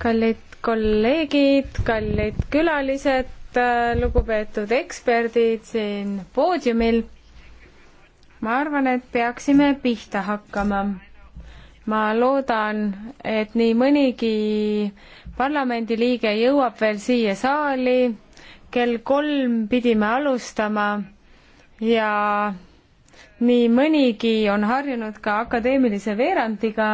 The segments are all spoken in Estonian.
kallid kolleegid, kallid külalised, äh, lugupeetud eksperdid siin poodiumil. ma arvan, et peaksime pihta hakkama. ma loodan, et nii mõnigi parlamendiliige jõuab veel siia saali. kell kolm pidime alustama ja nii mõnigi on harjunud ka akadeemilise veerandiga,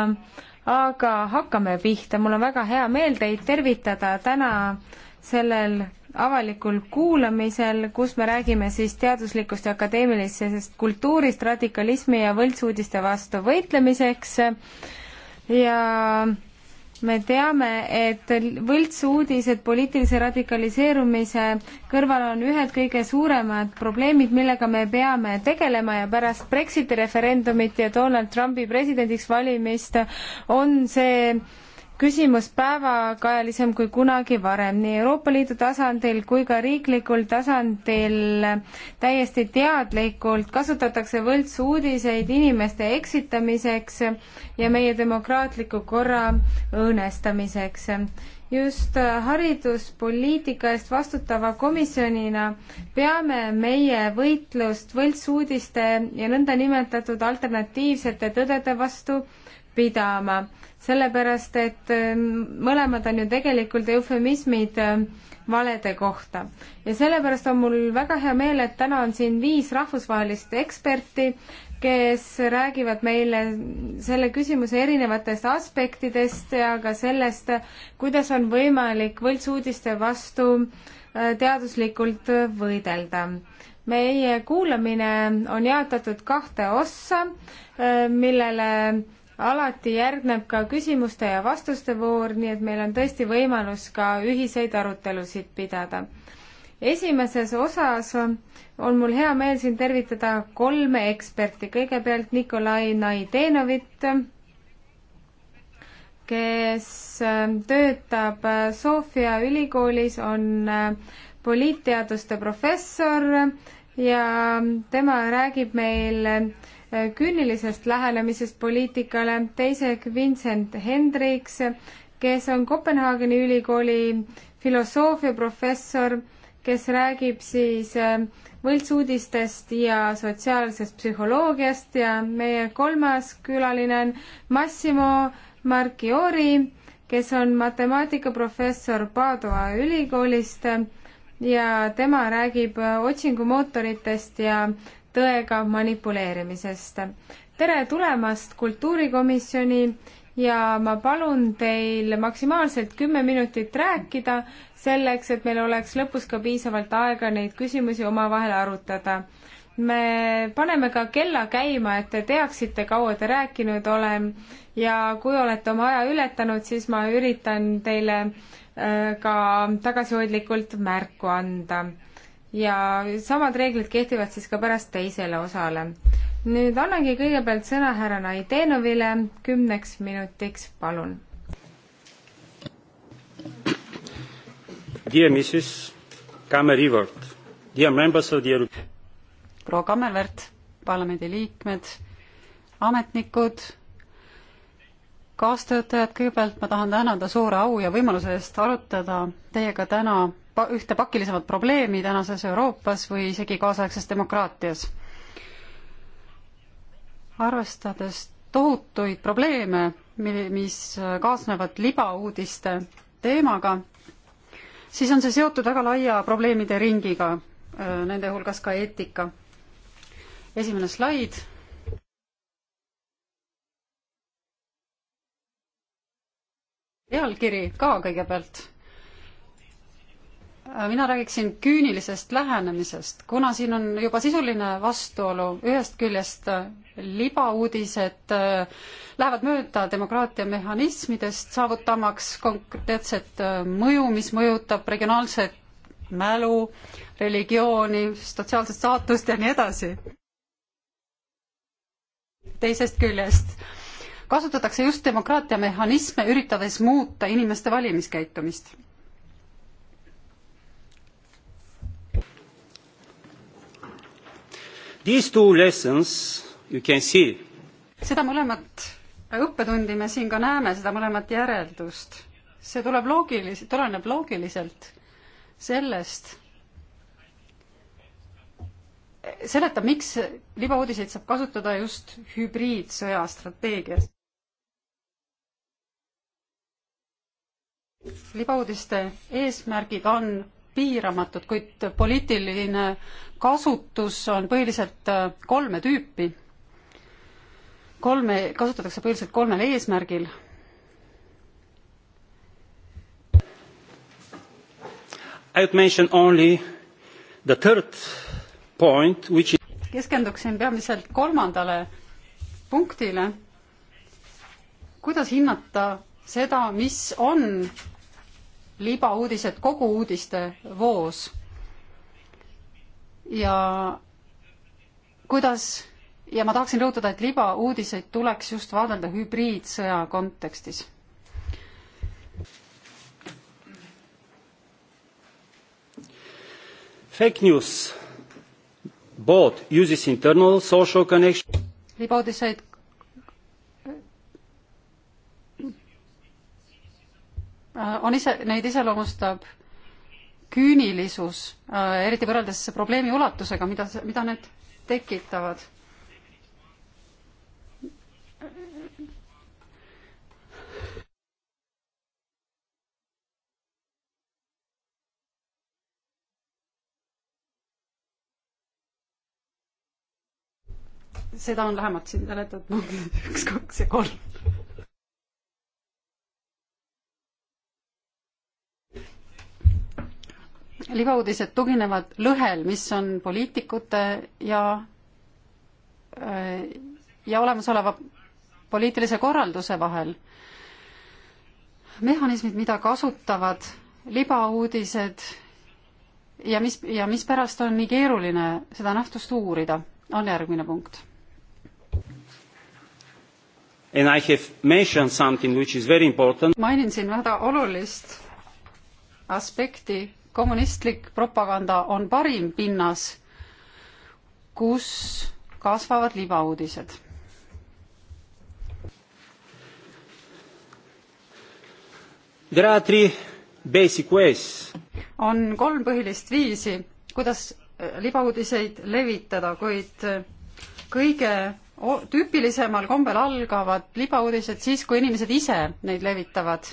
aga hakkame pihta, mul on väga hea meel teid tervitada täna sellel avalikul kuulamisel, kus me räägime siis teaduslikust ja akadeemilisest kultuurist radikalismi ja võltsuudiste vastu võitlemiseks ja me teame, et võltsuudised poliitilise radikaliseerumise kõrval on ühed kõige suuremad probleemid, millega me peame tegelema ja pärast Brexiti referendumit ja Donald Trumpi presidendiks valimist on see küsimus päevakajalisem kui kunagi varem nii Euroopa Liidu tasandil kui ka riiklikul tasandil täiesti teadlikult kasutatakse võltsuudiseid inimeste eksitamiseks ja meie demokraatliku korra õõnestamiseks. just hariduspoliitika eest vastutava komisjonina peame meie võitlust võltsuudiste ja nõndanimetatud alternatiivsete tõdede vastu pidama, sellepärast et ähm, mõlemad on ju tegelikult eufemismid ähm, valede kohta. ja sellepärast on mul väga hea meel, et täna on siin viis rahvusvahelist eksperti, kes räägivad meile selle küsimuse erinevatest aspektidest ja ka sellest, kuidas on võimalik võltsuudiste vastu äh, teaduslikult võidelda meie kuulamine on jaotatud kahte ossa, äh, millele alati järgneb ka küsimuste ja vastuste voor, nii et meil on tõesti võimalus ka ühiseid arutelusid pidada. esimeses osas on mul hea meel siin tervitada kolme eksperti, kõigepealt Nikolai Naidenovit, kes äh, töötab äh, Sofia ülikoolis, on äh, poliitteaduste professor ja tema räägib meil äh, küünilisest lähenemisest poliitikale, teiseks Vincent Hendriks, kes on Kopenhaageni ülikooli filosoofiaprofessor, kes räägib siis äh, võltsuudistest ja sotsiaalsest psühholoogiast ja meie kolmas külaline on Massimo Marchiori, kes on matemaatikaprofessor Padova ülikoolist ja tema räägib äh, otsingumootoritest ja tõega manipuleerimisest. tere tulemast Kultuurikomisjoni ja ma palun teil maksimaalselt kümme minutit rääkida, selleks et meil oleks lõpus ka piisavalt aega neid küsimusi omavahel arutada me paneme ka kella käima, et te teaksite, kaua te rääkinud olen ja kui olete oma aja ületanud, siis ma üritan teile äh, ka tagasihoidlikult märku anda ja samad reeglid kehtivad siis ka pärast teisele osale. nüüd annangi kõigepealt sõna härra Naidenovile kümneks minutiks, palun. Dear Mrs Kammer-Ivert, dear members of the Euro-. proua Kammervert, parlamendi liikmed, ametnikud, kaastöötajad, kõigepealt ma tahan tänada suure au ja võimaluse eest arutada teiega täna ühte pakilisemat probleemi tänases Euroopas või isegi kaasaegses demokraatias. arvestades tohutuid probleeme, mis kaasnevad libauudiste teemaga, siis on see seotud väga laia probleemide ringiga, äh, nende hulgas ka eetika. esimene slaid. pealkiri ka kõigepealt Äh, mina räägiksin küünilisest lähenemisest, kuna siin on juba sisuline vastuolu, ühest küljest äh, libauudised äh, lähevad mööda demokraatia mehhanismidest, saavutamaks konkreetset mõju, mis mõjutab regionaalset mälu, religiooni, sotsiaalset saatust ja nii edasi. teisest küljest kasutatakse just demokraatia mehhanisme, üritades muuta inimeste valimiskäitumist These two lessons you can see. seda mõlemat õppetundi me siin ka näeme, seda mõlemat järeldust. see tuleb loogiliselt, tuleneb loogiliselt sellest, seletab, miks libauudiseid saab kasutada just hübriidsõja strateegias. libauudiste eesmärgid on piiramatud, kuid poliitiline kasutus on põhiliselt äh, kolme tüüpi. kolme, kasutatakse põhiliselt kolmel eesmärgil. I would mention only the third point which is keskenduksin peamiselt kolmandale punktile, kuidas hinnata seda, mis on libauudised kogu uudistevoos. ja kuidas ja ma tahaksin rõhutada, et libauudiseid tuleks just vaadelda hübriidsõja kontekstis fake news both uses internal social connection libauudiseid Äh, on ise, neid iseloomustab küünilisus, äh, eriti võrreldes probleemi ulatusega, mida, mida need tekitavad. seda on lähemalt siin seletatud punktid üks, kaks ja kolm libauudised tuginevad lõhel, mis on poliitikute ja, äh, ja olemasoleva poliitilise korralduse vahel. mehhanismid, mida kasutavad libauudised ja mis, ja mispärast on nii keeruline seda nähtust uurida, on järgmine punkt. mainin siin väga olulist aspekti kommunistlik propaganda on parim pinnas, kus kasvavad libauudised. on kolm põhilist viisi, kuidas eh, libauudiseid levitada, kuid eh, kõige tüüpilisemal kombel algavad libauudised siis, kui inimesed ise neid levitavad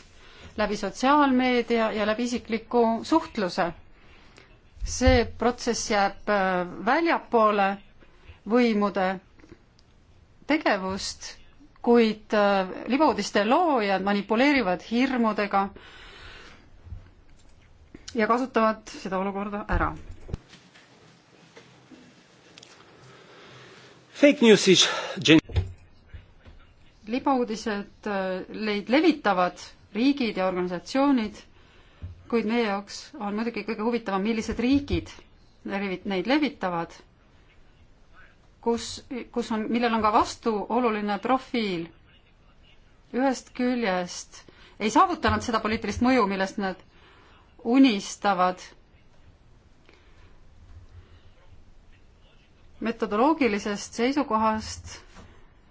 läbi sotsiaalmeedia ja läbi isikliku suhtluse. see protsess jääb äh, väljapoole võimude tegevust, kuid äh, libauudiste loojad manipuleerivad hirmudega ja kasutavad seda olukorda ära. Fake news is libauudised äh, leid levitavad riigid ja organisatsioonid, kuid meie jaoks on muidugi kõige huvitavam, millised riigid neid levitavad, kus, kus on, millel on ka vastuoluline profiil. ühest küljest ei saavuta nad seda poliitilist mõju, millest nad unistavad metodoloogilisest seisukohast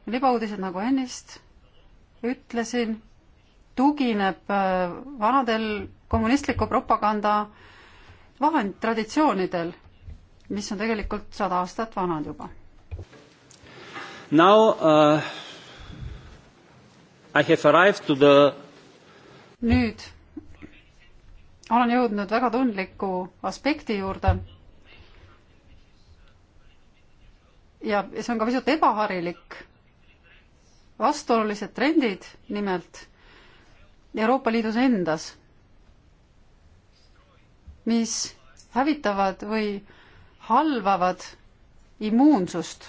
libauudised, nagu ennist ütlesin, tugineb äh, vanadel kommunistliku propaganda vahend, traditsioonidel, mis on tegelikult sada aastat vanad juba. Now uh, I have arrived to the nüüd olen jõudnud väga tundliku aspekti juurde. ja see on ka pisut ebaharilik. vastuolulised trendid nimelt Euroopa Liidus endas, mis hävitavad või halvavad immuunsust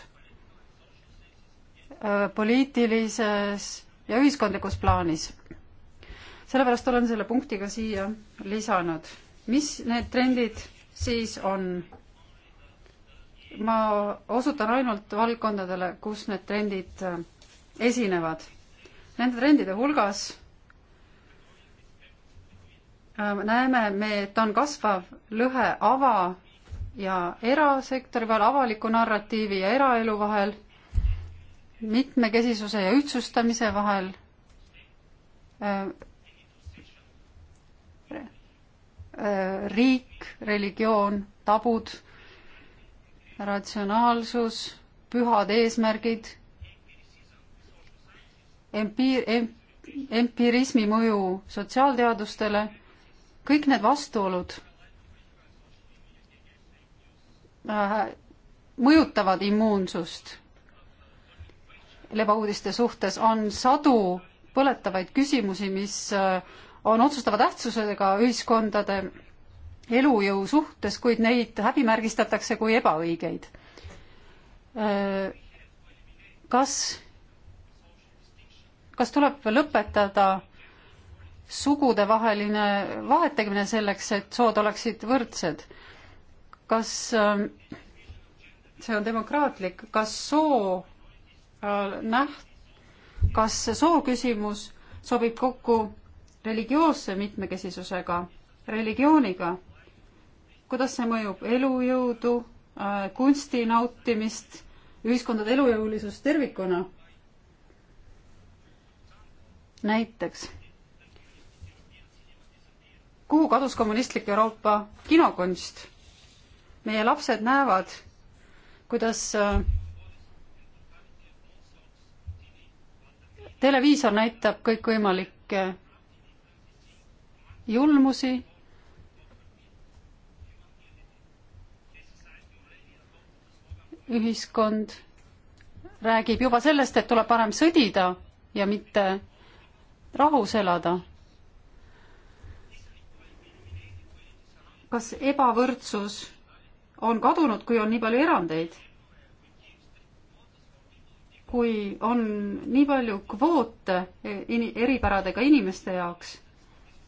äh, poliitilises ja ühiskondlikus plaanis. sellepärast olen selle punkti ka siia lisanud. mis need trendid siis on? ma osutan ainult valdkondadele, kus need trendid äh, esinevad. Nende trendide hulgas Äh, näeme me, et on kasvav lõhe ava- ja erasektori vahel, avaliku narratiivi ja eraelu vahel, mitmekesisuse ja ühtsustamise vahel, äh, äh, riik, religioon, tabud, ratsionaalsus, pühad eesmärgid, empiir- em,, empirismi mõju sotsiaalteadustele kõik need vastuolud äh, mõjutavad immuunsust lebauudiste suhtes, on sadu põletavaid küsimusi, mis äh, on otsustava tähtsusega ühiskondade elujõu suhtes, kuid neid häbimärgistatakse kui ebaõigeid. Äh, kas, kas tuleb lõpetada sugudevaheline vahetegemine selleks, et sood oleksid võrdsed. kas ähm, see on demokraatlik, kas soo äh, näht-, kas soo küsimus sobib kokku religioosse mitmekesisusega, religiooniga? kuidas see mõjub elujõudu, äh, kunsti nautimist, ühiskondade elujõulisust tervikuna? näiteks kuhu kadus kommunistlik Euroopa kinokunst? meie lapsed näevad, kuidas äh, televiisor näitab kõikvõimalikke julmusi ühiskond räägib juba sellest, et tuleb parem sõdida ja mitte rahus elada. kas ebavõrdsus on kadunud, kui on nii palju erandeid? kui on nii palju kvoote in-, eripäradega inimeste jaoks,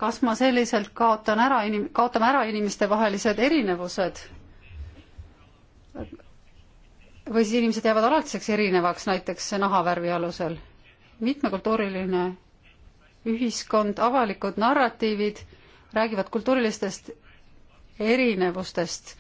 kas ma selliselt kaotan ära inim-, kaotame ära inimestevahelised erinevused? või siis inimesed jäävad alatiseks erinevaks näiteks nahavärvi alusel? mitmekultuuriline ühiskond, avalikud narratiivid räägivad kultuurilistest erinevustest.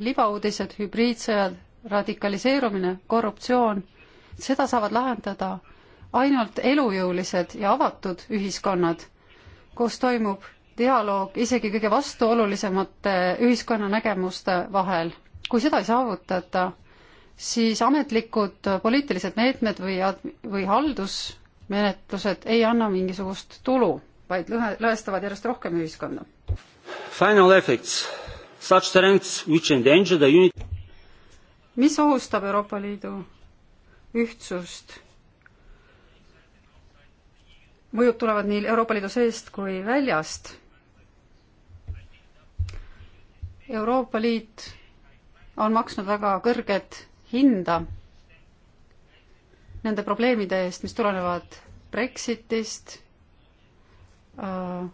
libauudised, hübriidsõjad, radikaliseerumine, korruptsioon, seda saavad lahendada ainult elujõulised ja avatud ühiskonnad, kus toimub dialoog isegi kõige vastuolulisemate ühiskonnanägemuste vahel. kui seda ei saavutata, siis ametlikud poliitilised meetmed või, või haldusmenetlused ei anna mingisugust tulu, vaid lõhe, lõhestavad järjest rohkem ühiskonda. Final effects, such trends which endanger the unit mis ohustab Euroopa Liidu ühtsust? mõjud tulevad nii Euroopa Liidu seest kui väljast. Euroopa Liit on maksnud väga kõrged hinda nende probleemide eest, mis tulenevad Brexitist, äh,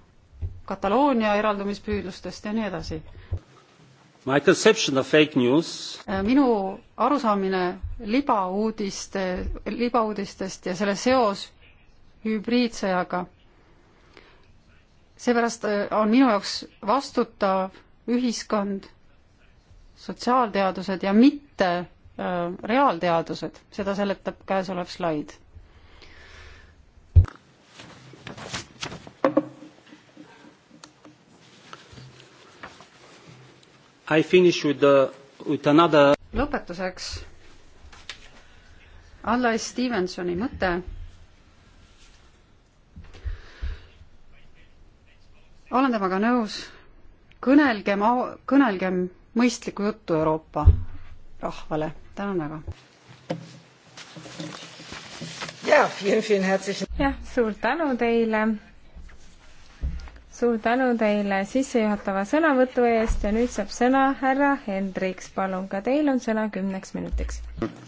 Kataloonia eraldumispüüdlustest ja nii edasi. Äh, minu arusaamine libauudiste, libauudistest ja selle seos hübriidsõjaga, seepärast äh, on minu jaoks vastutav ühiskond, sotsiaalteadused ja mitte Äh, reaalteadused, seda seletab käesolev slaid. I finish with the, with another lõpetuseks Allai Stevensoni mõte olen temaga nõus. kõnelgem, kõnelgem mõistlikku juttu Euroopa rahvale tänan väga. jah, suur tänu teile. suur tänu teile sissejuhatava sõnavõtu eest ja nüüd saab sõna härra Hendriks, palun, ka teil on sõna kümneks minutiks.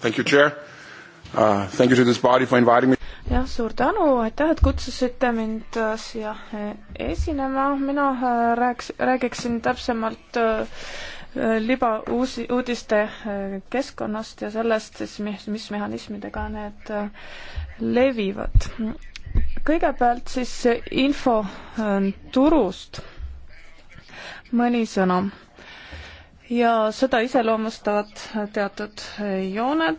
Thank you, chair uh,. Thank you to this body for inviting me jah, suur tänu, aitäh, et kutsusite mind äh, siia äh, esinema, mina äh, rääkis, räägiksin täpsemalt libauusi, uudiste äh, keskkonnast ja sellest siis, mis, mis mehhanismidega need äh, levivad. kõigepealt siis infoturust äh, mõni sõna. ja seda iseloomustavad teatud jooned.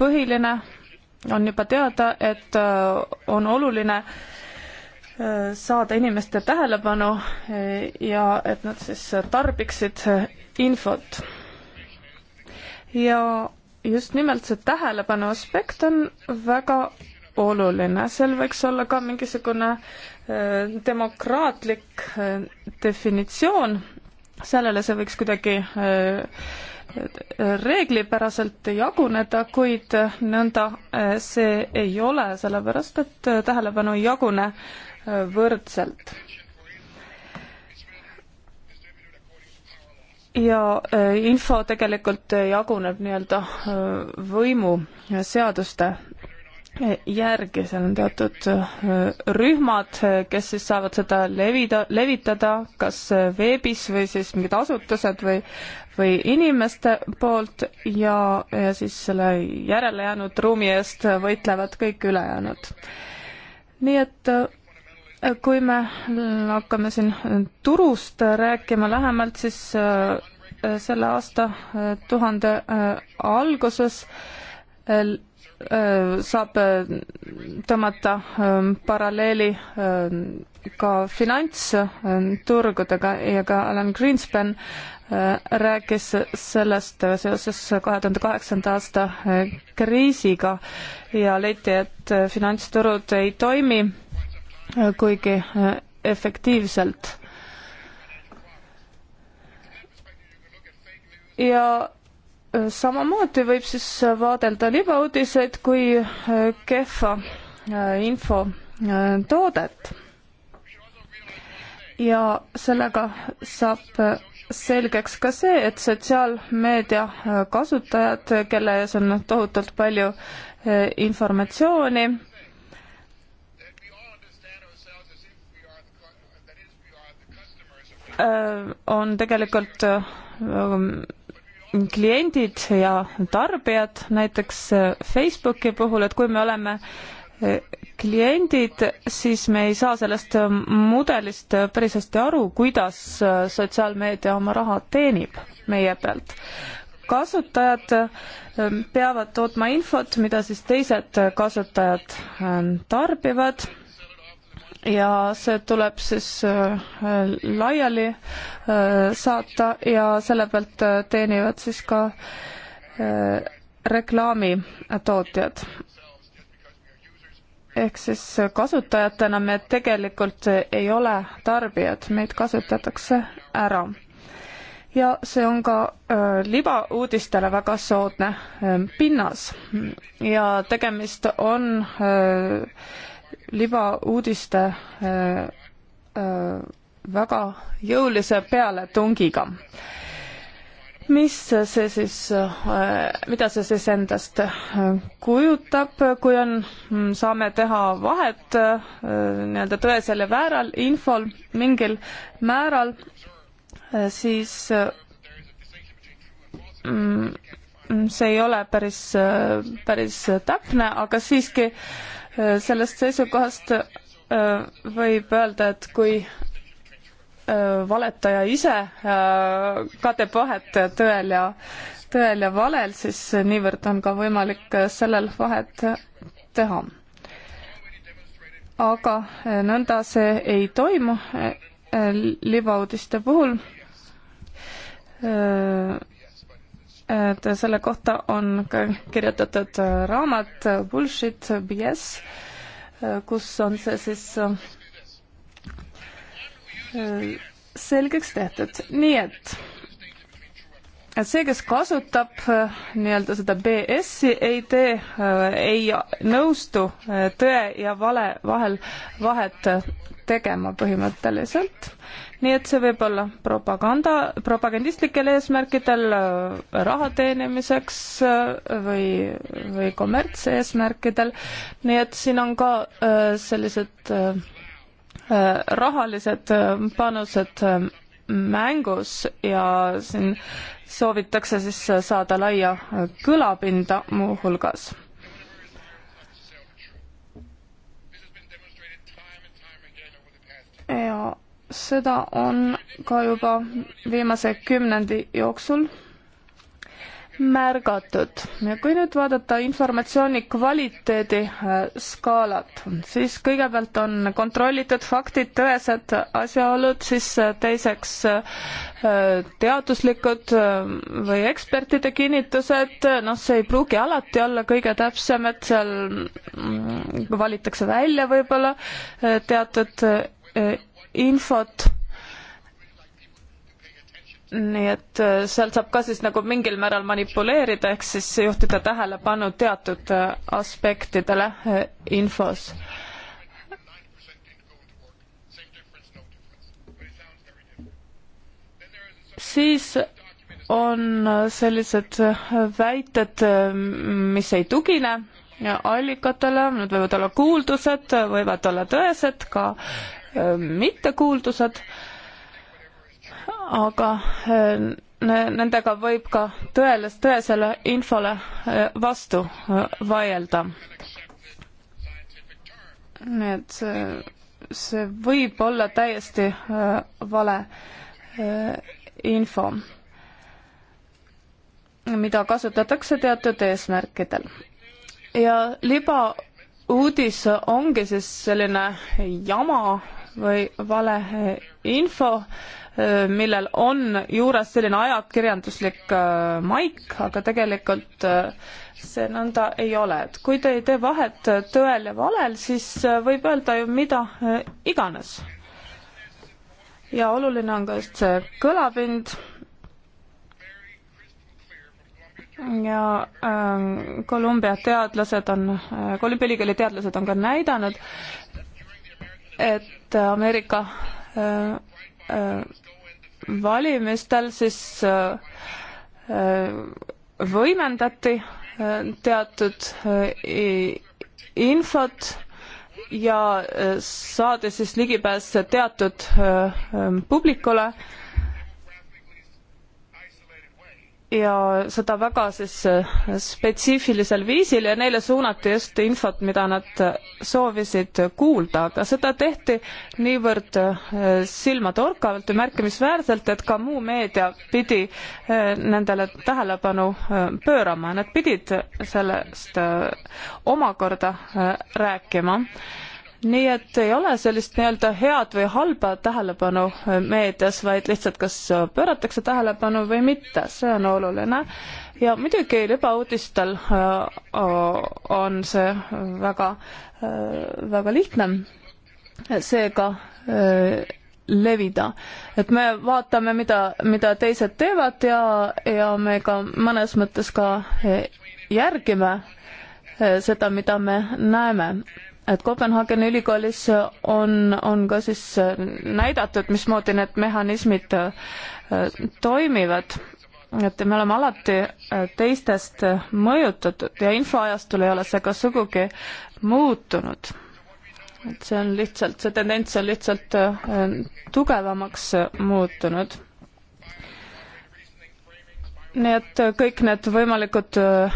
põhiline on juba teada, et on oluline äh, saada inimeste tähelepanu e, ja et nad siis tarbiksid infot. ja just nimelt see tähelepanu aspekt on väga oluline, seal võiks olla ka mingisugune e, demokraatlik e, definitsioon, sellele see võiks kuidagi reeglipäraselt jaguneda, kuid nõnda see ei ole, sellepärast et tähelepanu ei jagune äh, võrdselt. ja äh, info tegelikult jaguneb nii-öelda äh, võimu seaduste järgi, seal on teatud äh, rühmad, kes siis saavad seda levida, levitada kas veebis või siis mingid asutused või, või inimeste poolt ja, ja siis selle järelejäänud ruumi eest võitlevad kõik ülejäänud. nii et kui me hakkame siin turust rääkima lähemalt, siis äh, selle aasta äh, tuhande äh, alguses saab tõmmata paralleeli ka finantsturgudega ja ka Alan Greenspan rääkis sellest seoses kahe tuhande kaheksanda aasta kriisiga ja leiti, et finantsturud ei toimi kuigi äh, efektiivselt. ja äh, samamoodi võib siis vaadelda libauudiseid kui äh, kehva infotoodet. ja sellega saab selgeks ka see, et sotsiaalmeedia kasutajad, kelle ees on tohutult palju informatsiooni, Äh, on tegelikult äh, kliendid ja tarbijad, näiteks äh, Facebooki puhul, et kui me oleme kliendid, siis me ei saa sellest mudelist päris hästi aru, kuidas sotsiaalmeedia oma raha teenib meie pealt. kasutajad peavad tootma infot, mida siis teised kasutajad tarbivad ja see tuleb siis äh, laiali äh, saata ja selle pealt äh, teenivad siis ka reklaamitootjad ehk siis kasutajatena me tegelikult ei ole tarbijad, meid kasutatakse ära. ja see on ka äh, libauudistele väga soodne äh, pinnas ja tegemist on äh, libauudiste äh, äh, väga jõulise pealetungiga. mis see siis, äh, mida see siis endast kujutab, kui on, mm, saame teha vahet nii-öelda tõesel ja vääral infol mingil määral, siis mm, see ei ole päris, päris täpne, aga siiski äh, sellest seisukohast äh, võib öelda, et kui äh, valetaja ise äh, katab vahet tõel ja, tõel ja valel, siis niivõrd on ka võimalik sellel vahet teha. aga nõnda see ei toimu libauudiste puhul et selle kohta on ka kirjutatud äh, raamat äh, Bullshit äh, BS, kus on see siis selgeks tehtud, nii et et see, kes kasutab nii-öelda seda BS-i, ei tee, ei nõustu tõe ja vale vahel vahet tegema põhimõtteliselt. nii et see võib olla propaganda, propagandistlikel eesmärkidel äh, raha teenimiseks äh, või, või kommertseesmärkidel, nii et siin on ka äh, sellised rahalised panused mängus ja siin soovitakse siis saada laia kõlapinda muuhulgas. ja seda on ka juba viimase kümnendi jooksul märgatud. ja kui nüüd vaadata informatsiooni kvaliteedi äh, skaalat, siis kõigepealt on kontrollitud faktid, tõesed asjaolud, siis äh, teiseks äh, teaduslikud või ekspertide kinnitused, noh, see ei pruugi alati olla kõige täpsem, et seal mm, valitakse välja võib-olla teatud Äh, infot. nii et äh, sealt saab ka siis nagu mingil määral manipuleerida, ehk siis juhtida tähelepanu teatud äh, aspektidele infos siis on sellised väited, mis ei tugine allikatele, nad võivad olla kuuldused, võivad olla tõesed, ka Äh, mittekuuldused, aga äh, nendega võib ka tõeles, tõesele infole äh, vastu vaielda. nii et see, see võib olla täiesti vale info, mida kasutatakse teatud eesmärkidel. ja libauudis ongi siis selline jama, või valeinfo, äh, millel on juures selline ajakirjanduslik äh, maik, aga tegelikult äh, see nõnda ei ole, et kui te ei tee vahet tõel ja valel, siis võib öelda ju mida iganes. ja oluline on ka just see kõlapind ja äh, Kolumbia teadlased on äh,, Kolumbia ülikooli teadlased on ka näidanud, et et Ameerika äh, äh, valimistel siis äh, võimendati teatud infot ja saadi siis ligipääs teatud publikule ja seda väga siis äh, spetsiifilisel viisil ja neile suunati just infot, mida nad äh, soovisid kuulda, aga seda tehti niivõrd äh, silmatorkavalt ja märkimisväärselt, et ka muu meedia pidi nendele tähelepanu pöörama, nad pidid sellest omakorda rääkima nii et ei ole sellist nii-öelda head või halba tähelepanu äh, meedias, vaid lihtsalt kas äh, pööratakse tähelepanu või mitte, see on oluline. ja muidugi libauudistel äh, on see väga, väga lihtne seega levida. et me vaatame, mida, mida teised teevad ja, ja me ka mõnes mõttes ka järgime seda, mida me näeme et Kopenhaageni ülikoolis on, on ka siis näidatud, mismoodi need mehhanismid äh, toimivad. et me oleme alati äh, teistest mõjutatud ja infoajastul ei ole see ka sugugi muutunud. et see on lihtsalt, see tendents on lihtsalt äh, tugevamaks muutunud nii et äh, kõik need võimalikud äh,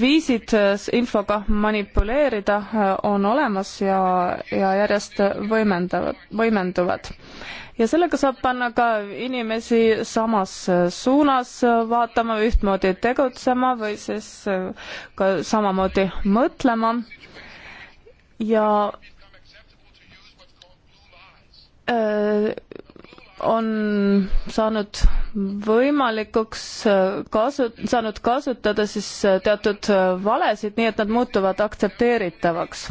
viisid äh, infoga manipuleerida on olemas ja, ja järjest võimendavad, võimenduvad. ja sellega saab panna ka inimesi samas suunas vaatama, ühtmoodi tegutsema või siis ka samamoodi mõtlema ja on saanud võimalikuks äh, kasu, saanud kasutada siis äh, teatud äh, valesid, nii et nad muutuvad aktsepteeritavaks.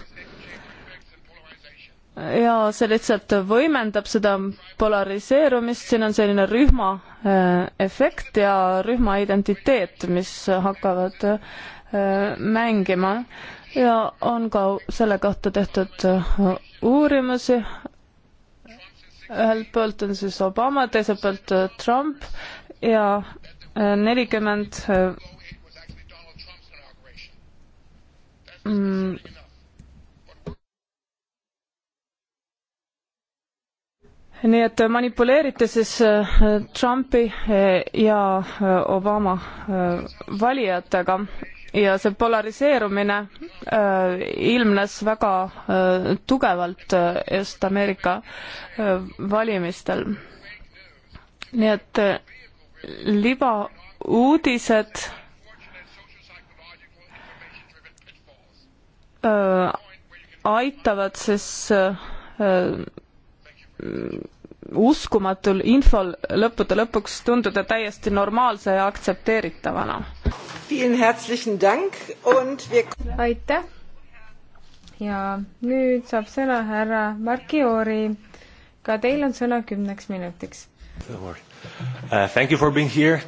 ja see lihtsalt võimendab seda polariseerumist, siin on selline rühma efekt ja rühma identiteet, mis hakkavad mängima ja on ka selle kohta tehtud uurimusi, ühelt poolt on siis Obama, teiselt poolt äh, Trump ja äh, nelikümmend äh, mm, nii et manipuleerite siis Trumpi ja Obama valijatega ja see polariseerumine äh, ilmnes väga äh, tugevalt äh, just Ameerika äh, valimistel. nii et äh, libauudised äh, aitavad siis äh, äh, uskumatul infol lõppude lõpuks tunduda täiesti normaalse ja aktsepteeritavana. aitäh! ja nüüd saab sõna härra Markiori. ka teil on sõna kümneks minutiks. Uh, thank you for being here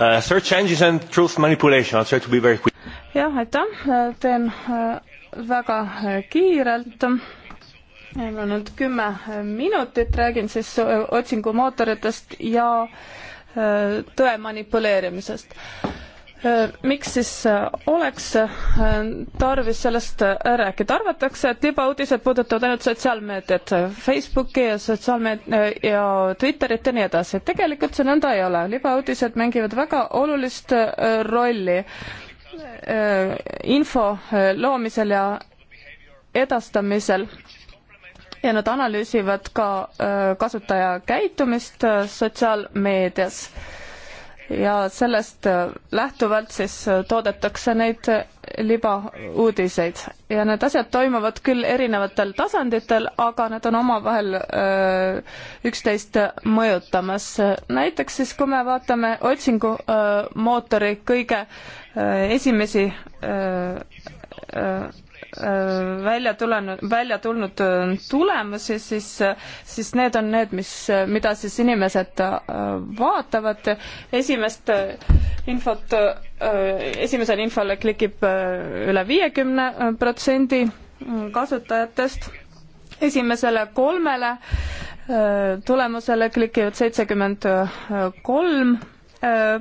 uh,. Search engines and truth manipulation, I will try to be very quick. jah, aitäh, teen uh, väga uh, kiirelt meil on nüüd kümme minutit, räägin siis otsingumootoritest ja äh, tõe manipuleerimisest. Äh, miks siis äh, oleks tarvis sellest rääkida? arvatakse, et libauudised puudutavad ainult sotsiaalmeediat, Facebooki ja sotsiaalmeed- ja Twitterit ja nii edasi. tegelikult see nõnda ei ole, libauudised mängivad väga olulist rolli info loomisel ja edastamisel ja nad analüüsivad ka äh, kasutaja käitumist äh, sotsiaalmeedias. ja sellest äh, lähtuvalt siis toodetakse neid libauudiseid ja need asjad toimuvad küll erinevatel tasanditel, aga need on omavahel üksteist mõjutamas. näiteks siis, kui me vaatame otsingumootori kõige esimesi öö, öö, Äh, välja tulenud, välja tulnud äh, tulemusi, siis, äh, siis need on need, mis, mida siis inimesed vaatavad. esimest infot, esimesele infole klikib üle viiekümne protsendi mm, kasutajatest, esimesele kolmele tulemusele klikivad seitsekümmend kolm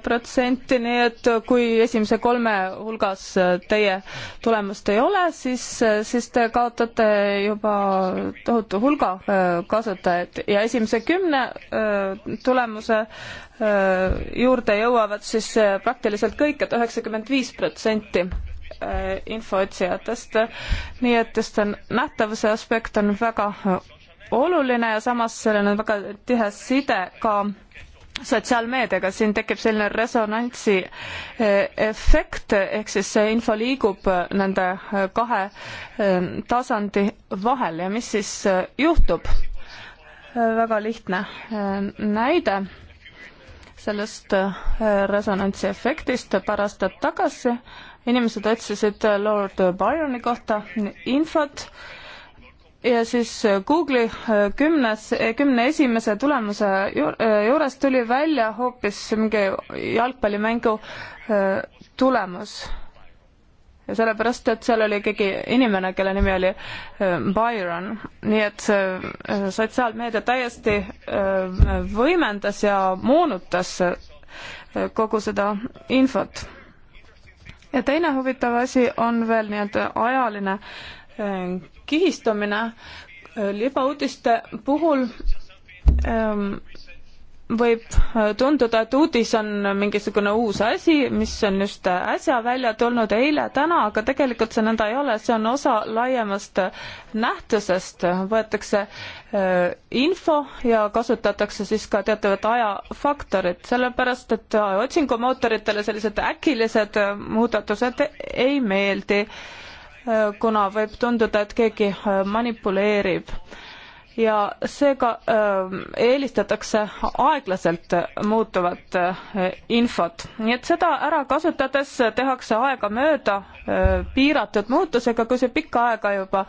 protsenti, nii et kui esimese kolme hulgas teie tulemust ei ole, siis, siis te kaotate juba tohutu hulga äh, kasutajaid ja esimese kümne äh, tulemuse äh, juurde jõuavad siis praktiliselt kõik et, et üheksakümmend viis protsenti infootsijatest. nii et just on nähtavuse aspekt on väga oluline ja samas sellel on väga tihe side ka äh, sotsiaalmeediaga, siin tekib selline resonantsi eh, efekt, ehk siis see info liigub eh, nende eh, kahe tasandi vahel ja mis siis juhtub? väga lihtne näide sellest resonantsi efektist paar aastat tagasi inimesed otsisid Lord Byroni kohta infot ja siis äh, Google'i äh, kümnes, äh, kümne esimese tulemuse juures tuli välja hoopis mingi jalgpallimängu tulemus. ja sellepärast, et seal oli keegi inimene, kelle nimi oli Byron, nii et see sotsiaalmeedia täiesti võimendas ja moonutas kogu seda infot ja teine huvitav asi on veel nii-öelda ajaline Ähm, kihistumine. Äh, libauudiste puhul ähm, võib äh, tunduda, et uudis on mingisugune uus asi, mis on just äsja välja tulnud, eile, täna, aga tegelikult see nõnda ei ole, see on osa laiemast nähtusest, võetakse äh, info ja kasutatakse siis ka teatavat ajafaktorit, sellepärast et otsingumootoritele sellised äkilised muudatused ei meeldi kuna võib tunduda, et keegi äh, manipuleerib ja seega äh, eelistatakse aeglaselt muutuvat äh, infot. nii et seda ära kasutades tehakse aegamööda piiratud muutusega, kui see pikka aega juba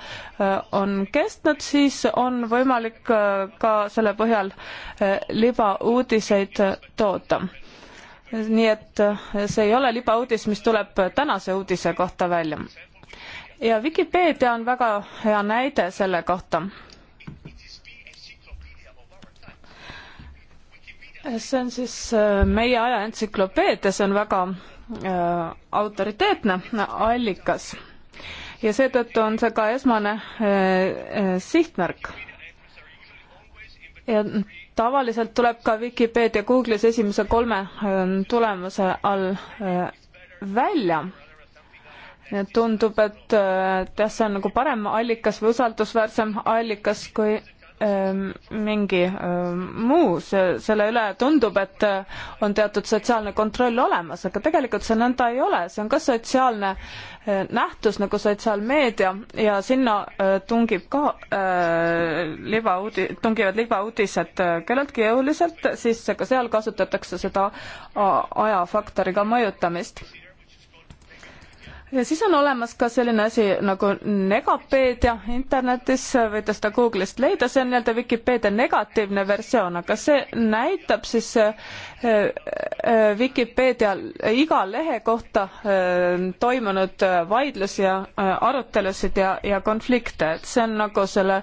on kestnud, siis on võimalik ka selle põhjal libauudiseid toota nii et see ei ole libauudis, mis tuleb tänase uudise kohta välja ja Vikipeedia on väga hea näide selle kohta. see on siis äh, meie aja entsüklopeedia, see on väga äh, autoriteetne allikas ja seetõttu on see ka esmane äh, äh sihtmärk. ja tavaliselt tuleb ka Vikipeedia Google'is esimese kolme äh, tulemuse all äh, välja tundub, et äh, jah, see on nagu parem allikas või usaldusväärsem allikas kui ähm, mingi ähm, muu, see, selle üle tundub, et äh, on teatud sotsiaalne kontroll olemas, aga tegelikult see nõnda ei ole, see on ka sotsiaalne äh, nähtus nagu sotsiaalmeedia ja sinna äh, tungib ka äh, libauudi-, tungivad libauudised äh, kelleltki jõuliselt sisse, ka seal kasutatakse seda ajafaktoriga mõjutamist ja siis on olemas ka selline asi nagu Negapeedia internetis, võite seda Google'ist leida, see on nii-öelda Vikipeedia negatiivne versioon, aga see näitab siis Vikipeedia äh, äh, iga lehe kohta äh, toimunud vaidlusi ja arutelusid ja, ja konflikte, et see on nagu selle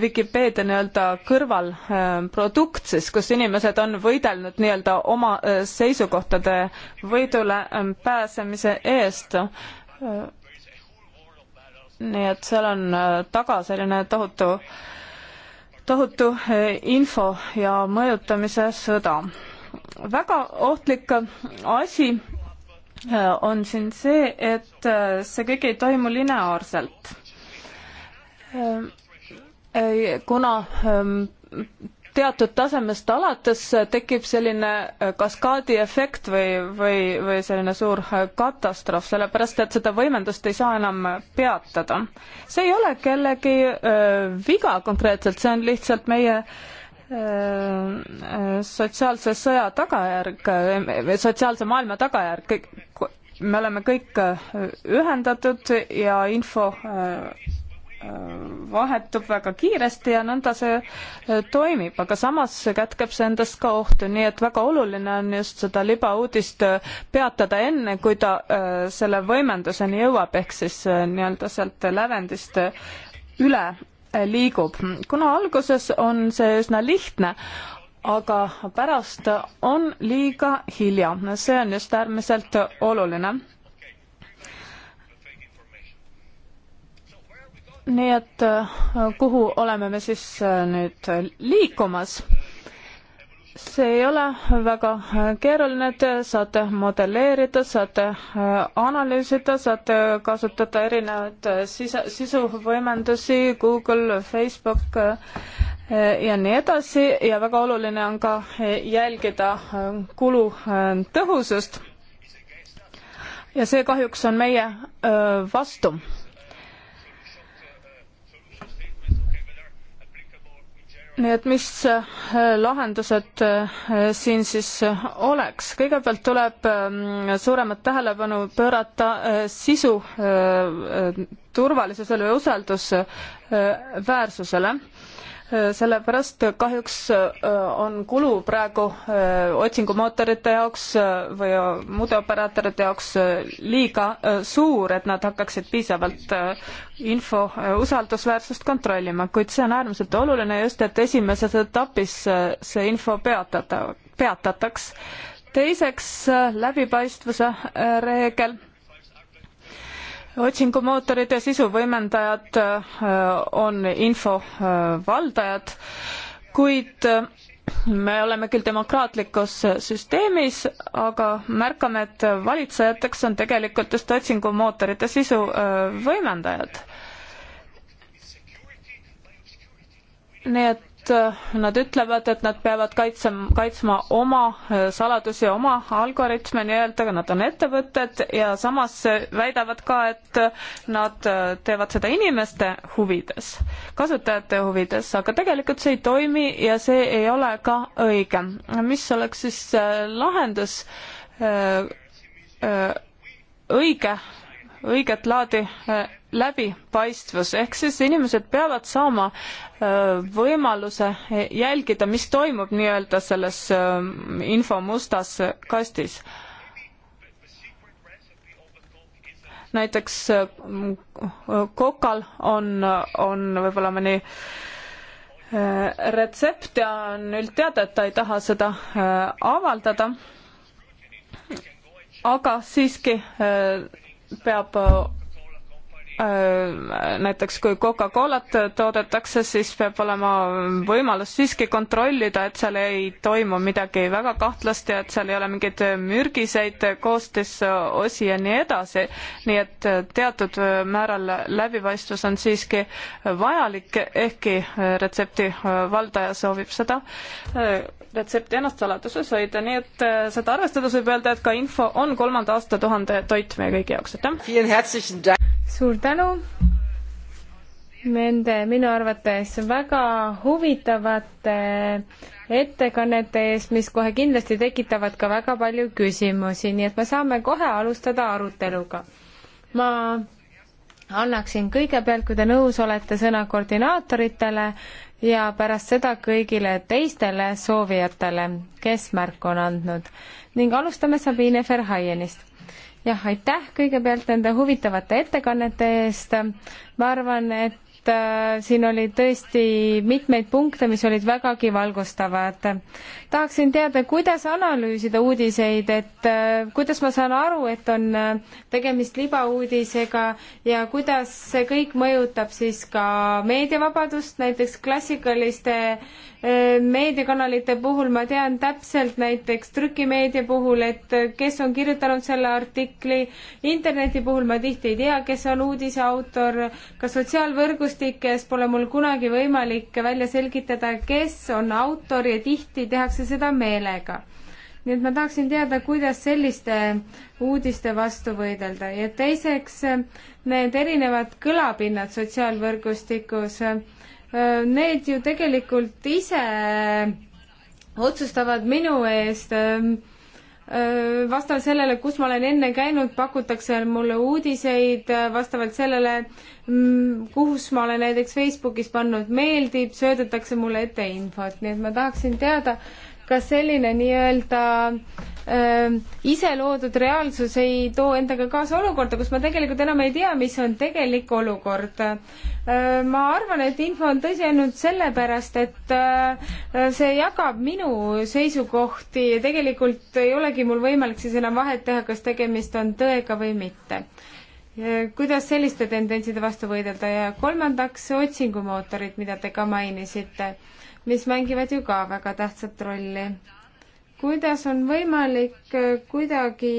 Vikipeedia nii-öelda kõrvalprodukt siis, kus inimesed on võidelnud nii-öelda oma seisukohtade võidule pääsemise eest nii et seal on äh, taga selline tohutu, tohutu äh, info ja mõjutamise sõda. väga ohtlik äh, asi on siin see, et see kõik ei toimu lineaarselt. kuna ähm, teatud tasemest alates tekib selline äh, kaskaadi efekt või, või, või selline suur äh, katastroof, sellepärast et seda võimendust ei saa enam peatada. see ei ole kellegi öö, äh, viga konkreetselt, see on lihtsalt meie öö, sotsiaalse sõja tagajärg, sotsiaalse maailma tagajärg, me oleme kõik ühendatud ja info öö, vahetub väga kiiresti ja nõnda see äh, toimib, aga samas kätkeb see endast ka ohtu, nii et väga oluline on just seda libauudist äh, peatada enne, kui ta äh, selle võimenduseni jõuab, ehk siis nii-öelda sealt lävendist üle liigub. kuna alguses on see üsna lihtne, aga pärast on liiga hilja, see on just äärmiselt oluline nii et äh, kuhu oleme me siis äh, nüüd äh, liikumas? see ei ole väga keeruline, te saate modelleerida, saate analüüsida, saate kasutada erinevaid sisa, sisuvõimendusi Google, Facebook ja nii edasi ja väga oluline on ka jälgida kulutõhusust. ja see kahjuks on meie vastu nii et mis äh, lahendused äh, siin siis äh, oleks? kõigepealt tuleb ähm, suuremat tähelepanu pöörata sisu turvalisusele ja usaldusväärsusele sellepärast kahjuks äh, on kulu praegu äh, otsingumootorite jaoks äh, või muude operaatorite jaoks liiga suur, et nad hakkaksid piisavalt info usaldusväärsust kontrollima, kuid see on äärmiselt oluline just, et esimeses etapis see info peatada, peatataks. teiseks läbipaistvuse reegel otsingumootorid ja sisuvõimendajad äh, on info äh, valdajad, kuid äh, me oleme küll demokraatlikus süsteemis, aga märkame, et valitsejateks on tegelikult just otsingumootorite sisu võimendajad. nii et Äh, nad ütlevad, et nad peavad kaitsema, kaitsma oma äh, saladusi, oma algoritme nii-öelda, nad on ettevõtted ja samas väidavad ka, et äh, nad teevad seda inimeste huvides, kasutajate huvides, aga tegelikult see ei toimi ja see ei ole ka õige. mis oleks siis lahendus õige, õiget laadi läbipaistvus, ehk siis inimesed peavad saama võimaluse jälgida, mis toimub nii-öelda selles info mustas kastis. näiteks kokal on, on võib-olla mõni retsept ja on üldteada, et ta ei taha seda avaldada, aga siiski peab Äh, näiteks kui Coca-Colat toodetakse, siis peab olema võimalus siiski kontrollida, et seal ei toimu midagi väga kahtlast ja et seal ei ole mingeid mürgiseid koostisosi ja nii edasi. nii et teatud määral läbipaistvus on siiski vajalik, ehkki retsepti valdaja soovib seda äh, retsepti ennast saladuses hoida, nii et äh, seda arvestades võib öelda, et ka info on kolmanda aastatuhande toit meie kõigi jaoks, aitäh! suur tänu nende minu arvates väga huvitavate ettekannete eest, mis kohe kindlasti tekitavad ka väga palju küsimusi, nii et me saame kohe alustada aruteluga. ma annaksin kõigepealt, kui te nõus olete, sõna koordinaatoritele ja pärast seda kõigile teistele soovijatele, kes märku on andnud ning alustame Sabine Verhaienist jah, aitäh kõigepealt nende huvitavate ettekannete eest. ma arvan, et et äh, siin oli tõesti mitmeid punkte, mis olid vägagi valgustavad. tahaksin teada, kuidas analüüsida uudiseid, et äh, kuidas ma saan aru, et on äh, tegemist libauudisega ja kuidas see kõik mõjutab siis ka meediavabadust, näiteks klassikaliste meediakanalite puhul ma tean täpselt näiteks trükimeedia puhul, et kes on kirjutanud selle artikli, interneti puhul ma tihti ei tea, kes on uudise autor, ka sotsiaalvõrgus võrgustikes pole mul kunagi võimalik välja selgitada, kes on autor ja tihti tehakse seda meelega. nii et ma tahaksin teada, kuidas selliste uudiste vastu võidelda ja teiseks need erinevad kõlapinnad sotsiaalvõrgustikus, need ju tegelikult ise otsustavad minu eest äh, vastavalt sellele, kus ma olen enne käinud, pakutakse mulle uudiseid äh, vastavalt sellele, mm, kus ma olen näiteks Facebookis pannud meeldib, söödetakse mulle ette infot, nii et ma tahaksin teada, kas selline nii-öelda äh, ise loodud reaalsus ei too endaga kaasa olukorda, kus ma tegelikult enam ei tea, mis on tegelik olukord. ma arvan, et info on tõsi ainult sellepärast, et see jagab minu seisukohti ja tegelikult ei olegi mul võimalik siis enam vahet teha, kas tegemist on tõega või mitte. kuidas selliste tendentside vastu võidelda ja kolmandaks otsingumootorid, mida te ka mainisite, mis mängivad ju ka väga tähtsat rolli kuidas on võimalik äh, kuidagi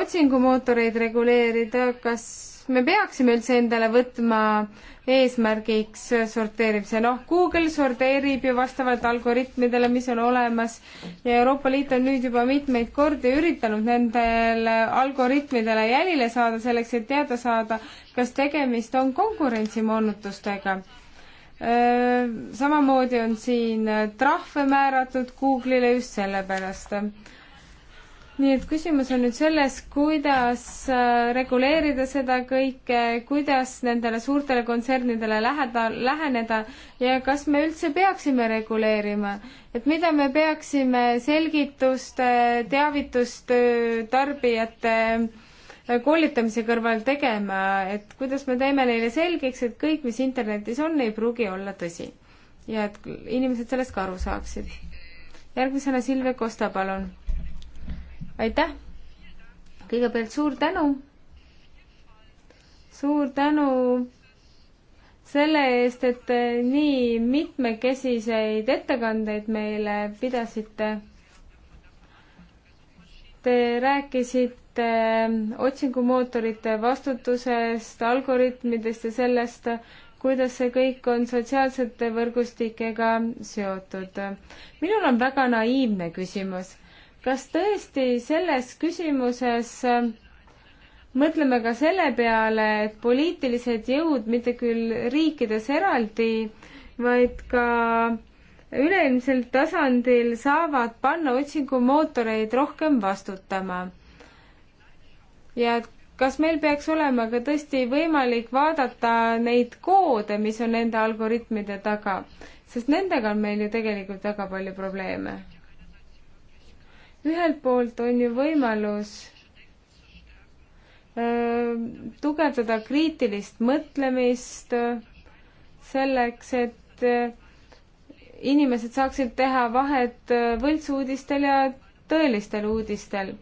otsingumootoreid reguleerida, kas me peaksime üldse endale võtma eesmärgiks sorteerimise, noh Google sorteerib ju vastavalt algoritmidele, mis on olemas ja Euroopa Liit on nüüd juba mitmeid kordi üritanud nendele algoritmidele jälile saada, selleks et teada saada, kas tegemist on konkurentsimoonutustega samamoodi on siin trahve määratud Google'ile just sellepärast. nii et küsimus on nüüd selles, kuidas äh, reguleerida seda kõike, kuidas nendele suurtele kontsernidele läheda, läheneda ja kas me üldse peaksime reguleerima, et mida me peaksime selgituste, teavitustöö, tarbijate koolitamise kõrval tegema, et kuidas me teeme neile selgeks, et kõik, mis internetis on, ei pruugi olla tõsi. ja et inimesed sellest ka aru saaksid. järgmisena Silvia Kosta, palun. aitäh! kõigepealt suur tänu, suur tänu selle eest, et nii mitmekesiseid ettekandeid meile pidasite Te rääkisite ähm, otsingumootorite vastutusest, algoritmidest ja sellest, kuidas see kõik on sotsiaalsete võrgustikega seotud. minul on väga naiivne küsimus. kas tõesti selles küsimuses ähm, mõtleme ka selle peale, et poliitilised jõud, mitte küll riikides eraldi, vaid ka üleilmsel tasandil saavad panna otsingumootoreid rohkem vastutama. ja kas meil peaks olema ka tõesti võimalik vaadata neid koode, mis on nende algoritmide taga, sest nendega on meil ju tegelikult väga palju probleeme. ühelt poolt on ju võimalus öö, tugevdada kriitilist mõtlemist selleks, et inimesed saaksid teha vahet võltsuudistel ja tõelistel uudistel.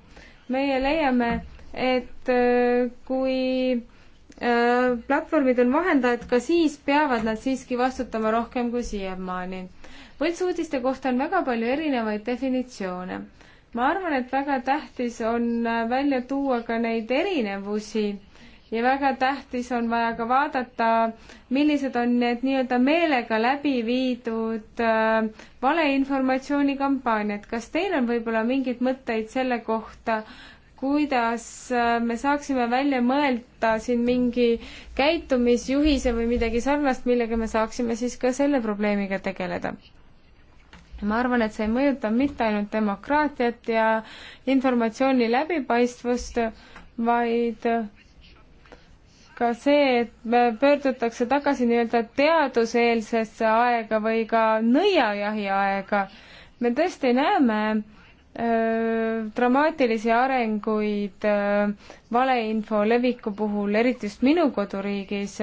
meie leiame, et äh, kui äh, platvormid on vahendajad, ka siis peavad nad siiski vastutama rohkem kui siiamaani. võltsuudiste kohta on väga palju erinevaid definitsioone. ma arvan, et väga tähtis on äh, välja tuua ka neid erinevusi ja väga tähtis on vaja ka vaadata, millised on need nii-öelda meelega läbi viidud äh, valeinformatsiooni kampaaniad. kas teil on võib-olla mingeid mõtteid selle kohta, kuidas äh, me saaksime välja mõelda siin mingi käitumisjuhise või midagi sarnast, millega me saaksime siis ka selle probleemiga tegeleda? ma arvan, et see ei mõjuta mitte ainult demokraatiat ja informatsiooni läbipaistvust, vaid ka see, et pöördutakse tagasi nii-öelda teaduseelsesse aega või ka nõiajahi aega. me tõesti näeme öö, äh, dramaatilisi arenguid öö, äh, valeinfo leviku puhul, eriti just minu koduriigis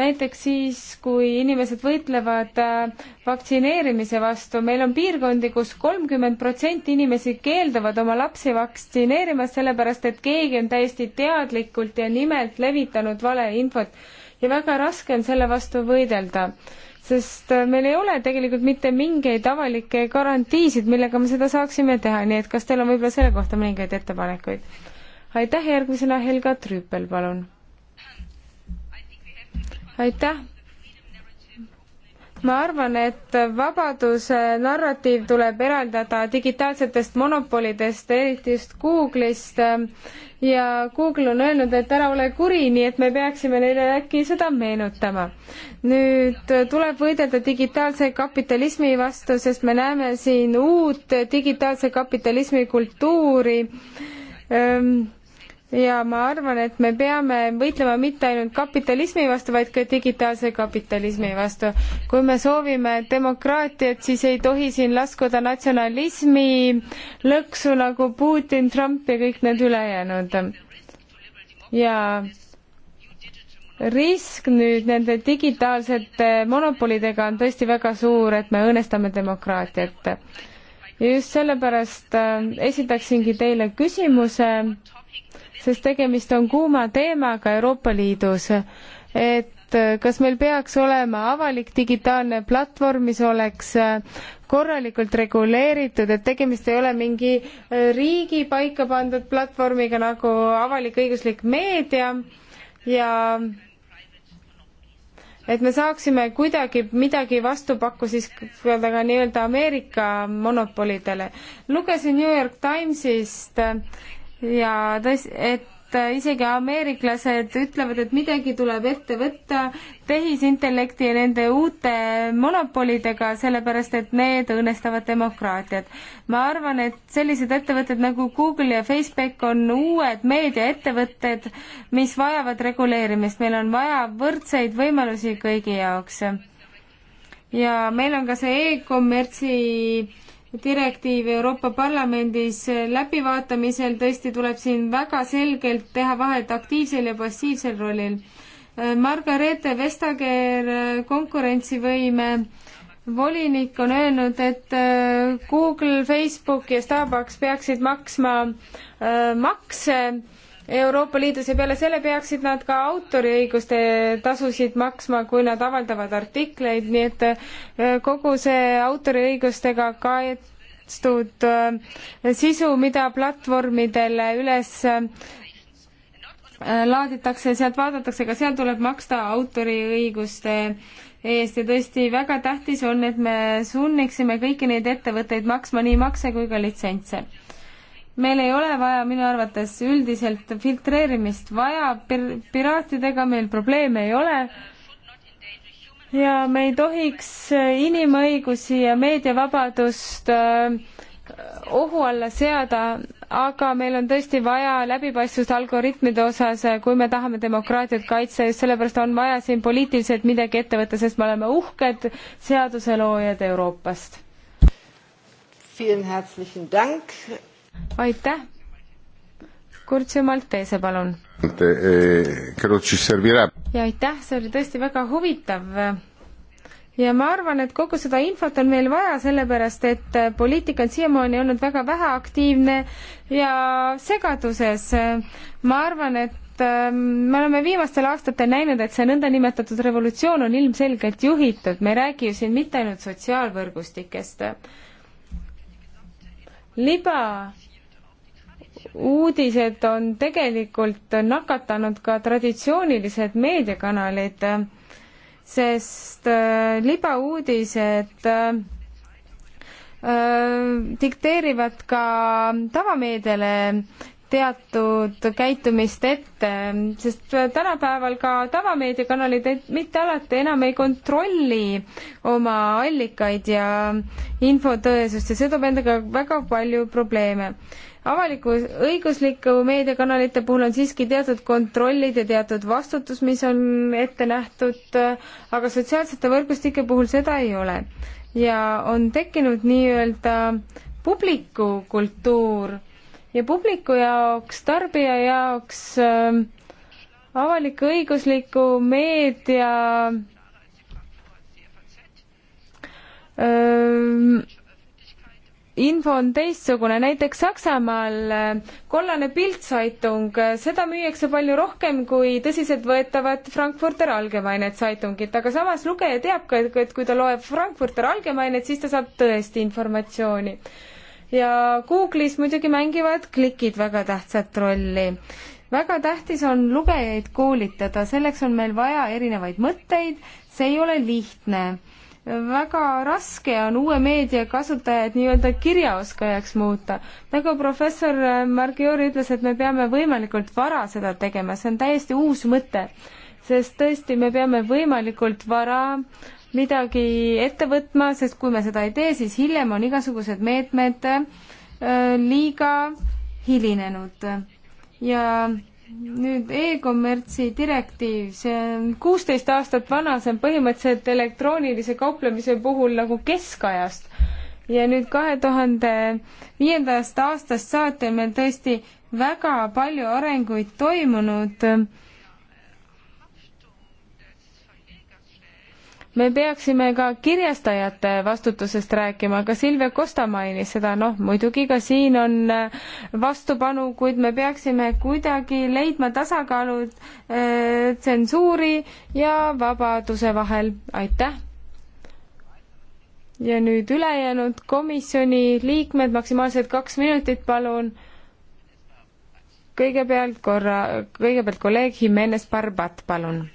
näiteks siis, kui inimesed võitlevad äh, vaktsineerimise vastu. meil on piirkondi kus, kus kolmkümmend protsenti inimesi keelduvad oma lapsi vaktsineerimast, sellepärast et keegi on täiesti teadlikult ja nimelt levitanud valeinfot ja väga raske on selle vastu võidelda sest äh, meil ei ole tegelikult mitte mingeid avalikke garantiisid, millega me seda saaksime teha, nii et kas teil on võib-olla selle kohta mõningaid ettepanekuid? aitäh, järgmisena Helga Trüüpel, palun aitäh! ma arvan, et vabaduse narratiiv tuleb eraldada digitaalsetest monopolidest, eriti just Google'ist ja Google on öelnud, et ära ole kuri, nii et me peaksime neile äkki seda meenutama. nüüd tuleb võidelda digitaalse kapitalismi vastu, sest me näeme siin uut digitaalse kapitalismi kultuuri ähm, ja ma arvan, et me peame võitlema mitte ainult kapitalismi vastu, vaid ka digitaalse kapitalismi vastu. kui me soovime demokraatiat, siis ei tohi siin laskuda natsionalismi lõksu nagu Putin, Trump ja kõik need ülejäänud. ja risk nüüd nende digitaalsete monopolidega on tõesti väga suur, et me õõnestame demokraatiat. ja just sellepärast äh, esitaksingi teile küsimuse, sest tegemist on kuuma teemaga Euroopa Liidus, et kas meil peaks olema avalik digitaalne platvorm, mis oleks korralikult reguleeritud, et tegemist ei ole mingi riigi paika pandud platvormiga nagu avalik-õiguslik meedia ja et me saaksime kuidagi midagi vastu pakku siis ka nii-öelda Ameerika monopolidele. lugesin New York Timesist, ja tõsi, et isegi ameeriklased ütlevad, et midagi tuleb ette võtta tehisintellekti ja nende uute monopolidega, sellepärast et need õõnestavad demokraatiat. ma arvan, et sellised ettevõtted nagu Google ja Facebook on uued meediaettevõtted, mis vajavad reguleerimist, meil on vaja võrdseid võimalusi kõigi jaoks. ja meil on ka see e-kommertsi direktiiv Euroopa Parlamendis läbivaatamisel, tõesti tuleb siin väga selgelt teha vahet aktiivsel ja passiivsel rollil. Margareete Vestager, konkurentsivõime volinik on öelnud, et äh, Google, Facebook ja Starbucks peaksid maksma äh, makse Euroopa Liidus ja peale selle peaksid nad ka autoriõiguste tasusid maksma, kui nad avaldavad artikleid, nii et äh, kogu see autoriõigustega kaetstud äh, sisu, mida platvormidele üles äh, laaditakse, sealt vaadatakse, ka seal tuleb maksta autoriõiguste eest ja tõesti väga tähtis on, et me sunniksime kõiki neid ettevõtteid maksma nii makse kui ka litsentse meil ei ole vaja minu arvates üldiselt filtreerimist vaja pir, piraatidega meil probleeme ei ole ja me ei tohiks äh, inimõigusi ja meediavabadust äh, ohu alla seada, aga meil on tõesti vaja läbipaistvust algoritmide osas, äh, kui me tahame demokraatiat kaitsta, just sellepärast on vaja siin poliitiliselt midagi ette võtta, sest me oleme uhked seaduseloojad Euroopast aitäh! Kurtsi Maltese, palun! Eh, ja aitäh, see oli tõesti väga huvitav ja ma arvan, et kogu seda infot on meil vaja, sellepärast et poliitika on siiamaani olnud väga väheaktiivne ja segaduses. ma arvan, et ähm, me oleme viimastel aastatel näinud, et see nõndanimetatud revolutsioon on ilmselgelt juhitud, me ei räägi ju siin mitte ainult sotsiaalvõrgustikest. liba uudised on tegelikult nakatanud ka traditsioonilised meediakanalid, sest äh, libauudised äh, dikteerivad ka tavameediale teatud käitumist ette, sest äh, tänapäeval ka tavameediakanalid mitte alati enam ei kontrolli oma allikaid ja infotõesust ja see toob endaga väga palju probleeme avaliku, õigusliku meediakanalite puhul on siiski teatud kontrollid ja teatud vastutus, mis on ette nähtud, aga sotsiaalsete võrgustike puhul seda ei ole. ja on tekkinud nii-öelda publikukultuur ja publiku jaoks, tarbija jaoks äh, avalik-õigusliku meedia äh, info on teistsugune, näiteks Saksamaal äh, kollane Bildzeitung, äh, seda müüakse palju rohkem kui tõsiseltvõetavat Frankfurter Allgemeinet Zeitungit, aga samas lugeja teab ka, et kui ta loeb Frankfurter Allgemeinet, siis ta saab tõesti informatsiooni. ja Google'is muidugi mängivad klikid väga tähtsat rolli väga tähtis on lugejaid koolitada, selleks on meil vaja erinevaid mõtteid, see ei ole lihtne väga raske on uue meedia kasutajaid nii-öelda kirjaoskajaks muuta. nagu professor Margiori ütles, et me peame võimalikult vara seda tegema, see on täiesti uus mõte, sest tõesti, me peame võimalikult vara midagi ette võtma, sest kui me seda ei tee, siis hiljem on igasugused meetmed äh, liiga hilinenud ja nüüd e-kommertsi direktiiv, see on kuusteist aastat vana, see on põhimõtteliselt elektroonilise kauplemise puhul nagu keskajast. ja nüüd kahe tuhande viiendast aastast saati on meil tõesti väga palju arenguid toimunud äh, me peaksime ka kirjastajate vastutusest rääkima, ka Silvia Kosta mainis seda, noh muidugi ka siin on äh, vastupanu, kuid me peaksime kuidagi leidma tasakaalu äh, tsensuuri ja vabaduse vahel, aitäh! ja nüüd ülejäänud komisjoni liikmed, maksimaalselt kaks minutit, palun. kõigepealt korra, kõigepealt kolleeg Jimenez Barbat, palun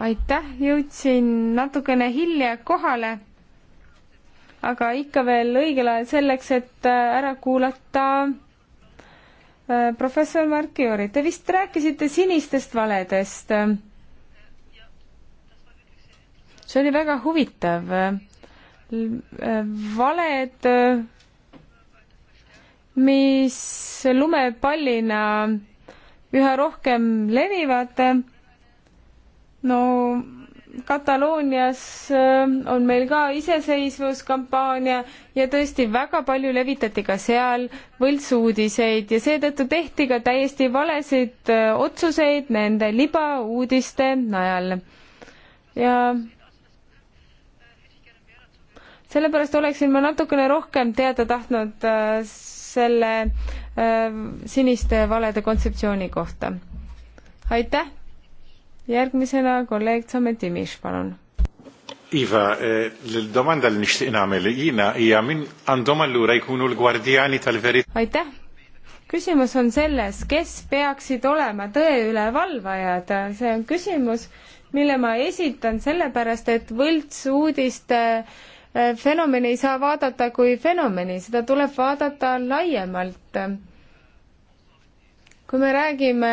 aitäh, jõudsin natukene hilja kohale, aga ikka veel õigel ajal selleks, et äh, ära kuulata äh, professor Mark Jüri, te vist rääkisite sinistest valedest. see oli väga huvitav. valed, mis lumepallina üha rohkem levivad no Kataloonias äh, on meil ka iseseisvuskampaania ja tõesti väga palju levitati ka seal võltsuudiseid ja seetõttu tehti ka täiesti valesid äh, otsuseid nende libauudiste najal. ja sellepärast oleksin ma natukene rohkem teada tahtnud äh, selle siniste valede kontseptsiooni kohta. aitäh! järgmisena kolleeg Samet Imiš, palun. Iva, eh, domanda li nixtieq nagħmel jiena hija min għandhom allura jkunu l-gwardjani tal-verità. Aitäh. küsimus on selles, kes peaksid olema tõe üle valvajad, see on küsimus, mille ma esitan sellepärast, et võltsuudiste eh, fenomeni ei saa vaadata kui fenomeni, seda tuleb vaadata laiemalt. kui me räägime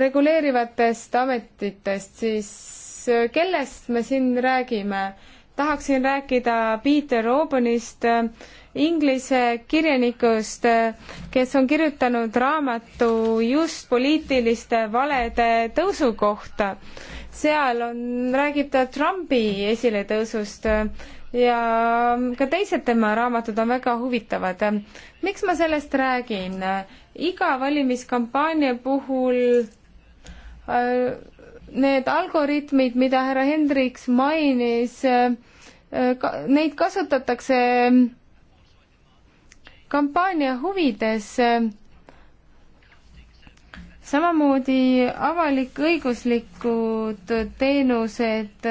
reguleerivatest ametitest, siis äh, kellest me siin räägime? tahaksin rääkida Peter Auburnist, äh, inglise kirjanikust, äh, kes on kirjutanud raamatu just poliitiliste valede tõusu kohta. seal on, räägib ta Trumpi esiletõusust ja mm, ka teised tema raamatud on väga huvitavad. miks ma sellest räägin? iga valimiskampaania puhul Äh, need algoritmid, mida härra Hendriks mainis, äh, ka-, neid kasutatakse äh, kampaania huvides, samamoodi avalik-õiguslikud teenused,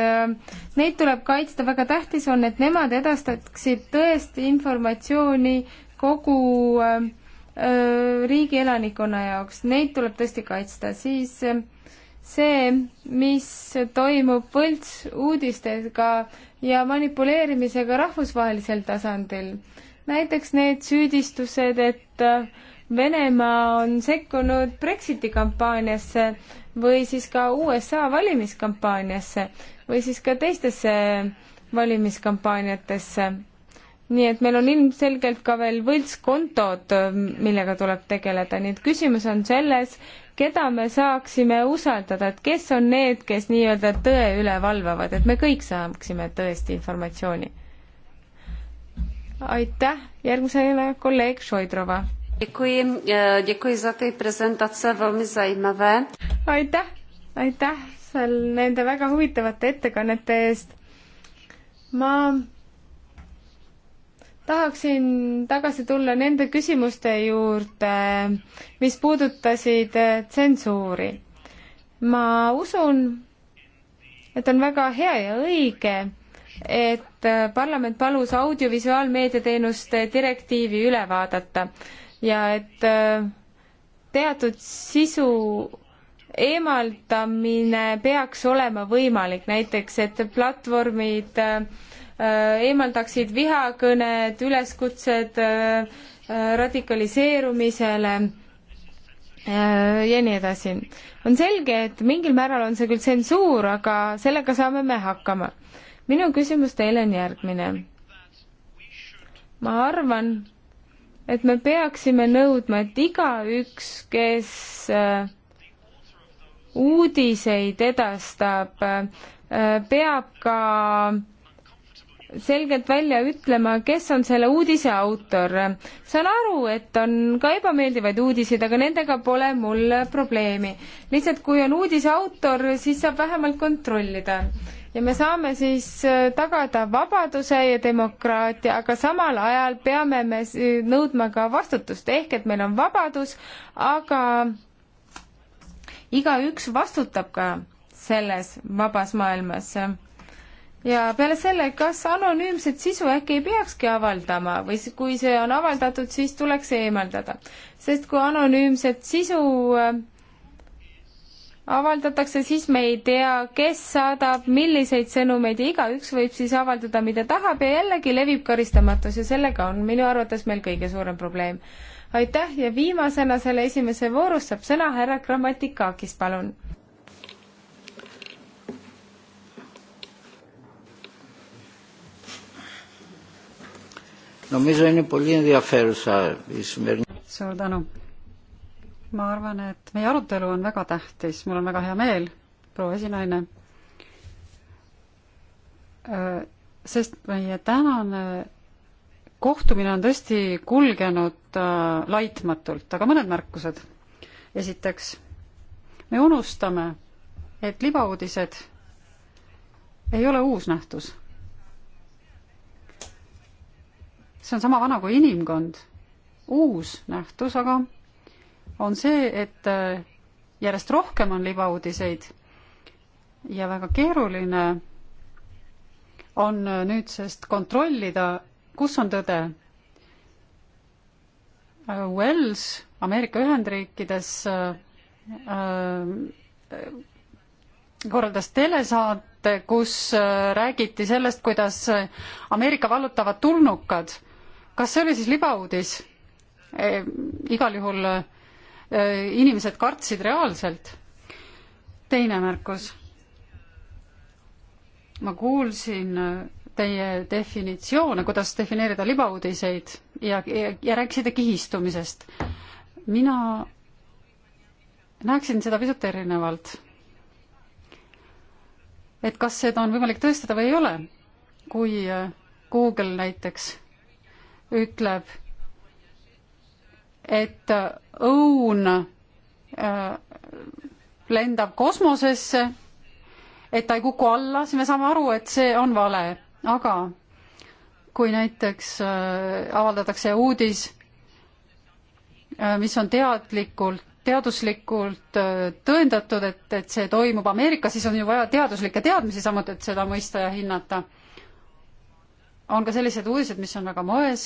neid tuleb kaitsta, väga tähtis on, et nemad edastaksid tõesti informatsiooni kogu riigi elanikkonna jaoks, neid tuleb tõesti kaitsta, siis äh, see, mis toimub võltsuudistega ja manipuleerimisega rahvusvahelisel tasandil. näiteks need süüdistused, et Venemaa on sekkunud Brexiti kampaaniasse või siis ka USA valimiskampaaniasse või siis ka teistesse valimiskampaaniatesse. nii et meil on ilmselgelt ka veel võltskontod, millega tuleb tegeleda, nii et küsimus on selles, keda me saaksime usaldada, et kes on need, kes nii-öelda tõe üle valvavad, et me kõik saaksime tõesti informatsiooni. aitäh, järgmisena kolleeg Šoidrova. Eh, aitäh, aitäh seal nende väga huvitavate ettekannete eest. ma tahaksin tagasi tulla nende küsimuste juurde, mis puudutasid äh, tsensuuri. ma usun, et on väga hea ja õige, et äh, parlament palus audiovisuaalmeedia teenuste direktiivi üle vaadata ja et äh, teatud sisu eemaldamine peaks olema võimalik, näiteks et platvormid äh, Äh, eemaldaksid vihakõned, üleskutsed äh, äh, radikaliseerumisele ja nii edasi. on selge, et mingil määral on see küll tsensuur, aga sellega saame me hakkama. minu küsimus teile on järgmine. ma arvan, et me peaksime nõudma, et igaüks, kes uudiseid edastab, peab ka selgelt välja ütlema, kes on selle uudise autor. saan aru, et on ka ebameeldivaid uudiseid, aga nendega pole mul probleemi. lihtsalt kui on uudise autor, siis saab vähemalt kontrollida. ja me saame siis äh, tagada vabaduse ja demokraatia, aga samal ajal peame me nõudma ka vastutust, ehk et meil on vabadus, aga igaüks vastutab ka selles vabas maailmas ja peale selle, kas anonüümset sisu äkki ei peakski avaldama või kui see on avaldatud, siis tuleks see eemaldada, sest kui anonüümset sisu äh, avaldatakse, siis me ei tea, kes saadab milliseid sõnumeid ja igaüks võib siis avaldada, mida tahab ja jällegi levib karistamatus ja sellega on minu arvates meil kõige suurem probleem. aitäh ja viimasena selle esimese voorus saab sõna härra Grammatikakis, palun Νομίζω είναι πολύ ενδιαφέρουσα η σημερινή. Suur tänu. Ma arvan, et meie arutelu on väga tähtis. Mul on väga hea meel, proua esinaine. Äh, sest meie tänane kohtumine on tõesti kulgenud äh, laitmatult, aga mõned märkused. Esiteks, me unustame, et libauudised ei ole uus nähtus see on sama vana kui inimkond. uus nähtus aga on see, et äh, järjest rohkem on libauudiseid ja väga keeruline on äh, nüüdsest kontrollida, kus on tõde. Äh, Wells Ameerika Ühendriikides korraldas telesaate, kus räägiti sellest, kuidas Ameerika vallutavad tulnukad kas see oli siis libauudis? E, igal juhul e, inimesed kartsid reaalselt. teine märkus. ma kuulsin e, teie definitsioone, kuidas defineerida libauudiseid ja, ja, ja rääkisite kihistumisest. mina näeksin seda pisut erinevalt. et kas seda on võimalik tõestada või ei ole, kui Google näiteks ütleb, et õun äh, lendab kosmosesse, et ta ei kuku alla, siis me saame aru, et see on vale, aga kui näiteks äh, avaldatakse uudis, äh, mis on teadlikult, teaduslikult tõendatud, et, et see toimub Ameerikas, siis on ju vaja teaduslikke teadmisi samuti, et seda mõista ja hinnata on ka sellised uudised, mis on väga moes,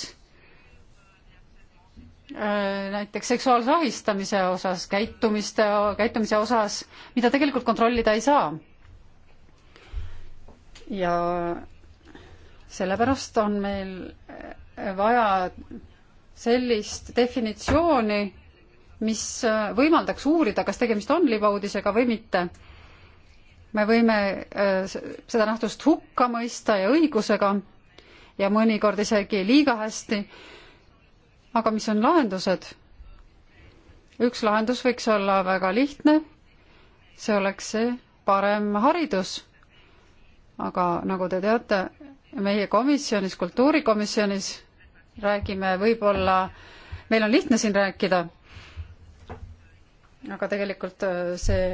äh, näiteks seksuaalse ahistamise osas, käitumiste, käitumise osas, mida tegelikult kontrollida ei saa. ja sellepärast on meil vaja sellist definitsiooni, mis võimaldaks uurida, kas tegemist on libauudisega või mitte. me võime äh, seda nähtust hukka mõista ja õigusega ja mõnikord isegi liiga hästi. aga mis on lahendused? üks lahendus võiks olla väga lihtne, see oleks see parem haridus. aga nagu te teate, meie komisjonis, kultuurikomisjonis räägime võib-olla, meil on lihtne siin rääkida, aga tegelikult äh, see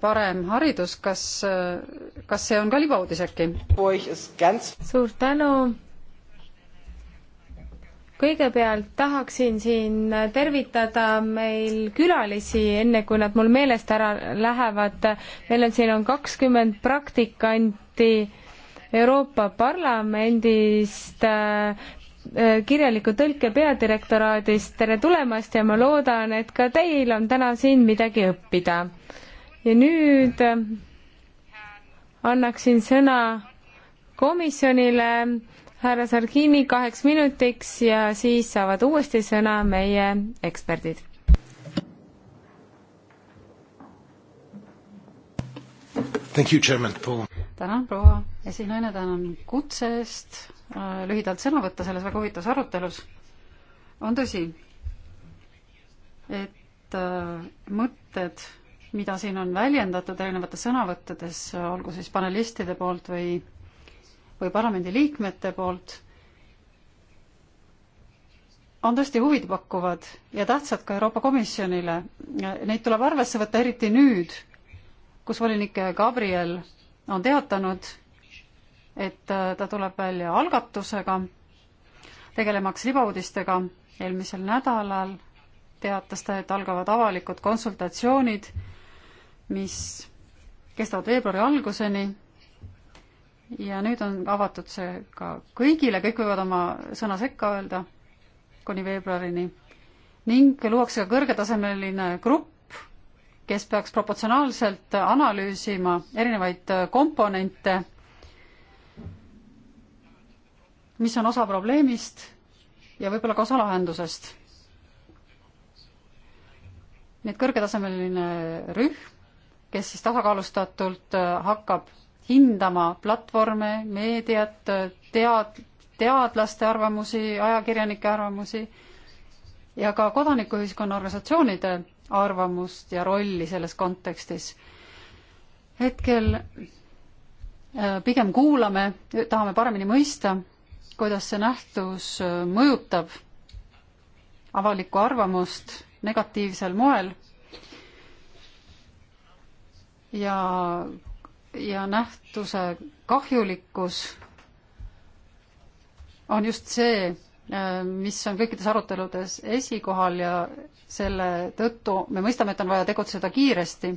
parem haridus, kas, kas see on ka libauudis äkki? suur tänu! kõigepealt tahaksin siin tervitada meil külalisi, enne kui nad mul meelest ära lähevad. meil on siin on kakskümmend praktikanti Euroopa Parlamendist, äh, kirjaliku tõlke peadirektoraadist, tere tulemast ja ma loodan, et ka teil on täna siin midagi õppida ja nüüd annaksin sõna komisjonile härra Sargini kaheks minutiks ja siis saavad uuesti sõna meie eksperdid. tänan, proua esinaine, tänan kutse eest äh, lühidalt sõna võtta selles väga huvitavas arutelus. on tõsi, et äh, mõtted mida siin on väljendatud erinevates sõnavõttudes, olgu siis panelistide poolt või, või parlamendiliikmete poolt, on tõesti huvitpakkuvad ja tähtsad ka Euroopa Komisjonile. Neid tuleb arvesse võtta eriti nüüd, kus volinik Gabriel on teatanud, et ta tuleb välja algatusega, tegelemaks libauudistega. eelmisel nädalal teatas ta, et algavad avalikud konsultatsioonid mis kestavad veebruari alguseni ja nüüd on avatud see ka kõigile, kõik võivad oma sõna sekka öelda kuni veebruarini ning luuakse ka kõrgetasemeline grupp, kes peaks proportsionaalselt analüüsima erinevaid komponente, mis on osa probleemist ja võib-olla ka osa lahendusest. nii et kõrgetasemeline rühm kes siis tasakaalustatult äh, hakkab hindama platvorme, meediat, tead-, teadlaste arvamusi, ajakirjanike arvamusi ja ka kodanikuühiskonna organisatsioonide arvamust ja rolli selles kontekstis. hetkel äh, pigem kuulame, tahame paremini mõista, kuidas see nähtus äh, mõjutab avalikku arvamust negatiivsel moel ja, ja nähtuse kahjulikkus on just see, äh, mis on kõikides aruteludes esikohal ja selle tõttu me mõistame, et on vaja tegutseda kiiresti.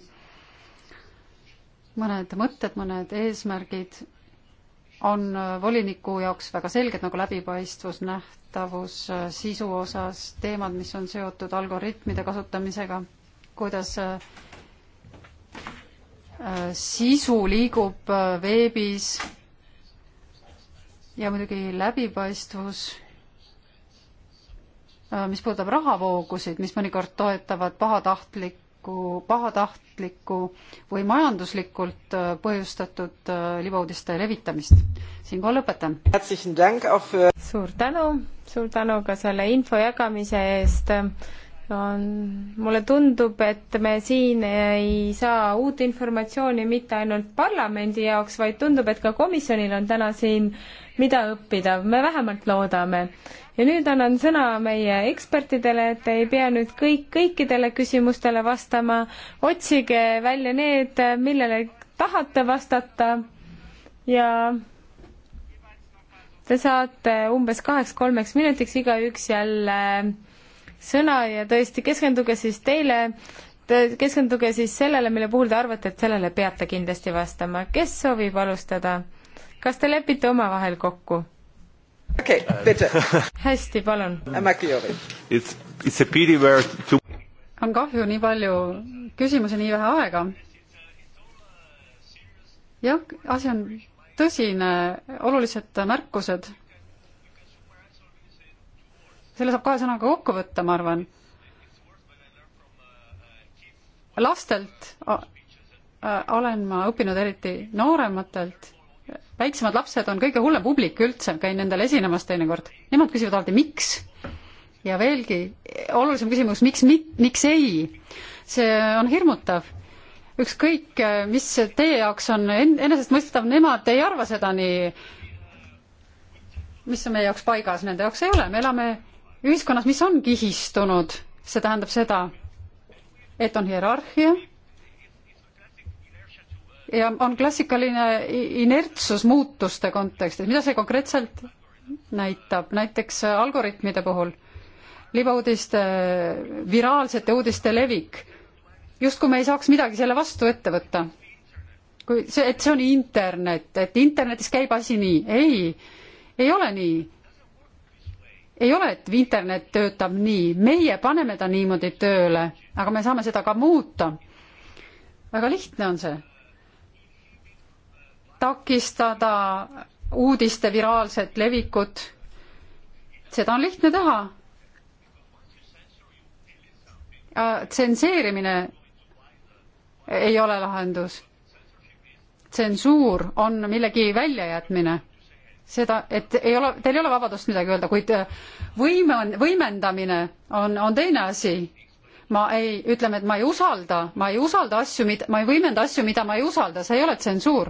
mõned mõtted, mõned eesmärgid on äh, voliniku jaoks väga selged, nagu läbipaistvus, nähtavus äh, sisu osas, teemad, mis on seotud algoritmide kasutamisega, kuidas äh, Äh, sisu liigub äh, veebis ja muidugi läbipaistvus, äh, mis puudutab rahavoogusid, mis mõnikord toetavad pahatahtlikku, pahatahtlikku või majanduslikult põhjustatud libauudiste levitamist. siinkohal lõpetan. suur tänu, suur tänu ka selle info jagamise eest on, mulle tundub, et me siin ei saa uut informatsiooni mitte ainult parlamendi jaoks, vaid tundub, et ka komisjonil on täna siin mida õppida, me vähemalt loodame. ja nüüd annan sõna meie ekspertidele, et ei pea nüüd kõik, kõikidele küsimustele vastama, otsige välja need, millele tahate vastata ja te saate umbes kaheks-kolmeks minutiks igaüks jälle sõna ja tõesti keskenduge siis teile, keskenduge siis sellele, mille puhul te arvate, et sellele peate kindlasti vastama. kes soovib alustada? kas te lepite omavahel kokku? okei okay,, Peeter hästi, palun. Äh, to... on kahju, nii palju küsimusi, nii vähe aega. jah, asi on tõsine, olulised märkused selle saab kahe sõnaga kokku võtta, ma arvan. lastelt olen ma õppinud eriti noorematelt, väiksemad lapsed on kõige hullem publik üldse, käin nendel esinemas teinekord, nemad küsivad alati, miks ja veelgi olulisem küsimus, miks, miks ei? see on hirmutav. ükskõik, eh, mis teie jaoks on enesestmõistetav, nemad ei arva seda nii, mis on meie jaoks paigas, nende jaoks ei ole, me elame ühiskonnas, mis on kihistunud, see tähendab seda, et on hierarhia ja on klassikaline inertsus muutuste kontekstis, mida see konkreetselt näitab, näiteks algoritmide puhul libauudiste, viraalsete uudiste levik, justkui me ei saaks midagi selle vastu ette võtta. kui see, et see on internet, et internetis käib asi nii, ei, ei ole nii ei ole, et internet töötab nii, meie paneme ta niimoodi tööle, aga me saame seda ka muuta. väga lihtne on see. takistada uudiste viraalset levikut. seda on lihtne teha. tsenseerimine ei ole lahendus. tsensuur on millegi väljajätmine seda, et ei ole, teil ei ole vabadust midagi öelda, kuid äh, võime on, võimendamine on, on teine asi. ma ei, ütleme, et ma ei usalda, ma ei usalda asju, mida, ma ei võimenda asju, mida ma ei usalda, see ei ole tsensuur.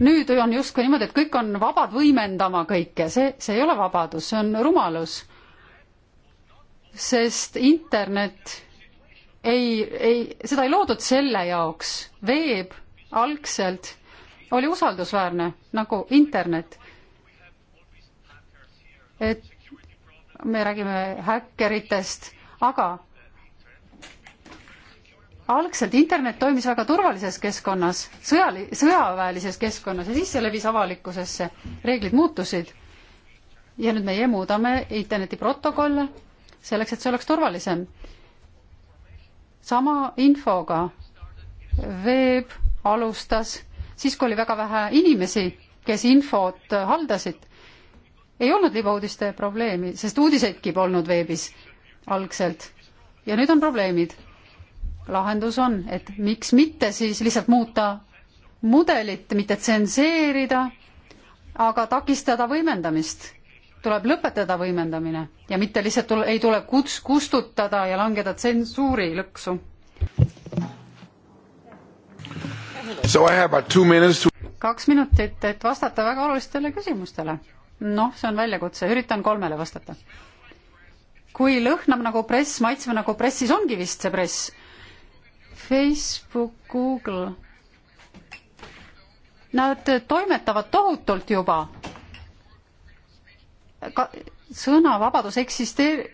nüüd on justkui niimoodi, et kõik on vabad võimendama kõike, see, see ei ole vabadus, see on rumalus. sest internet ei, ei, seda ei loodud selle jaoks, veeb algselt oli usaldusväärne nagu internet. et me räägime häkkeritest, aga algselt internet toimis väga turvalises keskkonnas, sõjali-, sõjaväelises keskkonnas ja siis see levis avalikkusesse. reeglid muutusid. ja nüüd meie muudame interneti protokolle selleks, et see oleks turvalisem. sama infoga veeb alustas siis, kui oli väga vähe inimesi, kes infot haldasid, ei olnud libauudiste probleemi, sest uudiseidki polnud veebis algselt. ja nüüd on probleemid. lahendus on, et miks mitte siis lihtsalt muuta mudelit, mitte tsenseerida, aga takistada võimendamist. tuleb lõpetada võimendamine ja mitte lihtsalt tule, ei tule kuts-, kustutada ja langeda tsensuuri lõksu kaks minutit, et vastata väga olulistele küsimustele. noh, see on väljakutse, üritan kolmele vastata. kui lõhnab nagu press, maitseb nagu press, siis ongi vist see press. Facebook, Google. Nad toimetavad tohutult juba. ka sõnavabadus eksisteer-,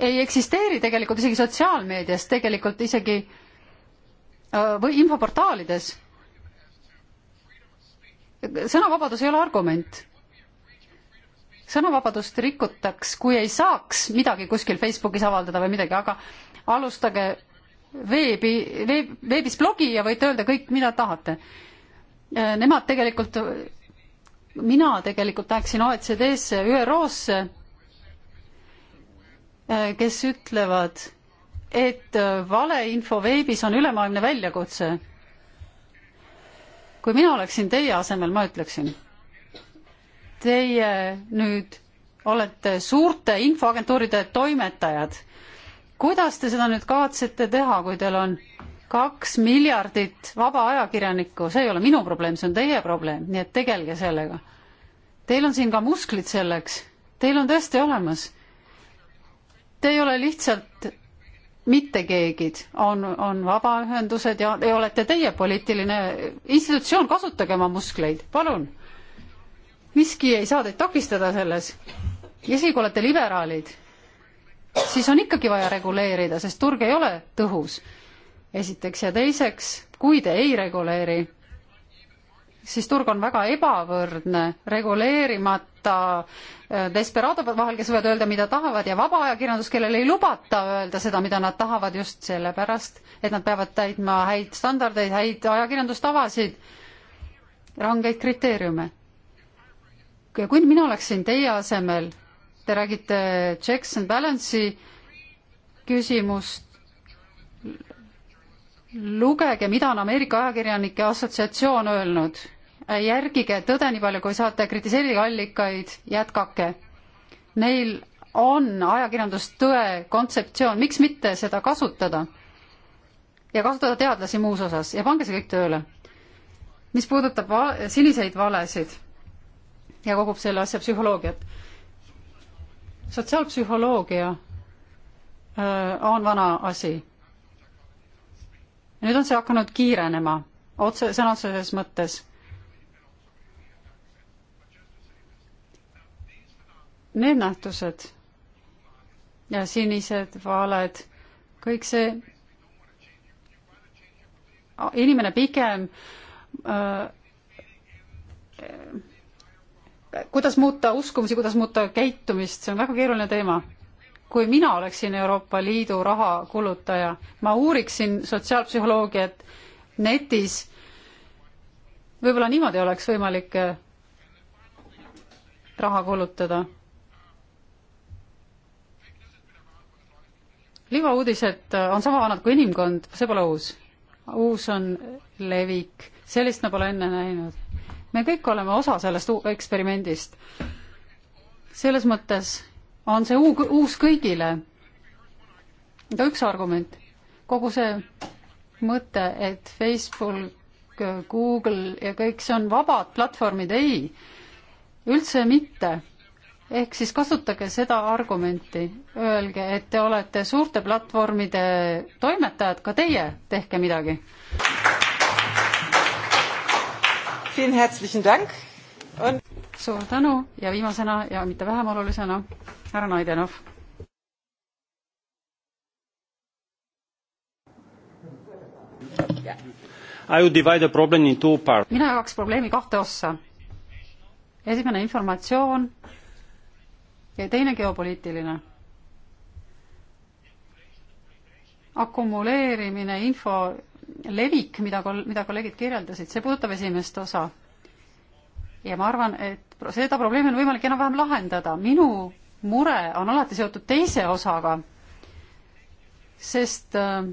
ei eksisteeri tegelikult isegi sotsiaalmeedias, tegelikult isegi äh, või infoportaalides sõnavabadus ei ole argument. sõnavabadust rikutaks, kui ei saaks midagi kuskil Facebookis avaldada või midagi, aga alustage veebi, veeb, veebis blogi ja võite öelda kõik, mida tahate. Nemad tegelikult, mina tegelikult läheksin OECD-sse, ÜRO-sse, kes ütlevad, et valeinfo veebis on ülemaailmne väljakutse kui mina oleksin teie asemel, ma ütleksin, teie nüüd olete suurte infoagentuuride toimetajad. kuidas te seda nüüd kavatsete teha, kui teil on kaks miljardit vaba ajakirjanikku, see ei ole minu probleem, see on teie probleem, nii et tegelge sellega. Teil on siin ka musklid selleks, teil on tõesti olemas. Te ei ole lihtsalt mitte keegi, on, on vabaühendused ja, ja olete teie poliitiline institutsioon, kasutage oma muskleid, palun. miski ei saa teid takistada selles. isegi kui olete liberaalid, siis on ikkagi vaja reguleerida, sest turg ei ole tõhus. esiteks ja teiseks, kui te ei reguleeri, siis turg on väga ebavõrdne, reguleerimata äh, desperaadode vahel, kes võivad öelda, mida tahavad, ja vaba ajakirjandus, kellel ei lubata öelda seda, mida nad tahavad, just sellepärast, et nad peavad täitma häid standardeid, häid ajakirjandustavasid, rangeid kriteeriume. ja kui mina oleksin teie asemel, te räägite checks and balance'i küsimust, lugege, mida on Ameerika Ajakirjanike Assotsiatsioon öelnud järgige tõde nii palju, kui saate, kritiseerige allikaid, jätkake. Neil on ajakirjandustõe kontseptsioon, miks mitte seda kasutada? ja kasutada teadlasi muus osas ja pange see kõik tööle. mis puudutab va siniseid valesid ja kogub selle asja psühholoogiat. sotsiaalpsühholoogia äh, on vana asi. nüüd on see hakanud kiirenema otse, sõna otseses mõttes need nähtused ja sinised valed, kõik see, inimene pigem äh, kuidas muuta uskumusi, kuidas muuta käitumist, see on väga keeruline teema. kui mina oleksin Euroopa Liidu raha kulutaja, ma uuriksin sotsiaalpsühholoogiat netis, võib-olla niimoodi oleks võimalik raha kulutada libauudised äh, on sama vanad kui inimkond, see pole uus. uus on levik, sellist me pole enne näinud. me kõik oleme osa sellest eksperimendist. selles mõttes on see uus kõigile. ka üks argument, kogu see mõte, et Facebook, Google ja kõik see on vabad platvormid, ei, üldse mitte ehk siis kasutage seda argumenti, öelge, et te olete suurte platvormide toimetajad, ka teie tehke midagi. suur tänu ja viimasena ja mitte vähem olulisena härra Naidenov mina jagaks probleemi kahte ossa. esimene informatsioon ja teine geopoliitiline. akumuleerimine, info levik, mida kol-, mida kolleegid kirjeldasid, see puudutab esimest osa. ja ma arvan, et seda probleemi on võimalik enam-vähem lahendada. minu mure on alati seotud teise osaga, sest äh,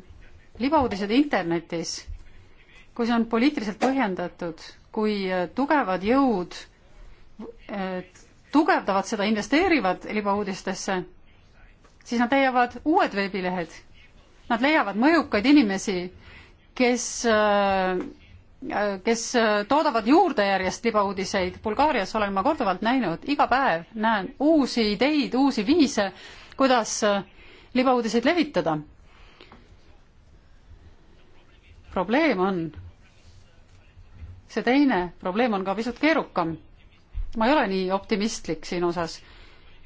libauudised internetis, kui see on poliitiliselt põhjendatud, kui äh, tugevad jõud äh, tugevdavad seda, investeerivad libauudistesse, siis nad leiavad uued veebilehed. Nad leiavad mõjukaid inimesi, kes, äh, kes äh, toodavad juurde järjest libauudiseid. Bulgaarias olen ma korduvalt näinud, iga päev näen uusi ideid, uusi viise, kuidas äh, libauudiseid levitada. probleem on, see teine probleem on ka pisut keerukam ma ei ole nii optimistlik siin osas,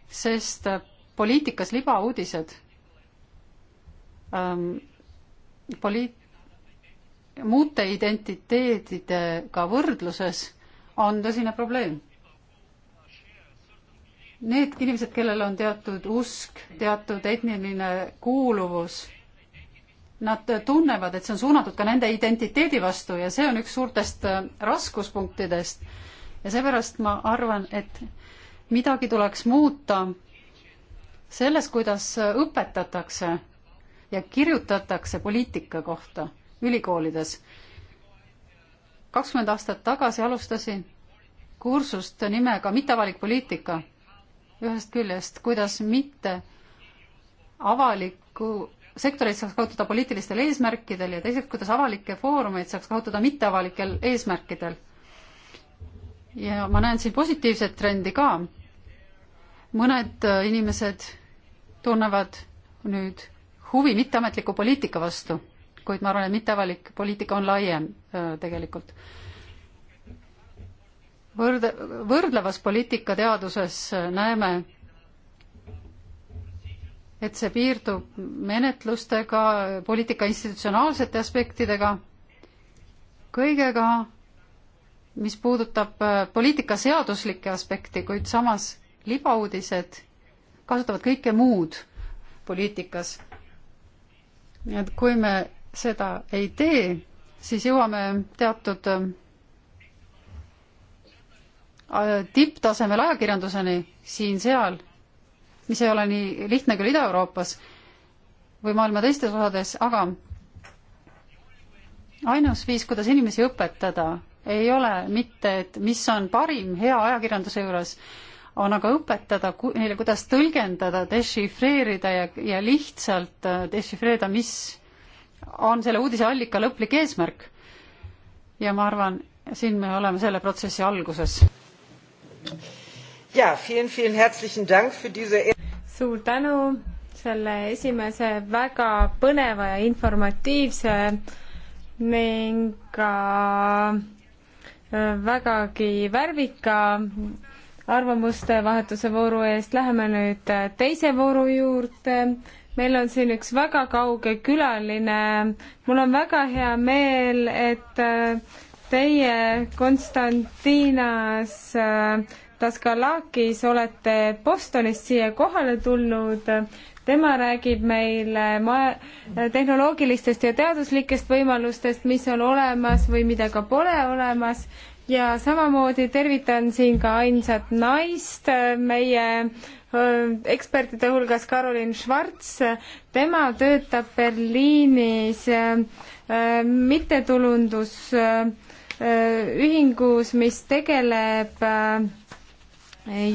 sest äh, poliitikas libauudised ähm,, poliit-, muute identiteedidega võrdluses on tõsine probleem. Need inimesed, kellel on teatud usk, teatud etniline kuuluvus, nad äh, tunnevad, et see on suunatud ka nende identiteedi vastu ja see on üks suurtest äh, raskuspunktidest ja seepärast ma arvan, et midagi tuleks muuta selles, kuidas õpetatakse ja kirjutatakse poliitika kohta ülikoolides. kakskümmend aastat tagasi alustasin kursust nimega Mitteavalik poliitika. ühest küljest, kuidas mitte avalikku sektoreid saaks kasutada poliitilistel eesmärkidel ja teiseks, kuidas avalikke foorumeid saaks kasutada mitteavalikel eesmärkidel ja ma näen siin positiivset trendi ka. mõned äh, inimesed tunnevad nüüd huvi mitteametliku poliitika vastu, kuid ma arvan, et mitteavalik poliitika on laiem äh, tegelikult. Võrd-, võrdlevas poliitikateaduses äh, näeme, et see piirdub menetlustega, poliitika institutsionaalsete aspektidega, kõigega, mis puudutab äh, poliitika seaduslikke aspekti, kuid samas libauudised kasutavad kõike muud poliitikas. nii et kui me seda ei tee, siis jõuame teatud äh, äh, tipptasemel ajakirjanduseni siin-seal, mis ei ole nii lihtne küll Ida-Euroopas või maailma teistes osades, aga ainus viis, kuidas inimesi õpetada ei ole mitte, et mis on parim hea ajakirjanduse juures, on aga õpetada ku, neile, kuidas tõlgendada, dešifreerida ja, ja lihtsalt äh, dešifreerida, mis on selle uudiseallika lõplik eesmärk. ja ma arvan, siin me oleme selle protsessi alguses. ja, diese... E- suur tänu selle esimese väga põneva ja informatiivse ning ka äh, vägagi värvika arvamuste vahetuse vooru eest. Läheme nüüd teise vooru juurde. meil on siin üks väga kauge külaline. mul on väga hea meel, et äh, teie Konstantinas Daskalakis äh, olete Bostonist siia kohale tulnud tema räägib meile ma-, tehnoloogilistest ja teaduslikest võimalustest, mis on olemas või mida ka pole olemas, ja samamoodi tervitan siin ka ainsat naist meie ekspertide hulgas, Karolin Schwarz, tema töötab Berliinis mittetulundusühingus, mis tegeleb äh,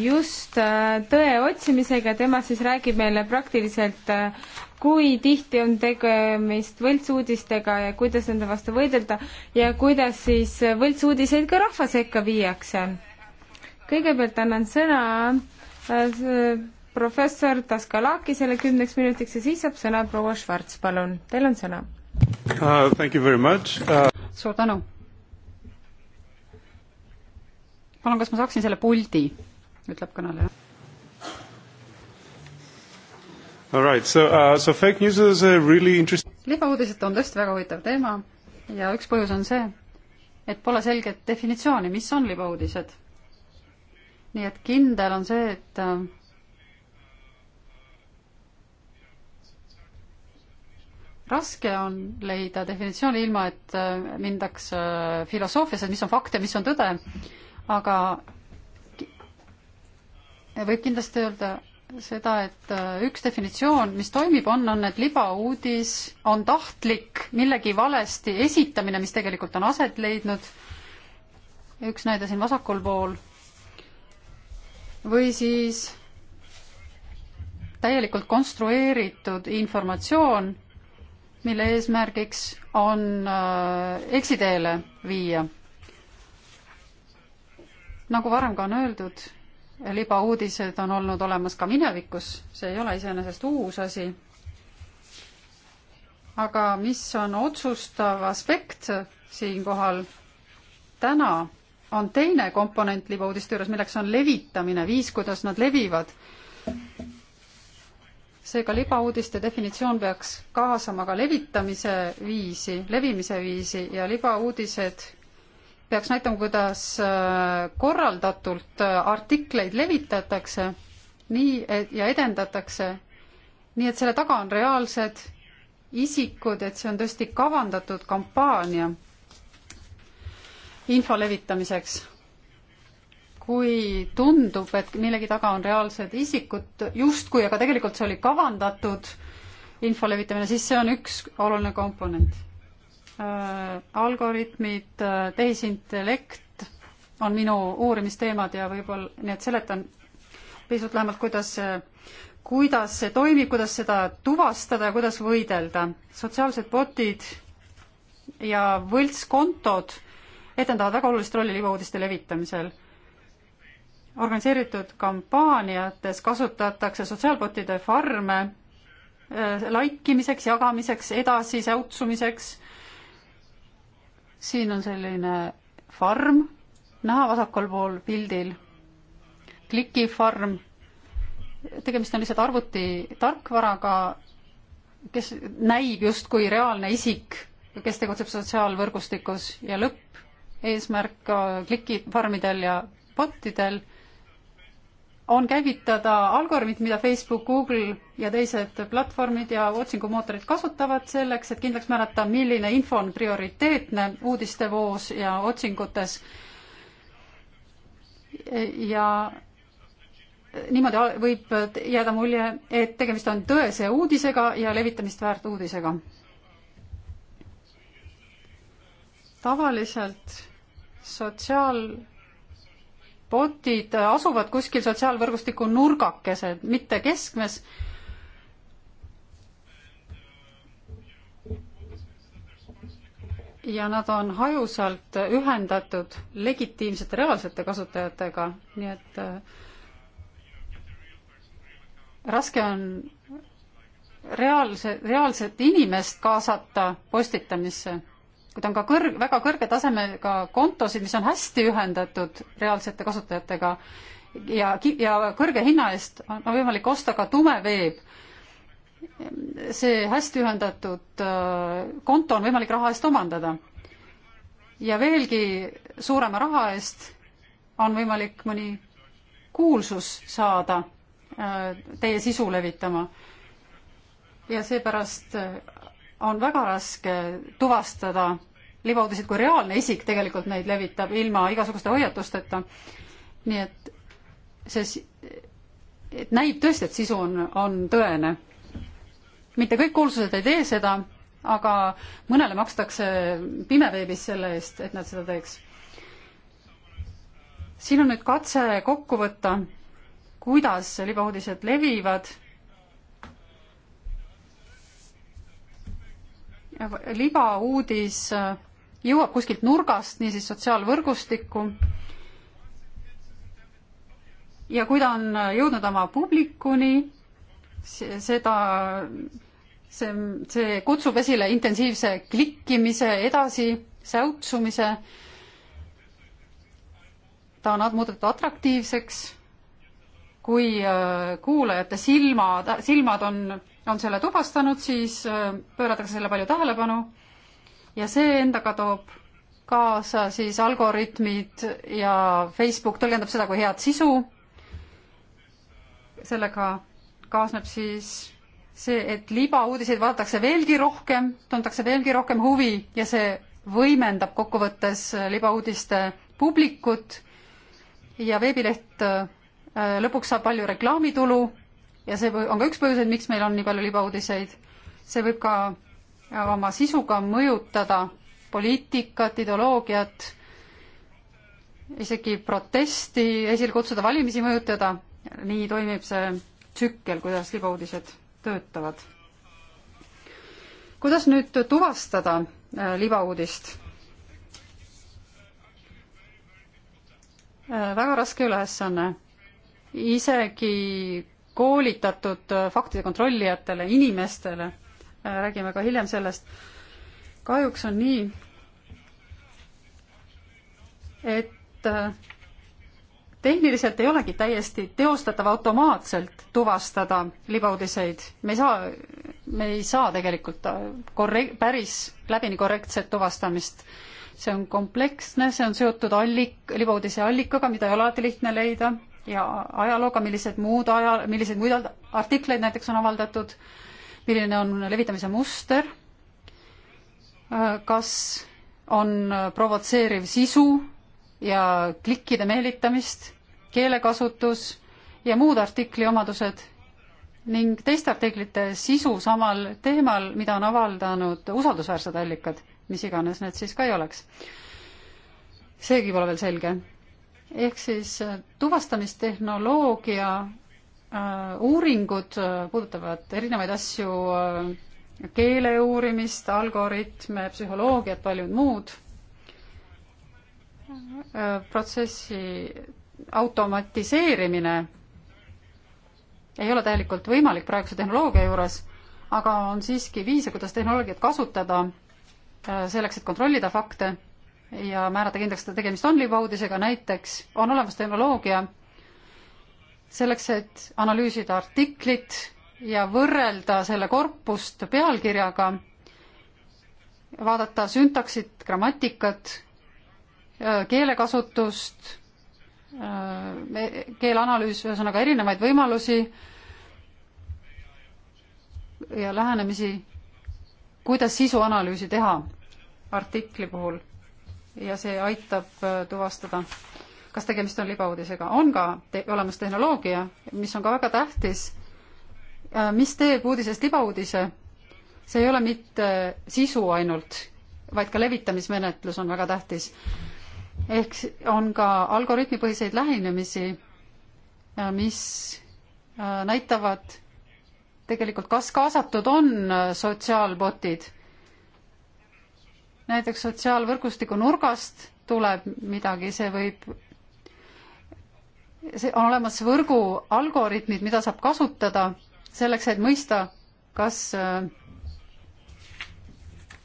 just äh, tõe otsimisega, tema siis räägib meile praktiliselt, äh, kui tihti on tegemist võltsuudistega ja kuidas nende vastu võidelda ja kuidas siis võltsuudiseid ka rahva sekka viiakse. kõigepealt annan sõna äh, professor Taskalakisele kümneks minutiks ja siis saab sõna proua Schwarz, palun, teil on sõna uh,. Thank you very much uh.... suur tänu. palun, kas ma saaksin selle puldi? ütleb kõneleja. All right, so uh,, so fake news is a really interesting libauudised on tõesti väga huvitav teema ja üks põhjus on see, et pole selget definitsiooni, mis on libauudised. nii et kindel on see, et uh, raske on leida definitsiooni, ilma et äh, mindaks äh, filosoofiasse, mis on fakt ja mis on tõde, aga võib kindlasti öelda seda, et äh, üks definitsioon, mis toimib, on, on, et libauudis on tahtlik millegi valesti esitamine, mis tegelikult on aset leidnud. üks näide siin vasakul pool. või siis täielikult konstrueeritud informatsioon, mille eesmärgiks on äh, eksiteele viia. nagu varem ka on öeldud libauudised on olnud olemas ka minevikus, see ei ole iseenesest uus asi. aga mis on otsustav aspekt siinkohal täna, on teine komponent libauudiste juures, milleks on levitamine, viis, kuidas nad levivad. seega libauudiste definitsioon peaks kaasama ka levitamise viisi, levimise viisi ja libauudised peaks näitama, kuidas äh, korraldatult äh, artikleid levitatakse nii et, ja edendatakse, nii et selle taga on reaalsed isikud, et see on tõesti kavandatud kampaania info levitamiseks. kui tundub, et millegi taga on reaalsed isikud justkui, aga tegelikult see oli kavandatud info levitamine, siis see on üks oluline komponent Äh, algoritmid, äh, tehisintellekt on minu uurimisteemad ja võib-olla, nii et seletan pisut lähemalt, kuidas kuidas see toimib, kuidas seda tuvastada ja kuidas võidelda. sotsiaalsed botid ja võltskontod etendavad väga olulist rolli libauudiste levitamisel. organiseeritud kampaaniates kasutatakse sotsiaalbotide farme äh, laikimiseks, jagamiseks, edasi säutsumiseks siin on selline farm, näha vasakul pool pildil, klikifarm, tegemist on lihtsalt arvuti tarkvaraga, kes näib justkui reaalne isik, kes tegutseb sotsiaalvõrgustikus ja lõppeesmärk äh, klikifarmidel ja bottidel on käivitada algoritmid, mida Facebook, Google ja teised platvormid ja otsingumootorid kasutavad selleks, et kindlaks määrata, milline info on prioriteetne uudistevoos ja otsingutes. ja niimoodi võib jääda mulje, et tegemist on tõese uudisega ja levitamist väärt uudisega. tavaliselt sotsiaal- botid asuvad kuskil sotsiaalvõrgustiku nurgakesed, mitte keskmes. ja nad on hajusalt ühendatud legitiimsete reaalsete kasutajatega, nii et äh, raske on reaalse, reaalset inimest kaasata postitamisse kuid on ka kõrg, väga kõrge tasemega kontosid, mis on hästi ühendatud reaalsete kasutajatega ja, ja kõrge hinna eest on võimalik osta ka tumeveeb. see hästi ühendatud äh, konto on võimalik raha eest omandada. ja veelgi suurema raha eest on võimalik mõni kuulsus saada äh, teie sisu levitama. ja seepärast äh, on väga raske tuvastada libauudiseid, kui reaalne isik tegelikult neid levitab ilma igasuguste hoiatusteta. nii et see, et näib tõesti, et sisu on, on tõene. mitte kõik kuulsused ei tee seda, aga mõnele makstakse pimeveebis selle eest, et nad seda teeks. siin on nüüd katse kokku võtta, kuidas libauudised levivad libauudis äh, jõuab kuskilt nurgast, niisiis sotsiaalvõrgustikku. ja kui ta on äh, jõudnud oma publikuni, seda, see, see kutsub esile intensiivse klikkimise, edasi säutsumise. ta on muudetud atraktiivseks, kui äh, kuulajate silmad, silmad on on selle tuvastanud, siis äh, pööratakse selle palju tähelepanu ja see endaga toob kaasa siis algoritmid ja Facebook tõlgendab seda kui head sisu. sellega kaasneb siis see, et libauudiseid vaadatakse veelgi rohkem, tuntakse veelgi rohkem huvi ja see võimendab kokkuvõttes libauudiste publikut ja veebileht äh, lõpuks saab palju reklaamitulu ja see on ka üks põhjuseid, miks meil on nii palju libauudiseid. see võib ka äh, oma sisuga mõjutada poliitikat, ideoloogiat, isegi protesti esile kutsuda, valimisi mõjutada. nii toimib see tsükkel, kuidas libauudised töötavad. kuidas nüüd tuvastada äh, libauudist? Äh, väga raske ülesanne. isegi koolitatud äh, faktide kontrollijatele, inimestele, äh, räägime ka hiljem sellest, kahjuks on nii, et äh, tehniliselt ei olegi täiesti teostatav automaatselt tuvastada libauudiseid. me ei saa, me ei saa tegelikult korre-, päris läbini korrektset tuvastamist. see on kompleksne, see on seotud allik, libauudise allikaga, mida ei ole alati lihtne leida, ja ajalooga, millised muud aja, milliseid muid artikleid näiteks on avaldatud, milline on levitamise muster, kas on provotseeriv sisu ja klikkide meelitamist, keelekasutus ja muud artikli omadused ning teiste artiklite sisu samal teemal, mida on avaldanud usaldusväärsed allikad, mis iganes need siis ka ei oleks. seegi pole veel selge ehk siis äh, tuvastamistehnoloogia äh, uuringud äh, puudutavad erinevaid asju, keele uurimist, algoritme, psühholoogiat, paljud muud. protsessi automatiseerimine ei ole täielikult võimalik praeguse tehnoloogia juures, aga on siiski viise, kuidas tehnoloogiat kasutada selleks, et kontrollida fakte ja määrata kindlaks, et tegemist on libauudisega, näiteks on olemas tehnoloogia selleks, et analüüsida artiklit ja võrrelda selle korpust pealkirjaga, vaadata süntaksit, grammatikat, äh, keelekasutust, äh, keeleanalüüs, ühesõnaga erinevaid võimalusi ja lähenemisi, kuidas sisuanalüüsi teha artikli puhul ja see aitab äh, tuvastada, kas tegemist on libauudisega. on ka te olemas tehnoloogia, mis on ka väga tähtis, äh, mis teeb uudisest libauudise, see ei ole mitte sisu ainult, vaid ka levitamismenetlus on väga tähtis. ehk on ka algoritmipõhiseid lähenemisi, äh, mis näitavad tegelikult, kas kaasatud on sotsiaalbotid näiteks sotsiaalvõrgustiku nurgast tuleb midagi, see võib, see on olemas võrgu algoritmid, mida saab kasutada selleks, et mõista, kas,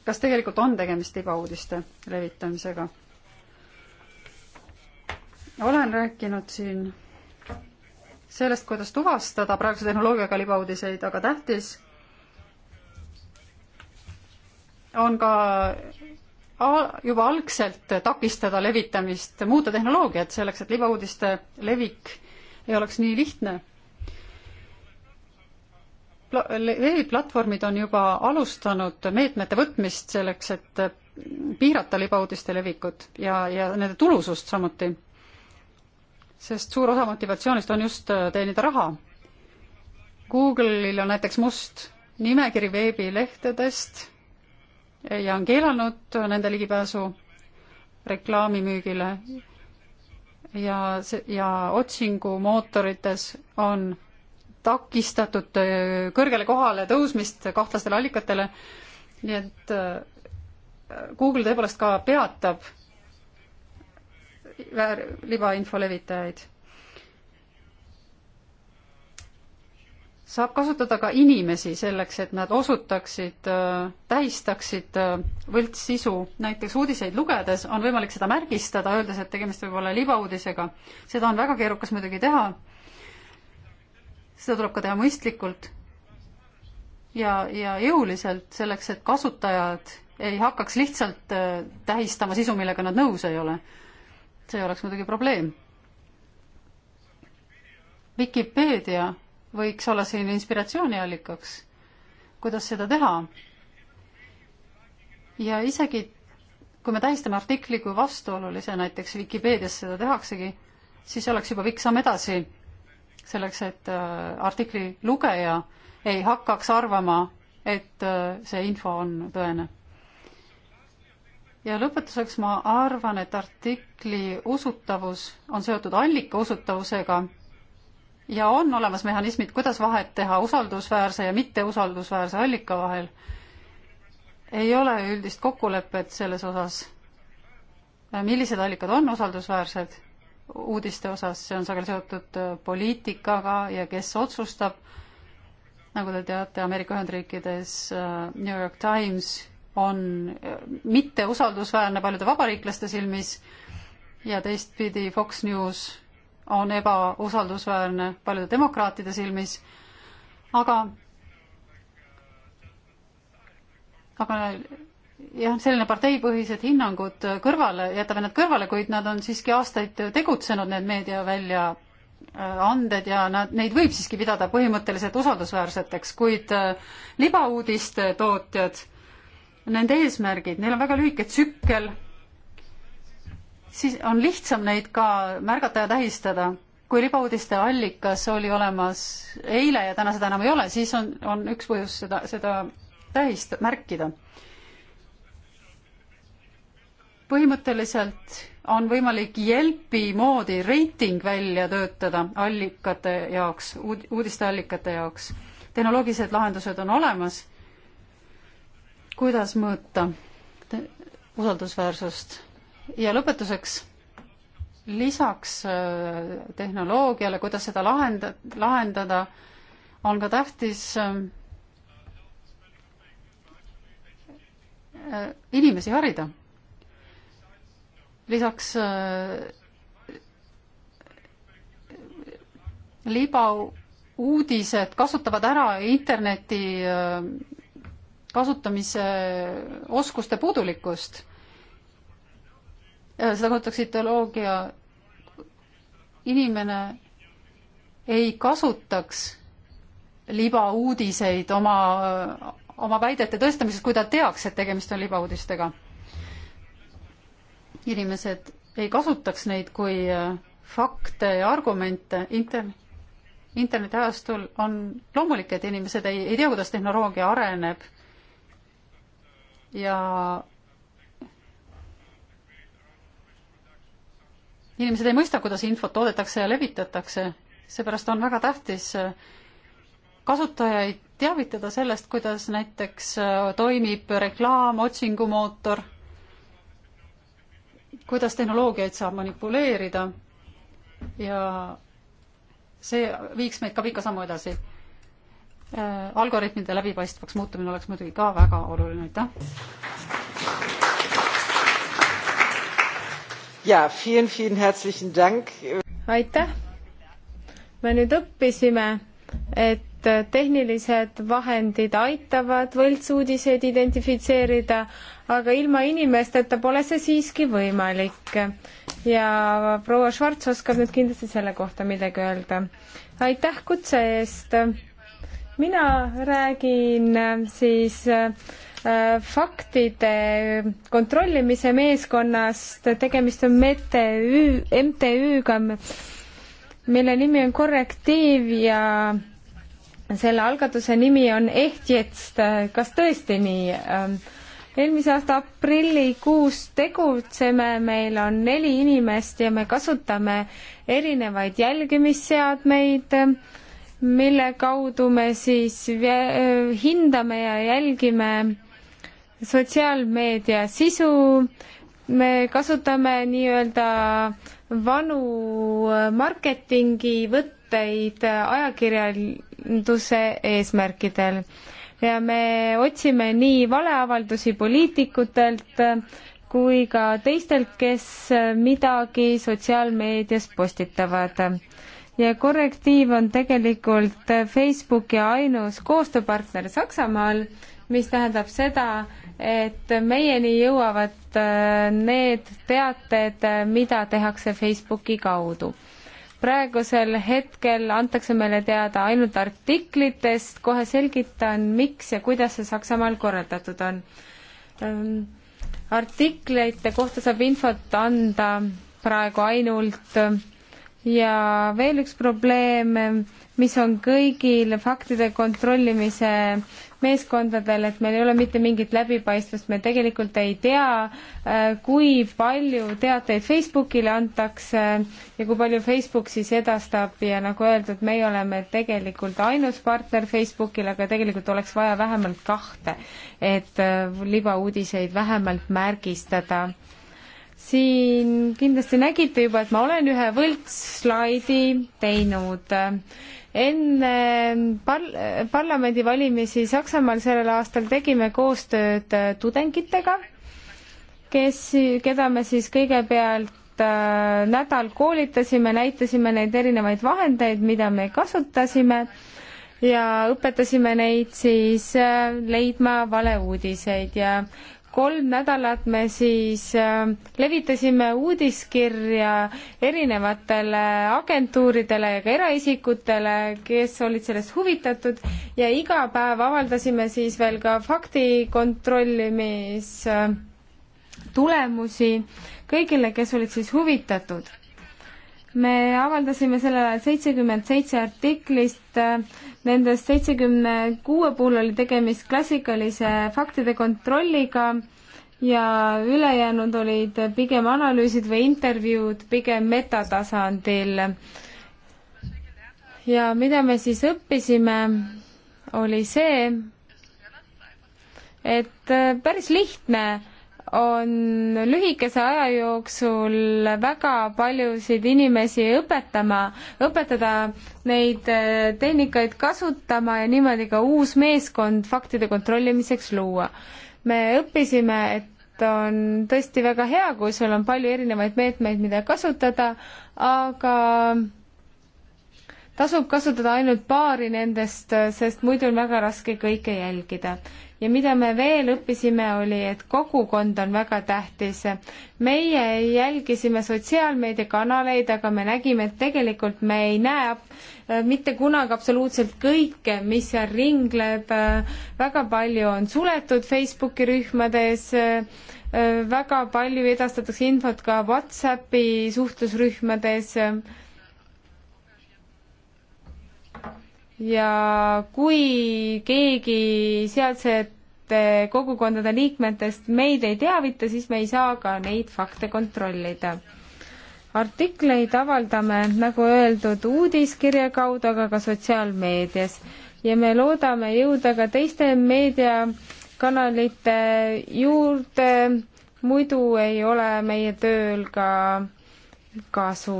kas tegelikult on tegemist libauudiste levitamisega. olen rääkinud siin sellest, kuidas tuvastada praeguse tehnoloogiaga libauudiseid, aga tähtis on ka juba algselt takistada levitamist, muuta tehnoloogiat selleks, et libauudiste levik ei oleks nii lihtne. Veebiplatvormid on juba alustanud meetmete võtmist selleks, et piirata libauudiste levikut ja, ja nende tulusust samuti. sest suur osa motivatsioonist on just teenida raha. Google'il on näiteks must nimekiri veebilehtedest ja on keelanud nende ligipääsu reklaamimüügile ja see, ja otsingumootorites on takistatud äh, kõrgele kohale tõusmist kahtlastele allikatele, nii et äh, Google tõepoolest ka peatab väär, libainfo levitajaid saab kasutada ka inimesi selleks, et nad osutaksid, tähistaksid äh, võltssisu. näiteks uudiseid lugedes on võimalik seda märgistada, öeldes, et tegemist võib olla libauudisega. seda on väga keerukas muidugi teha. seda tuleb ka teha mõistlikult ja, ja jõuliselt, selleks et kasutajad ei hakkaks lihtsalt äh, tähistama sisu, millega nad nõus ei ole. see oleks muidugi probleem. Vikipeedia võiks olla selline inspiratsiooniallikaks, kuidas seda teha. ja isegi kui me tähistame artikli kui vastuolulise, näiteks Vikipeedias seda tehaksegi, siis oleks juba pikk samm edasi selleks, et äh, artikli lugeja ei hakkaks arvama, et äh, see info on tõene. ja lõpetuseks ma arvan, et artikli usutavus on seotud allika usutavusega ja on olemas mehhanismid, kuidas vahet teha usaldusväärse ja mitteusaldusväärse allika vahel. ei ole üldist kokkulepet selles osas, millised allikad on usaldusväärsed uudiste osas, see on sageli seotud äh, poliitikaga ja kes otsustab, nagu te teate, Ameerika Ühendriikides äh, New York Times on äh, mitteusaldusväärne paljude vabariiklaste silmis ja teistpidi Fox News on ebausaldusväärne paljude demokraatide silmis, aga, aga jah, selline parteipõhised hinnangud kõrvale, jätame nad kõrvale, kuid nad on siiski aastaid tegutsenud, need meediaväljaanded ja nad, neid võib siiski pidada põhimõtteliselt usaldusväärseteks, kuud, kuid äh, libauudiste tootjad, nende eesmärgid, neil on väga lühike tsükkel siis on lihtsam neid ka märgata ja tähistada. kui libauudiste allikas oli olemas eile ja täna seda enam ei ole, siis on, on üks põhjus seda, seda tähist-, märkida. põhimõtteliselt on võimalik Yelpi moodi reiting välja töötada allikate jaoks uud,, uudisteallikate jaoks. tehnoloogilised lahendused on olemas. kuidas mõõta usaldusväärsust? ja lõpetuseks, lisaks äh, tehnoloogiale, kuidas seda lahenda, lahendada, on ka tähtis äh, äh, inimesi harida. lisaks libauudised kasutavad ära interneti kasutamise oskuste puudulikkust Äh, seda kasutatakse ideoloogia, inimene ei kasutaks libauudiseid oma, äh, oma väidete tõestamises, kui ta teaks, et tegemist on libauudistega. inimesed ei kasutaks neid kui äh, fakte ja argumente inter-, internetiajastul on loomulik, et inimesed ei, ei tea, kuidas tehnoloogia areneb ja inimesed ei mõista, kuidas infot toodetakse ja levitatakse, seepärast on väga tähtis äh, kasutajaid teavitada sellest, kuidas näiteks äh, toimib reklaam, otsingumootor, kuidas tehnoloogiaid saab manipuleerida ja see viiks meid ka pika sammu edasi. Äh, algoritmide läbipaistvaks muutumine oleks muidugi ka väga oluline, aitäh! Vielen, vielen herzlichen Dank. aitäh! me nüüd õppisime, et tehnilised vahendid aitavad võltsuudiseid identifitseerida, aga ilma inimesteta pole see siiski võimalik. ja proua Schwarz oskab nüüd kindlasti selle kohta midagi öelda. aitäh kutse eest! mina räägin siis äh, faktide kontrollimise meeskonnast, tegemist on MTÜ, MTÜ-ga, mille nimi on Korrektiiv ja selle algatuse nimi on Ehtjetst, kas tõesti nii? Ähm, eelmise aasta aprillikuus tegutseme, meil on neli inimest ja me kasutame erinevaid jälgimisseadmeid, mille kaudu me siis hindame ja jälgime sotsiaalmeedia sisu, me kasutame nii-öelda vanu äh, marketingi võtteid äh, ajakirjanduse eesmärkidel ja me otsime nii valeavaldusi poliitikutelt äh, kui ka teistelt, kes midagi sotsiaalmeedias postitavad. ja Korrektiiv on tegelikult Facebooki ainus koostööpartner Saksamaal, mis tähendab seda, et meieni jõuavad äh, need teated, äh, mida tehakse Facebooki kaudu. praegusel hetkel antakse meile teada ainult artiklitest, kohe selgitan, miks ja kuidas see Saksamaal korraldatud on. Ähm, artiklite kohta saab infot anda praegu ainult äh, ja veel üks probleem, mis on kõigil faktide kontrollimise äh, meeskondadel, et meil ei ole mitte mingit läbipaistvust, me tegelikult ei tea, äh, kui palju teateid Facebookile antakse ja kui palju Facebook siis edastab ja nagu öeldud, meie oleme tegelikult ainus partner Facebookil, aga tegelikult oleks vaja vähemalt kahte, et äh, libauudiseid vähemalt märgistada siin kindlasti nägite juba, et ma olen ühe võltsslaidi teinud enne par-, parlamendivalimisi Saksamaal sellel aastal tegime koostööd äh, tudengitega, kes, keda me siis kõigepealt äh, nädal koolitasime, näitasime neid erinevaid vahendeid, mida me kasutasime ja õpetasime neid siis äh, leidma valeuudiseid ja kolm nädalat me siis äh, levitasime uudiskirja erinevatele agentuuridele ja ka eraisikutele, kes olid sellest huvitatud ja iga päev avaldasime siis veel ka faktikontrollimis äh, tulemusi kõigile, kes olid siis huvitatud me avaldasime sellel ajal seitsekümmend seitse artiklist, nendest seitsekümne kuue puhul oli tegemist klassikalise faktide kontrolliga ja ülejäänud olid pigem analüüsid või intervjuud pigem metatasandil. ja mida me siis õppisime, oli see, et päris lihtne on lühikese aja jooksul väga paljusid inimesi õpetama, õpetada neid äh, tehnikaid kasutama ja niimoodi ka uus meeskond faktide kontrollimiseks luua. me õppisime, et on tõesti väga hea, kui sul on palju erinevaid meetmeid, mida kasutada, aga tasub kasutada ainult paari nendest, sest muidu on väga raske kõike jälgida. ja mida me veel õppisime, oli, et kogukond on väga tähtis. meie jälgisime sotsiaalmeediakanaleid, aga me nägime, et tegelikult me ei näe mitte kunagi absoluutselt kõike, mis seal ringleb. väga palju on suletud Facebooki rühmades väga palju edastatakse infot ka Whatsappi suhtlusrühmades ja kui keegi sealsete kogukondade liikmetest meid ei teavita, siis me ei saa ka neid fakte kontrollida. artikleid avaldame, nagu öeldud, uudiskirja kaudu, aga ka sotsiaalmeedias ja me loodame jõuda ka teiste meediakanalite juurde, muidu ei ole meie tööl ka kasu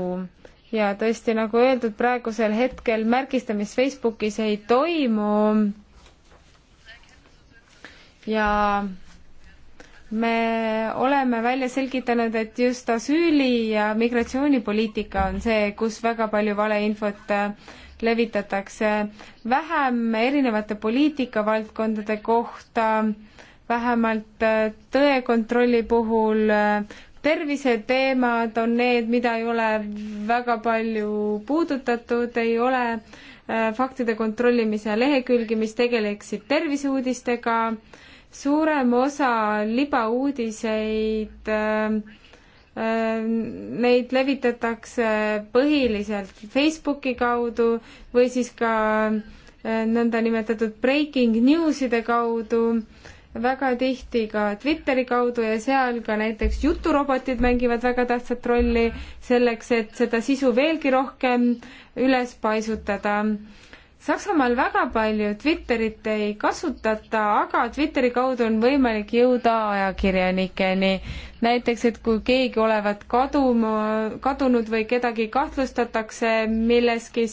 ja tõesti, nagu öeldud, praegusel hetkel märgistamist Facebookis ei toimu. ja me oleme välja selgitanud, et just asüüli- ja migratsioonipoliitika on see, kus väga palju valeinfot äh, levitatakse. vähem erinevate poliitikavaldkondade kohta, vähemalt äh, tõekontrolli puhul äh, terviseteemad on need, mida ei ole väga palju puudutatud, ei ole äh, faktide kontrollimise lehekülgi, mis tegeleksid terviseuudistega, suurem osa libauudiseid äh, äh, neid levitatakse põhiliselt Facebooki kaudu või siis ka äh, nõndanimetatud breaking news'ide kaudu väga tihti ka Twitteri kaudu ja seal ka näiteks juturobotid mängivad väga tähtsat rolli selleks, et seda sisu veelgi rohkem üles paisutada. Saksamaal väga palju Twitterit ei kasutata, aga Twitteri kaudu on võimalik jõuda ajakirjanikeni. näiteks, et kui keegi olevat kaduma, kadunud või kedagi kahtlustatakse milleski,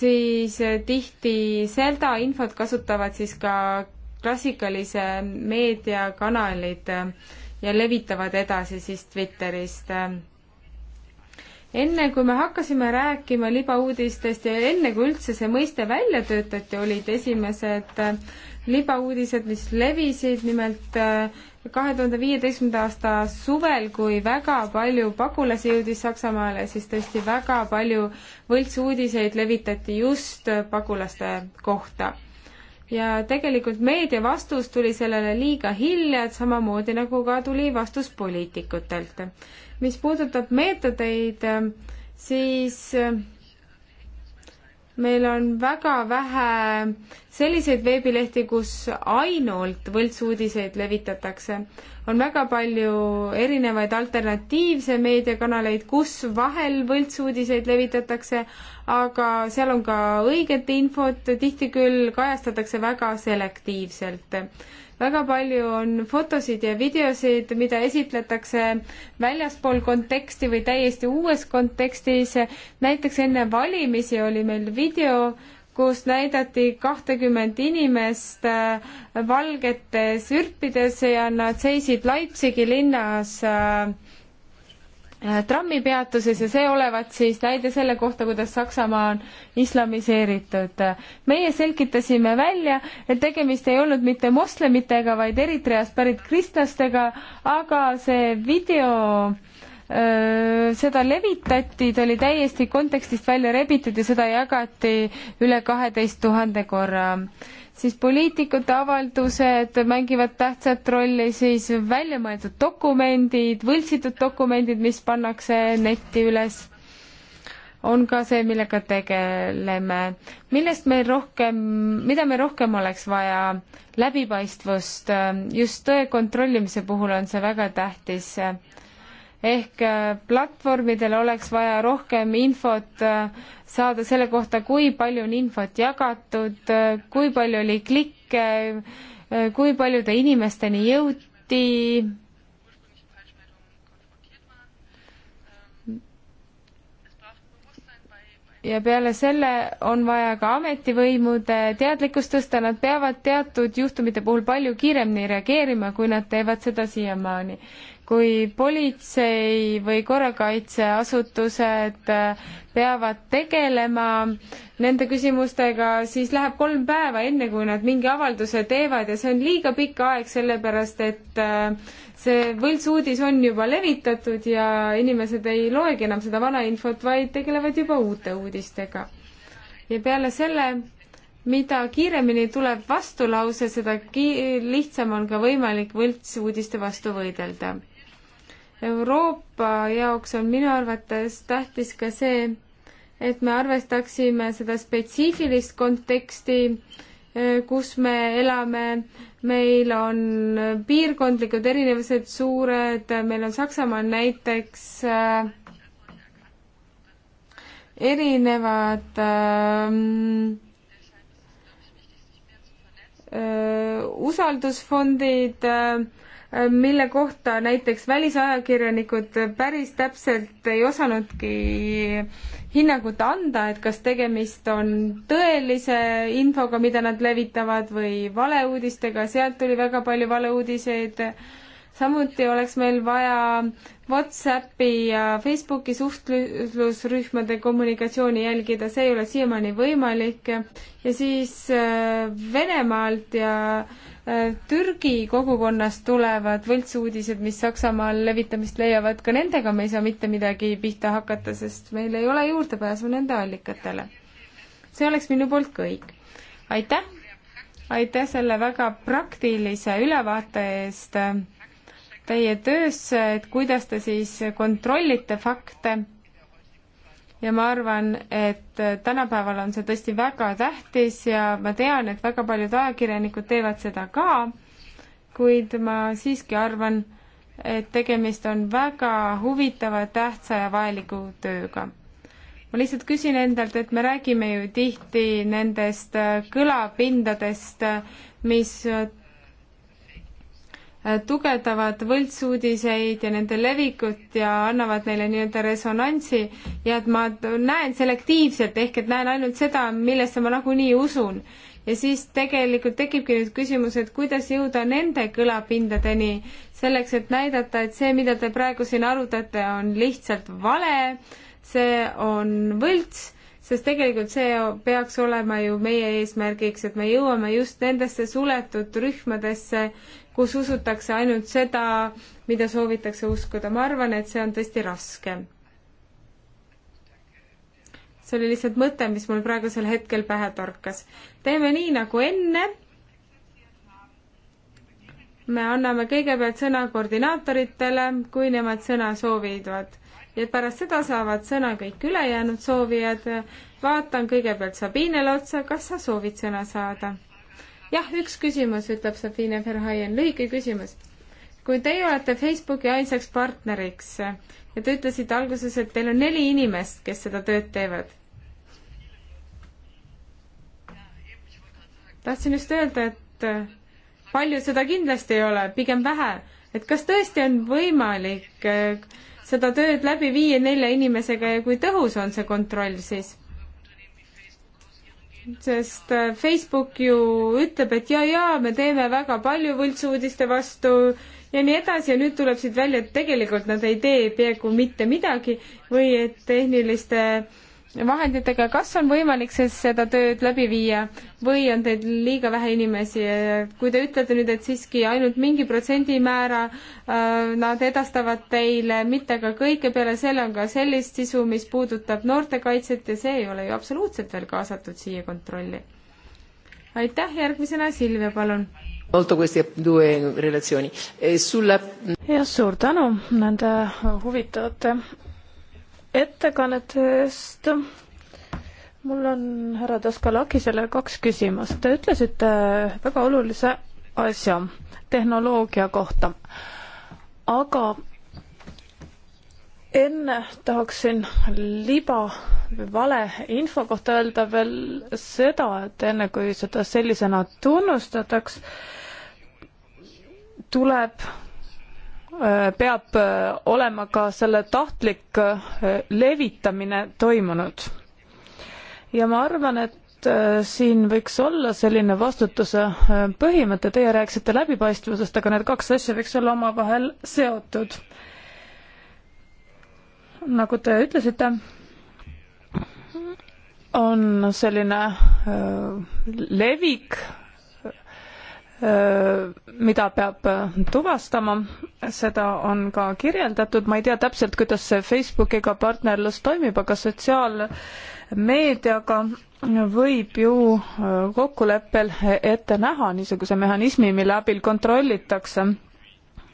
siis eh, tihti seda infot kasutavad siis ka klassikalise meediakanalid äh, ja levitavad edasi siis Twitterist. Äh. enne kui me hakkasime rääkima libauudistest ja enne kui üldse see mõiste välja töötati, olid esimesed äh, libauudised, mis levisid nimelt kahe tuhande viieteistkümnenda aasta suvel, kui väga palju pagulasi jõudis Saksamaale, siis tõesti väga palju võltsuudiseid levitati just pagulaste kohta ja tegelikult meedia vastus tuli sellele liiga hilja, et samamoodi nagu ka tuli vastus poliitikutelt. mis puudutab meetodeid, siis meil on väga vähe selliseid veebilehti, kus ainult võltsuudiseid levitatakse. on väga palju erinevaid alternatiivse meediakanaleid, kus vahel võltsuudiseid levitatakse, aga seal on ka õiget infot, tihti küll kajastatakse väga selektiivselt väga palju on fotosid ja videosid, mida esitletakse väljaspool konteksti või täiesti uues kontekstis. näiteks enne valimisi oli meil video, kus näidati kahtekümmet inimest äh, valgetes ürpides ja nad seisid Leipzigi linnas äh, Äh, trammipeatuses ja see olevat siis näide selle kohta, kuidas Saksamaa on islamiseeritud. meie selgitasime välja, et tegemist ei olnud mitte moslemitega, vaid Eritreast pärit kristlastega, aga see video äh, seda levitati, ta oli täiesti kontekstist välja rebitud ja seda jagati üle kaheteist tuhande korra siis poliitikute avaldused mängivad tähtsat rolli, siis väljamõeldud dokumendid, võltsitud dokumendid, mis pannakse netti üles, on ka see, millega tegeleme. millest meil rohkem, mida meil rohkem oleks vaja? läbipaistvust, just tõe kontrollimise puhul on see väga tähtis ehk äh, platvormidel oleks vaja rohkem infot äh, saada selle kohta, kui palju on infot jagatud, äh, kui palju oli klikke, kui paljude inimesteni jõuti. ja peale selle on vaja ka ametivõimude teadlikkust tõsta, nad peavad teatud juhtumite puhul palju kiiremini reageerima, kui nad teevad seda siiamaani kui politsei või korrakaitseasutused peavad tegelema nende küsimustega, siis läheb kolm päeva, enne kui nad mingi avalduse teevad ja see on liiga pikk aeg, sellepärast et äh, see võltsuudis on juba levitatud ja inimesed ei loegi enam seda vana infot, vaid tegelevad juba uute uudistega. ja peale selle mida kiiremini tuleb vastulause, seda ki-, lihtsam on ka võimalik võltsuudiste vastu võidelda. Euroopa jaoks on minu arvates tähtis ka see, et me arvestaksime seda spetsiifilist konteksti, eh, kus me elame, meil on piirkondlikud erinevused suured, meil on Saksamaal näiteks eh, erinevad ähm, äh, usaldusfondid äh,, mille kohta näiteks välisajakirjanikud päris täpselt ei osanudki hinnangut anda, et kas tegemist on tõelise infoga, mida nad levitavad või valeuudistega, sealt tuli väga palju valeuudiseid samuti oleks meil vaja Whatsappi ja Facebooki suhtlusrühmade kommunikatsiooni jälgida, see ei ole siiamaani võimalik. ja siis äh, Venemaalt ja äh, Türgi kogukonnast tulevad võltsuudised, mis Saksamaal levitamist leiavad, ka nendega me ei saa mitte midagi pihta hakata, sest meil ei ole juurdepääsu nende allikatele. see oleks minu poolt kõik. aitäh! aitäh selle väga praktilise ülevaate eest teie töösse, et kuidas te siis kontrollite fakte. ja ma arvan, et tänapäeval on see tõesti väga tähtis ja ma tean, et väga paljud ajakirjanikud teevad seda ka, kuid ma siiski arvan, et tegemist on väga huvitava, tähtsa ja vajaliku tööga ma lihtsalt küsin endalt, et me räägime ju tihti nendest kõlapindadest, mis tugevdavad võltsuudiseid ja nende levikut ja annavad neile nii-öelda resonantsi ja et ma näen selektiivselt, ehk et näen ainult seda, millesse ma nagunii usun. ja siis tegelikult tekibki nüüd küsimus, et kuidas jõuda nende kõlapindadeni selleks, et näidata, et see, mida te praegu siin arutate, on lihtsalt vale, see on võlts sest tegelikult see peaks olema ju meie eesmärgiks, et me jõuame just nendesse suletud rühmadesse, kus usutakse ainult seda, mida soovitakse uskuda. ma arvan, et see on tõesti raske. see oli lihtsalt mõte, mis mul praegusel hetkel pähe torkas. teeme nii nagu enne. me anname kõigepealt sõna koordinaatoritele, kui nemad sõna soovivad ja pärast seda saavad sõna kõik ülejäänud soovijad. vaatan kõigepealt Sabinele otsa, kas sa soovid sõna saada? jah, üks küsimus, ütleb Sabine Verhaien, lühike küsimus. kui teie olete Facebooki ainsaks partneriks ja te ütlesite alguses, et teil on neli inimest, kes seda tööd teevad. tahtsin just öelda, et äh, palju seda kindlasti ei ole, pigem vähe. et kas tõesti on võimalik äh, seda tööd läbi viia nelja inimesega ja kui tõhus on see kontroll siis? sest äh, Facebook ju ütleb, et jaa-jaa, me teeme väga palju võltsuudiste vastu ja nii edasi ja nüüd tuleb siit välja, et tegelikult nad ei tee peaaegu mitte midagi või et tehniliste äh, vahenditega, kas on võimalik siis seda tööd läbi viia või on teil liiga vähe inimesi? kui te ütlete nüüd, et siiski ainult mingi protsendimäära äh, nad edastavad teile, mitte ka kõike, peale selle on ka sellist sisu, mis puudutab noortekaitset ja see ei ole ju absoluutselt veel kaasatud siia kontrolli. aitäh, järgmisena Silvia, palun. E jah, suur tänu nende huvitavate ettekannete eest. mul on härra Daskalakisele kaks küsimust. Te ütlesite väga olulise asja tehnoloogia kohta, aga enne tahaksin liba või vale info kohta öelda veel seda, et enne kui seda sellisena tunnustataks, tuleb Äh, peab äh, olema ka selle tahtlik äh, levitamine toimunud. ja ma arvan, et siin võiks olla selline vastutuse põhimõte, teie rääkisite läbipaistvusest, aga need kaks asja võiks olla omavahel seotud. nagu te ütlesite, on selline levik mida peab tuvastama, seda on ka kirjeldatud, ma ei tea täpselt, kuidas see Facebookiga partnerlus toimib, aga sotsiaalmeediaga võib ju kokkuleppel ette näha niisuguse mehhanismi, mille abil kontrollitakse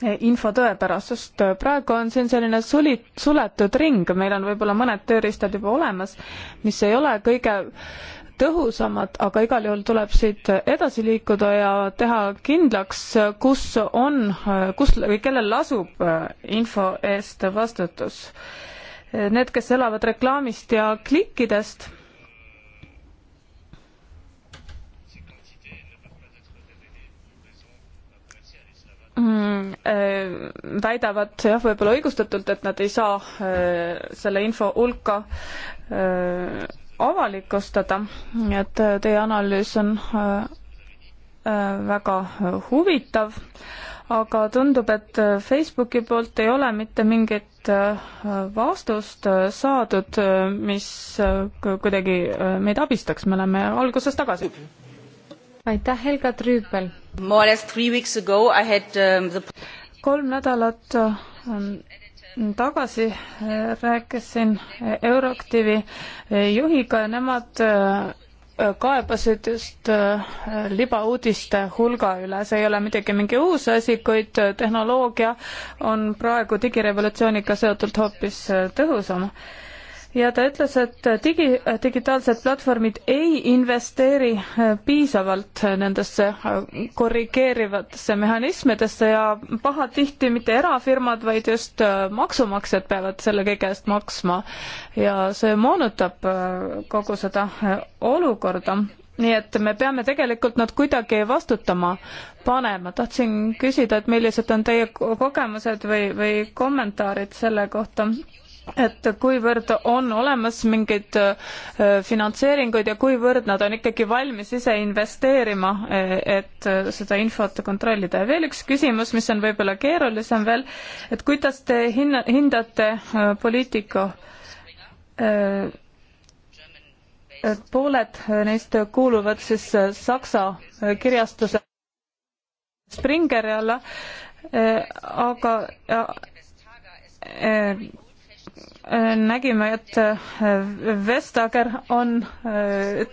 e, info tõepärasust. praegu on siin selline suli-, suletud ring, meil on võib-olla mõned tööriistad juba olemas, mis ei ole kõige tõhusamad, aga igal juhul tuleb siit edasi liikuda ja teha kindlaks, kus on, kus või kellel lasub äh, info eest vastutus. Need, kes elavad reklaamist ja klikkidest, mm, äh, väidavad jah, võib-olla õigustatult, et nad ei saa äh, selle info hulka avalikustada, nii et äh, teie analüüs on äh, äh, väga huvitav, aga tundub, et Facebooki poolt ei ole mitte mingit vastust saadud, mis kuidagi meid abistaks, me oleme alguses tagasi. aitäh, Helga Trüüpel! Um, kolm nädalat tagasi äh, rääkisin Euroktivi äh, juhiga ja nemad äh, kaebasid just libauudiste hulga üle, see ei ole muidugi mingi uus asi, kuid tehnoloogia on praegu digirevolutsiooniga seotult hoopis tõhusam ja ta ütles, et digi, digitaalsed platvormid ei investeeri äh, piisavalt äh, nendesse äh, korrigeerivatesse mehhanismidesse ja pahatihti mitte erafirmad, vaid just maksumaksjad peavad selle kõige eest maksma. ja see moonutab kogu seda olukorda nii et me peame tegelikult nad kuidagi vastutama panema. tahtsin küsida, et millised on teie kogemused või, või kommentaarid selle kohta? et kuivõrd on olemas mingeid äh, finantseeringuid ja kuivõrd nad on ikkagi valmis ise investeerima, eh, et äh, seda infot kontrollida. ja veel üks küsimus, mis on võib-olla keerulisem veel, et kuidas te hinna, hindate äh, poliitika pooled neist kuuluvad siis Saksa kirjastuse Springeri alla, aga ja, nägime, et äh, Vestager on, äh,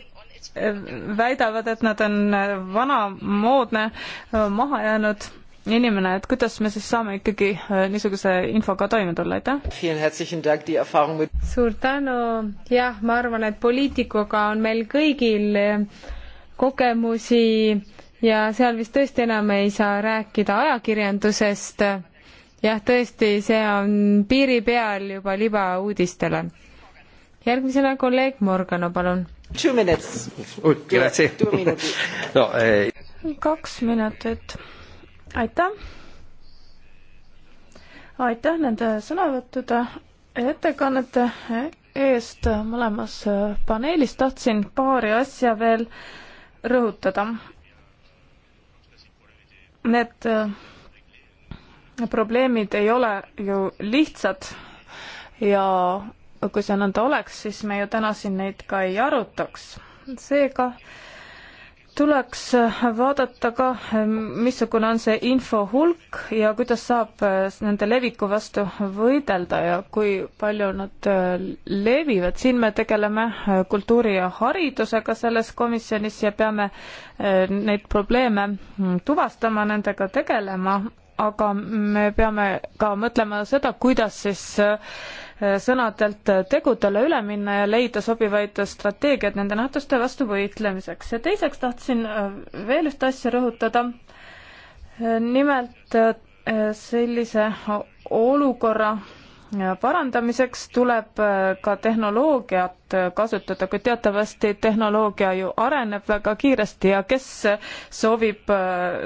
väidavad, et nad on äh, vanamoodne, maha jäänud inimene, et kuidas me siis saame ikkagi niisuguse infoga toime tulla, aitäh! suur tänu, jah, ma arvan, et poliitikuga on meil kõigil kogemusi ja seal vist tõesti enam ei saa rääkida ajakirjandusest jah, tõesti, see on piiri peal juba libauudistele. järgmisena kolleeg Morgana, palun. No, eh. kaks minutit. aitäh. aitäh nende sõnavõttude ja ettekannete eest mõlemas paneelis. tahtsin paari asja veel rõhutada. Need probleemid ei ole ju lihtsad ja kui see nõnda oleks, siis me ju täna siin neid ka ei arutaks. seega tuleks vaadata ka, missugune on see info hulk ja kuidas saab nende leviku vastu võidelda ja kui palju nad levivad. siin me tegeleme kultuuri ja haridusega selles komisjonis ja peame neid probleeme tuvastama, nendega tegelema, aga me peame ka mõtlema seda, kuidas siis äh, sõnadelt tegudele üle minna ja leida sobivaid strateegiaid nende nähtuste vastu võitlemiseks. ja teiseks tahtsin äh, veel ühte asja rõhutada. Äh, nimelt sellise olukorra parandamiseks tuleb äh, ka tehnoloogiat äh, kasutada, kuid teatavasti tehnoloogia ju areneb väga kiiresti ja kes äh, soovib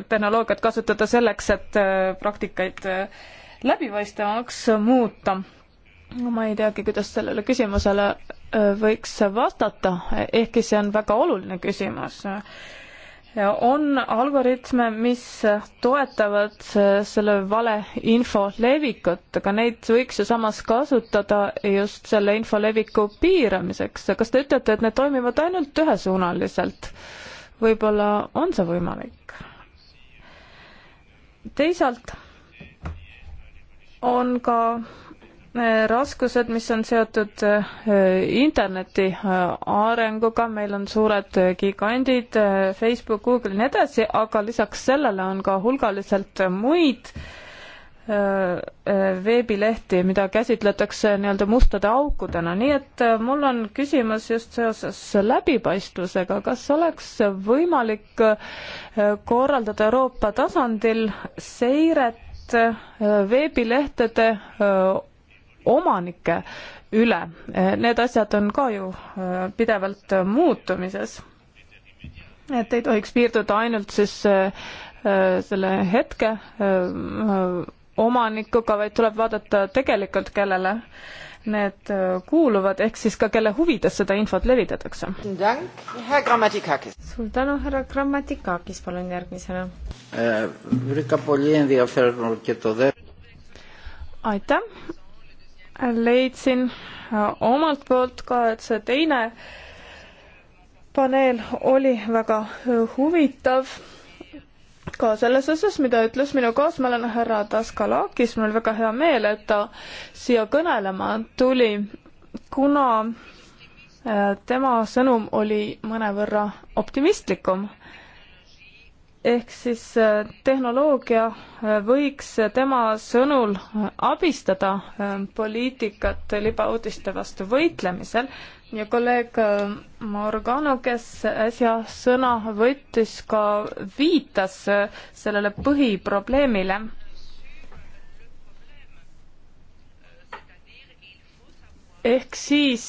tehnoloogiat kasutada selleks, et praktikaid läbipaistvamaks muuta no ma ei teagi, kuidas sellele küsimusele võiks vastata, ehkki see on väga oluline küsimus on algoritme, mis toetavad äh, selle valeinfo levikut, aga neid võiks ju samas kasutada just selle info leviku piiramiseks. kas te ütlete, et need toimivad ainult ühesuunaliselt? võib-olla on see võimalik? teisalt on ka raskused, mis on seotud eh, interneti eh, arenguga, meil on suured eh, gigandid, Facebook, Google ja nii edasi, aga lisaks sellele on ka hulgaliselt muid veebilehti, mida käsitletakse nii-öelda mustade aukudena, nii et mul on küsimus just seoses läbipaistvusega, kas oleks võimalik korraldada Euroopa tasandil seiret veebilehtede omanike üle. Need asjad on ka ju äh, pidevalt äh, muutumises. et ei tohiks piirduda ainult siis äh, selle hetke omanikuga, vaid tuleb vaadata tegelikult, kellele need kuuluvad, ehk siis ka kelle huvides seda infot levitatakse. suur tänu, härra Grammatikakis, palun järgmisena. aitäh leidsin äh, omalt poolt ka, et see teine paneel oli väga äh, huvitav ka selles osas, mida ütles minu kaasmaalane härra Daskalakis, mul on väga hea meel, et ta siia kõnelema tuli, kuna äh, tema sõnum oli mõnevõrra optimistlikum ehk siis äh, tehnoloogia äh, võiks tema sõnul abistada äh, poliitikat libauudiste vastu võitlemisel ja kolleeg Morgano, kes äsja sõna võttis, ka viitas sellele põhiprobleemile ehk siis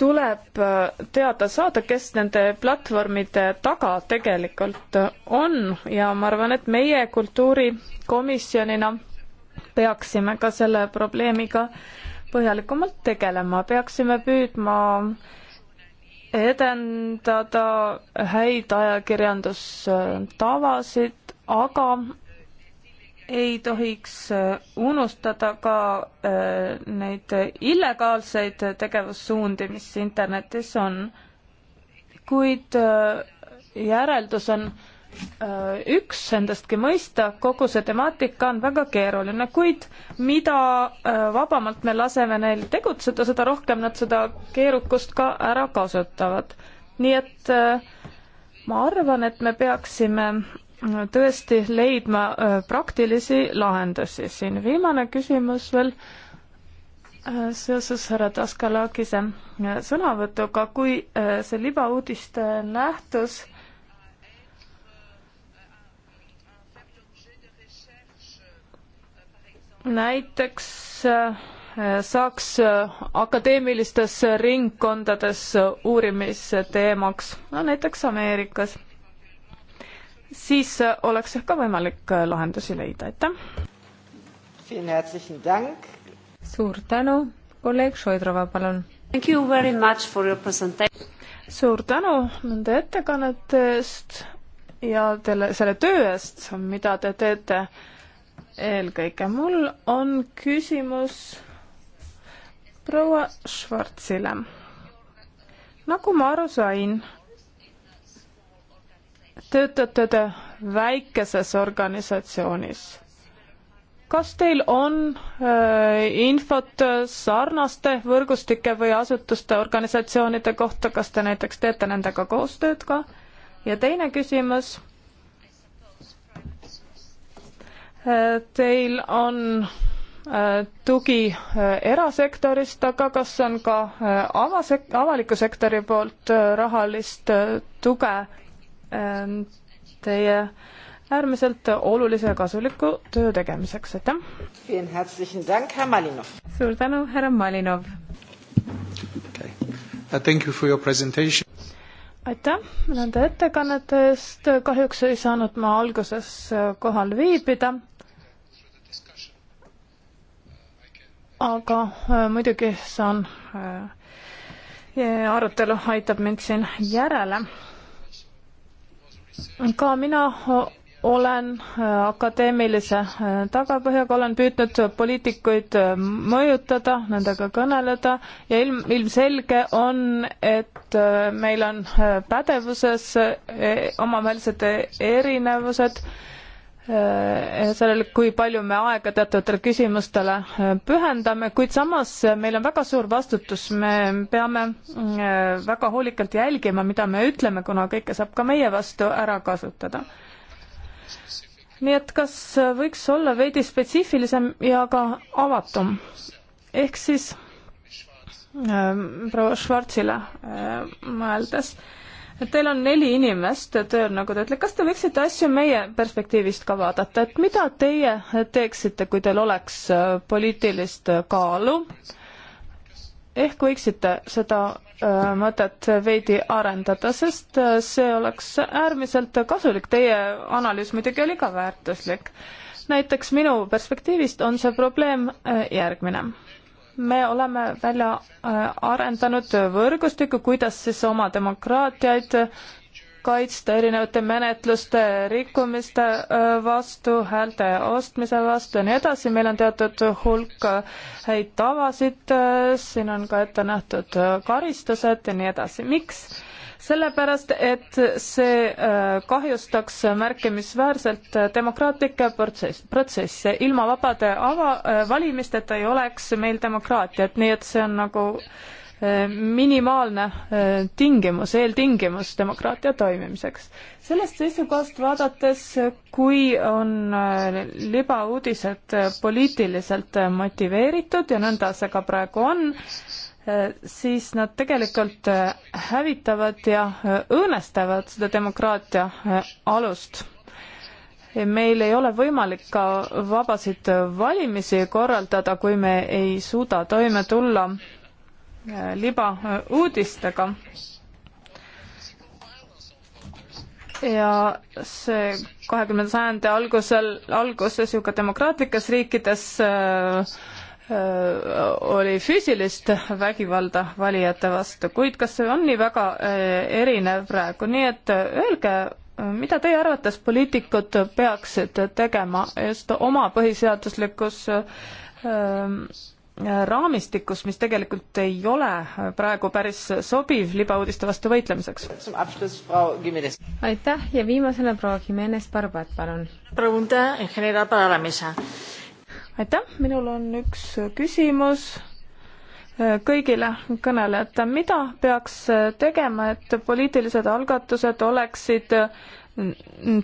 tuleb äh, teada saada, kes nende platvormide taga tegelikult äh, on ja ma arvan, et meie kultuurikomisjonina peaksime ka selle probleemiga põhjalikumalt tegelema, peaksime püüdma edendada häid ajakirjandustavasid, aga ei tohiks äh, unustada ka äh, neid illegaalseid tegevussuundi, mis internetis on. kuid äh, järeldus on üks endastki mõista, kogu see temaatika on väga keeruline, kuid mida vabamalt me laseme neil tegutseda, seda rohkem nad seda keerukust ka ära kasutavad. nii et ma arvan, et me peaksime tõesti leidma äh, praktilisi lahendusi siin. viimane küsimus veel äh, seoses härra Taskalakise äh, sõnavõtuga, kui see libauudiste nähtus näiteks saaks akadeemilistes ringkondades uurimisteemaks, no näiteks Ameerikas siis äh, oleks ka võimalik äh, lahendusi leida, aitäh! suur tänu, kolleeg Šoidrova, palun! suur tänu nende ettekannete eest ja teile selle töö eest, mida te teete eelkõige. mul on küsimus proua Schwarzile. nagu ma aru sain töötate te väikeses organisatsioonis. kas teil on äh, infot sarnaste võrgustike või asutuste organisatsioonide kohta, kas te näiteks teete nendega koostööd ka? ja teine küsimus. Äh, teil on äh, tugi äh, erasektorist, aga kas on ka avasek-, avaliku sektori poolt rahalist tuge Ehm, teie äärmiselt olulise ja kasuliku töö tegemiseks, aitäh! suur tänu, härra Malinov okay.! Uh, thank you for your presentation! aitäh nende ettekannete eest, kahjuks ei saanud ma alguses äh, kohal viibida. aga äh, muidugi saan, äh, arutelu aitab mind siin järele ka mina olen äh, akadeemilise äh, tagapõhjaga, olen püüdnud poliitikuid äh, mõjutada, nendega kõneleda ja ilm, ilmselge on, et meil on pädevuses e-, omavahelised e-, erinevused Äh, sellele, kui palju me aega teatavatele küsimustele äh, pühendame, kuid samas äh, meil on väga suur vastutus, me peame väga hoolikalt jälgima, mida me ütleme, kuna kõike saab ka meie vastu ära kasutada. nii et kas võiks olla veidi spetsiifilisem ja ka avatum? ehk siis proua Schwarzile mõeldes äh, et teil on neli inimest tööl, nagu ta ütleb, kas te võiksite asju meie perspektiivist ka vaadata, et mida teie teeksite, kui teil oleks äh, poliitilist äh, kaalu? ehk võiksite seda äh, mõtet veidi arendada, sest see oleks äärmiselt kasulik, teie analüüs muidugi oli ka väärtuslik. näiteks minu perspektiivist on see probleem järgmine me oleme välja äh, arendanud võrgustiku, kuidas siis oma demokraatiaid kaitsta erinevate menetluste rikkumiste äh, vastu, häälte ostmise vastu ja nii edasi, meil on teatud hulk äh, häid tavasid, siin on ka ette nähtud karistused ja nii edasi. miks sellepärast et see äh, kahjustaks märkimisväärselt demokraatlikke protsesse. ilma vabade ava-, äh, valimisteta ei oleks meil demokraatiat, nii et see on nagu äh, minimaalne tingimus, eeltingimus demokraatia toimimiseks. sellest seisukohast vaadates, kui on libauudised poliitiliselt motiveeritud ja nõnda see ka praegu on, Äh, siis nad tegelikult äh, hävitavad ja äh, õõnestavad seda demokraatia alust. meil ei ole võimalik ka vabasid valimisi korraldada, kui me ei suuda toime tulla libauudistega. ja see kahekümnenda sajandi algusel, alguses ju ka demokraatlikes riikides äh, Äh, oli füüsilist vägivalda valijate vastu, kuid kas see on nii väga äh, erinev praegu, nii et äh, öelge, mida teie arvates poliitikud peaksid tegema just oma põhiseaduslikus raamistikus, mis tegelikult ei ole praegu päris sobiv libauudiste vastu võitlemiseks. aitäh ja viimasena proua Jimenez Barbat, palun aitäh, minul on üks küsimus äh, kõigile kõnelejatele, mida peaks äh, tegema, et poliitilised algatused oleksid äh,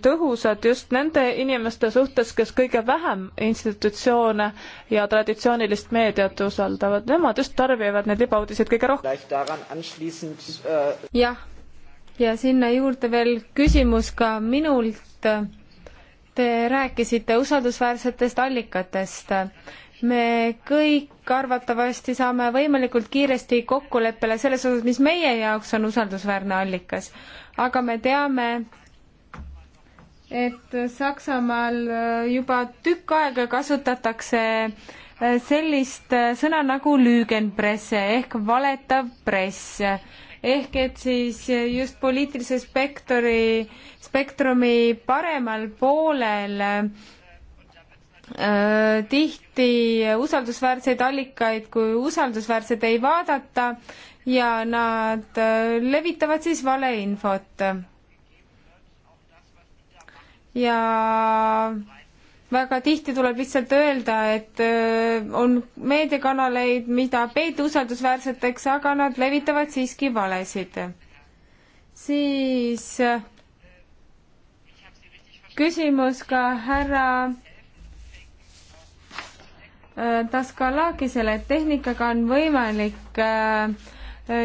tõhusad just nende inimeste suhtes, kes kõige vähem institutsioone ja traditsioonilist meediat usaldavad, nemad just tarbivad neid libauudiseid kõige rohkem. jah, ja sinna juurde veel küsimus ka minult Te rääkisite usaldusväärsetest allikatest. me kõik arvatavasti saame võimalikult kiiresti kokkuleppele selles osas, mis meie jaoks on usaldusväärne allikas. aga me teame, et Saksamaal juba tükk aega kasutatakse sellist sõna nagu lüügenpresse ehk valetav press ehk et siis just poliitilise spektori spektrumi paremal poolel äh, tihti usaldusväärseid allikaid kui usaldusväärseid ei vaadata ja nad äh, levitavad siis valeinfot. ja väga tihti tuleb lihtsalt öelda, et äh, on meediakanaleid, mida peeti usaldusväärseteks, aga nad levitavad siiski valesid. siis küsimus ka härra Daskalakisele, äh, et tehnikaga on võimalik äh,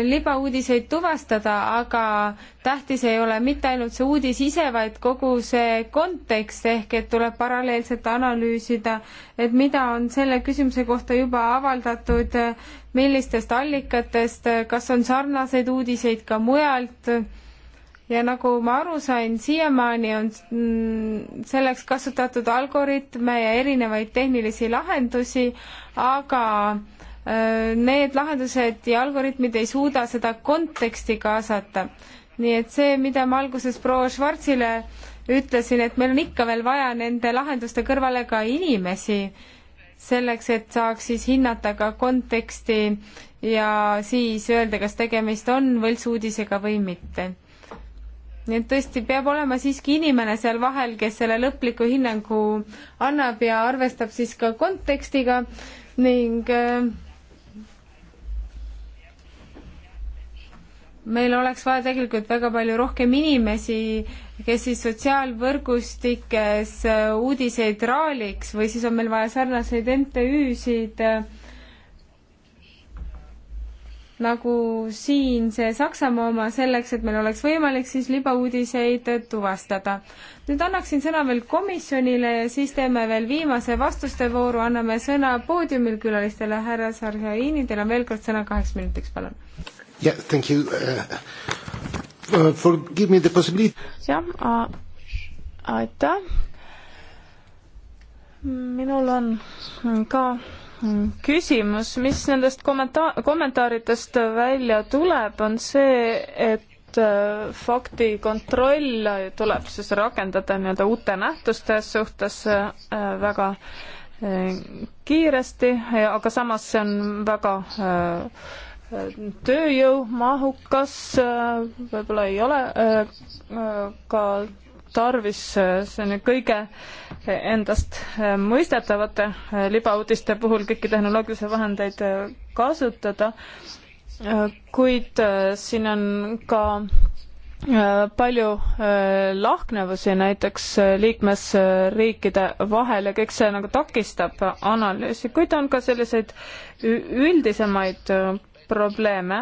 libauudiseid tuvastada, aga tähtis ei ole mitte ainult see uudis ise, vaid kogu see kontekst ehk et tuleb paralleelselt analüüsida, et mida on selle küsimuse kohta juba avaldatud, millistest allikatest, kas on sarnaseid uudiseid ka mujalt ja nagu ma aru sain, siiamaani on mm, selleks kasutatud algoritme ja erinevaid tehnilisi lahendusi, aga need lahendused ja algoritmid ei suuda seda konteksti kaasata. nii et see, mida ma alguses proua Schwarzile ütlesin, et meil on ikka veel vaja nende lahenduste kõrvale ka inimesi, selleks, et saaks siis hinnata ka konteksti ja siis öelda, kas tegemist on võltsuudisega või mitte nii et tõesti peab olema siiski inimene seal vahel, kes selle lõpliku hinnangu annab ja arvestab siis ka kontekstiga ning äh, meil oleks vaja tegelikult väga palju rohkem inimesi, kes siis sotsiaalvõrgustikes äh, uudiseid raaliks või siis on meil vaja sarnaseid MTÜ-sid äh, nagu siin see Saksamaa oma, selleks et meil oleks võimalik siis libauudiseid tuvastada. nüüd annaksin sõna veel komisjonile ja siis teeme veel viimase vastuste vooru, anname sõna poodiumil külalistele, härra Sarjaini, teil on veel kord sõna kaheks minutiks, palun. jah yeah,, thank you uh, uh,. Forgive me the possibility. jah uh,, aitäh. minul on ka Mm. küsimus, mis nendest kommenta-, kommentaaridest välja tuleb, on see, et äh, faktikontroll tuleb siis rakendada nii-öelda uute nähtuste suhtes äh, väga äh, kiiresti, aga samas see on väga tööjõumahukas, võib-olla ei ole ka tarvis, äh, see on ju kõige äh, endastmõistetavate äh, libauudiste puhul kõiki tehnoloogilisi vahendeid kasutada, kuid siin on ka palju lahknevusi näiteks liikmesriikide vahel ja kõik see nagu takistab analüüsi, kuid on ka selliseid üldisemaid probleeme.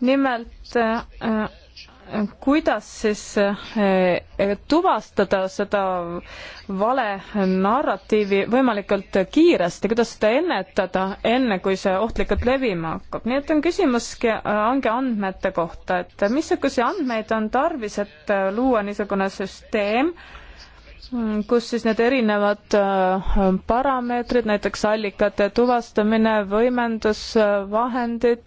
nimelt kuidas siis eh, tuvastada seda vale narratiivi võimalikult kiiresti, kuidas seda ennetada, enne kui see ohtlikult levima hakkab? nii et on küsimuski hange andmete kohta, et missuguseid andmeid on tarvis, et luua niisugune süsteem, kus siis need erinevad eh, parameetrid, näiteks allikate tuvastamine, võimendusvahendid,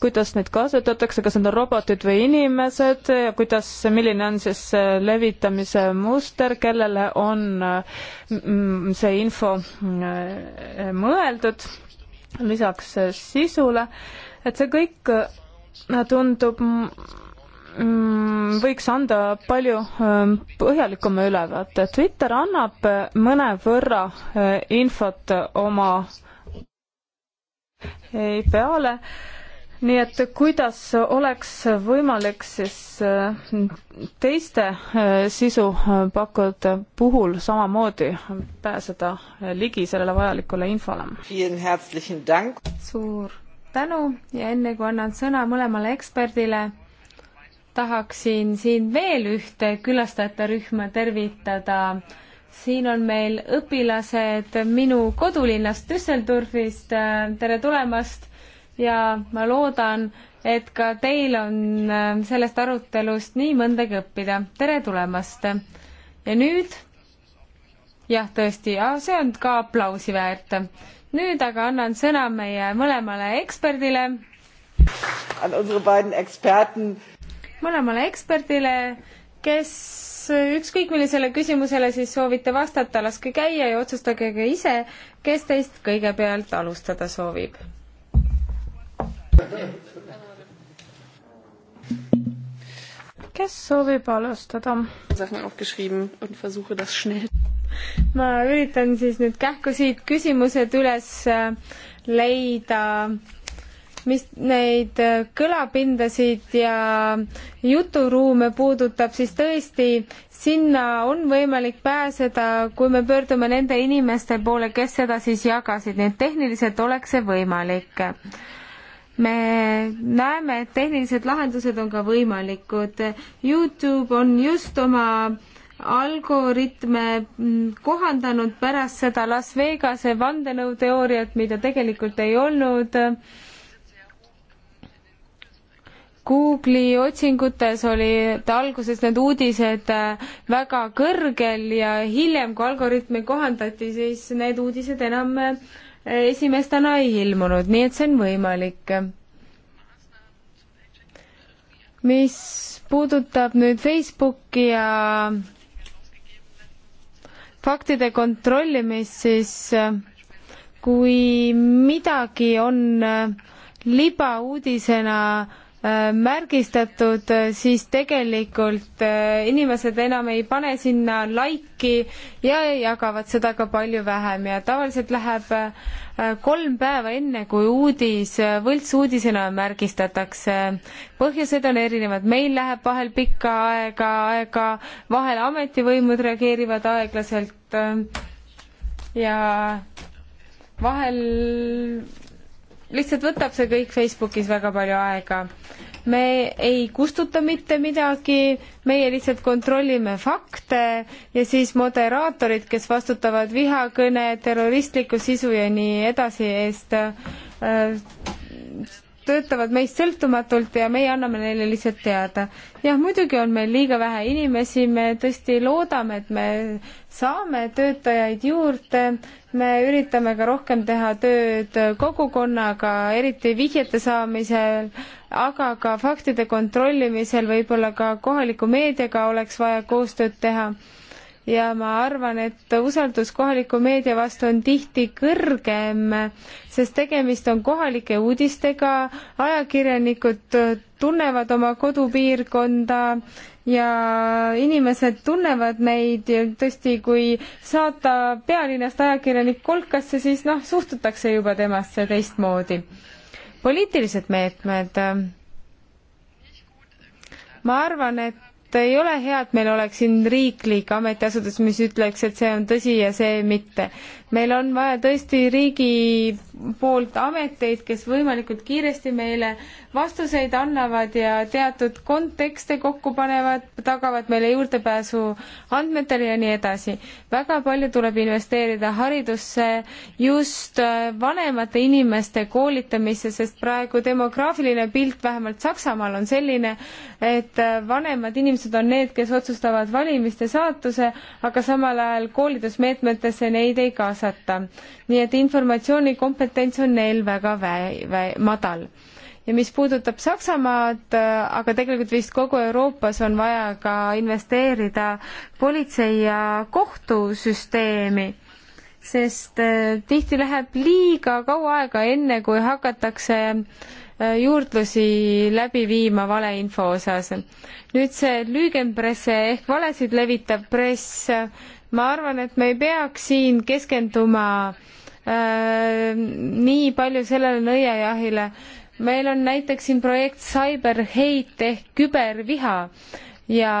kuidas neid kasutatakse, kas need on robotid või inimesed ja kuidas, milline on siis äh, levitamise muster, kellele on mm, see info mm, äh, mõeldud lisaks äh, sisule, et see kõik tundub mm, võiks anda palju ähm, põhjalikuma ülevaate. Twitter annab mõnevõrra infot oma peale nii et kuidas oleks võimalik siis äh, teiste äh, sisupakkujate äh, puhul samamoodi pääseda ligi sellele vajalikule infole? suur tänu ja enne kui annan sõna mõlemale eksperdile, tahaksin siin veel ühte külastajate rühma tervitada. siin on meil õpilased minu kodulinnast Düsseldorfist, tere tulemast ja ma loodan, et ka teil on äh, sellest arutelust nii mõndagi õppida. tere tulemast! ja nüüd, jah, tõesti, see on ka aplausi väärt. nüüd aga annan sõna meie mõlemale eksperdile. mõlemale eksperdile, kes ükskõik millisele küsimusele siis soovite vastata, laske käia ja otsustage ka ise, kes teist kõigepealt alustada soovib kes soovib alustada? ma üritan siis nüüd kähku siit küsimused üles äh, leida, mis neid äh, kõlapindasid ja juturuume puudutab, siis tõesti sinna on võimalik pääseda, kui me pöördume nende inimeste poole, kes seda siis jagasid, nii et tehniliselt oleks see võimalik me näeme, et tehnilised lahendused on ka võimalikud. Youtube on just oma algoritme kohandanud pärast seda Las Vegase vandenõuteooriat, mida tegelikult ei olnud. Google'i otsingutes olid alguses need uudised väga kõrgel ja hiljem, kui algoritmi kohandati, siis need uudised enam esimees täna ei ilmunud, nii et see on võimalik. mis puudutab nüüd Facebooki ja faktide kontrollimist, siis kui midagi on äh, libauudisena Äh, märgistatud, äh, siis tegelikult äh, inimesed enam ei pane sinna laiki ja jagavad seda ka palju vähem ja tavaliselt läheb kolm päeva enne, kui uudis võltsuudisena märgistatakse. põhjused on erinevad, meil läheb vahel pikka aega, aega, vahel ametivõimud reageerivad aeglaselt ja vahel lihtsalt võtab see kõik Facebookis väga palju aega. me ei kustuta mitte midagi, meie lihtsalt kontrollime fakte ja siis moderaatorid, kes vastutavad vihakõne, terroristliku sisu ja nii edasi eest äh,, töötavad meist sõltumatult ja meie anname neile lihtsalt teada. jah, muidugi on meil liiga vähe inimesi, me tõesti loodame, et me saame töötajaid juurde, me üritame ka rohkem teha tööd kogukonnaga, eriti vihjete saamisel, aga ka faktide kontrollimisel, võib-olla ka kohaliku meediaga oleks vaja koostööd teha ja ma arvan, et usaldus kohaliku meedia vastu on tihti kõrgem, sest tegemist on kohalike uudistega, ajakirjanikud tunnevad oma kodupiirkonda ja inimesed tunnevad neid tõesti, kui saata pealinnast ajakirjanik kolkasse, siis noh, suhtutakse juba temasse teistmoodi. poliitilised meetmed ma arvan, et ei ole hea, et meil oleks siin riiklik ametiasutus, mis ütleks, et see on tõsi ja see mitte meil on vaja tõesti riigi poolt ameteid, kes võimalikult kiiresti meile vastuseid annavad ja teatud kontekste kokku panevad, tagavad meile juurdepääsu andmetele ja nii edasi. väga palju tuleb investeerida haridusse, just äh, vanemate inimeste koolitamisse, sest praegu demograafiline pilt vähemalt Saksamaal on selline, et äh, vanemad inimesed on need, kes otsustavad valimiste saatuse, aga samal ajal koolitusmeetmetesse neid ei kaasa kaasata. nii et informatsioonikompetents on neil väga vä-, vä-, madal. ja mis puudutab Saksamaad, äh, aga tegelikult vist kogu Euroopas on vaja ka investeerida politsei- ja kohtusüsteemi sest äh, tihti läheb liiga kaua aega, enne kui hakatakse äh, juurdlusi läbi viima valeinfo osas. nüüd see lüügenpresse ehk valesid levitav press, ma arvan, et me ei peaks siin keskenduma äh, nii palju sellele nõiajahile. meil on näiteks siin projekt Cyber Hate ehk küberviha ja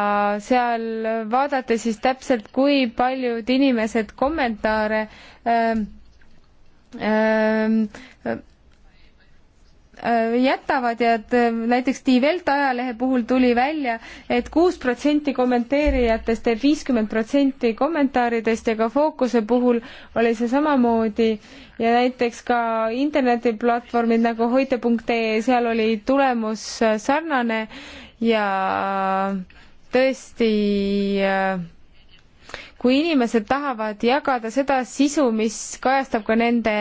seal vaadata siis täpselt, kui paljud inimesed kommentaare äh, äh, Äh, jätavad ja et äh, näiteks Die Welt ajalehe puhul tuli välja et, et kuus protsenti kommenteerijatest teeb viiskümmend protsenti kommentaaridest ja ka Fookuse puhul oli see samamoodi ja näiteks ka internetiplatvormid nagu hoite.ee, seal oli tulemus äh, sarnane ja tõesti äh, kui inimesed tahavad jagada seda sisu, mis kajastab ka nende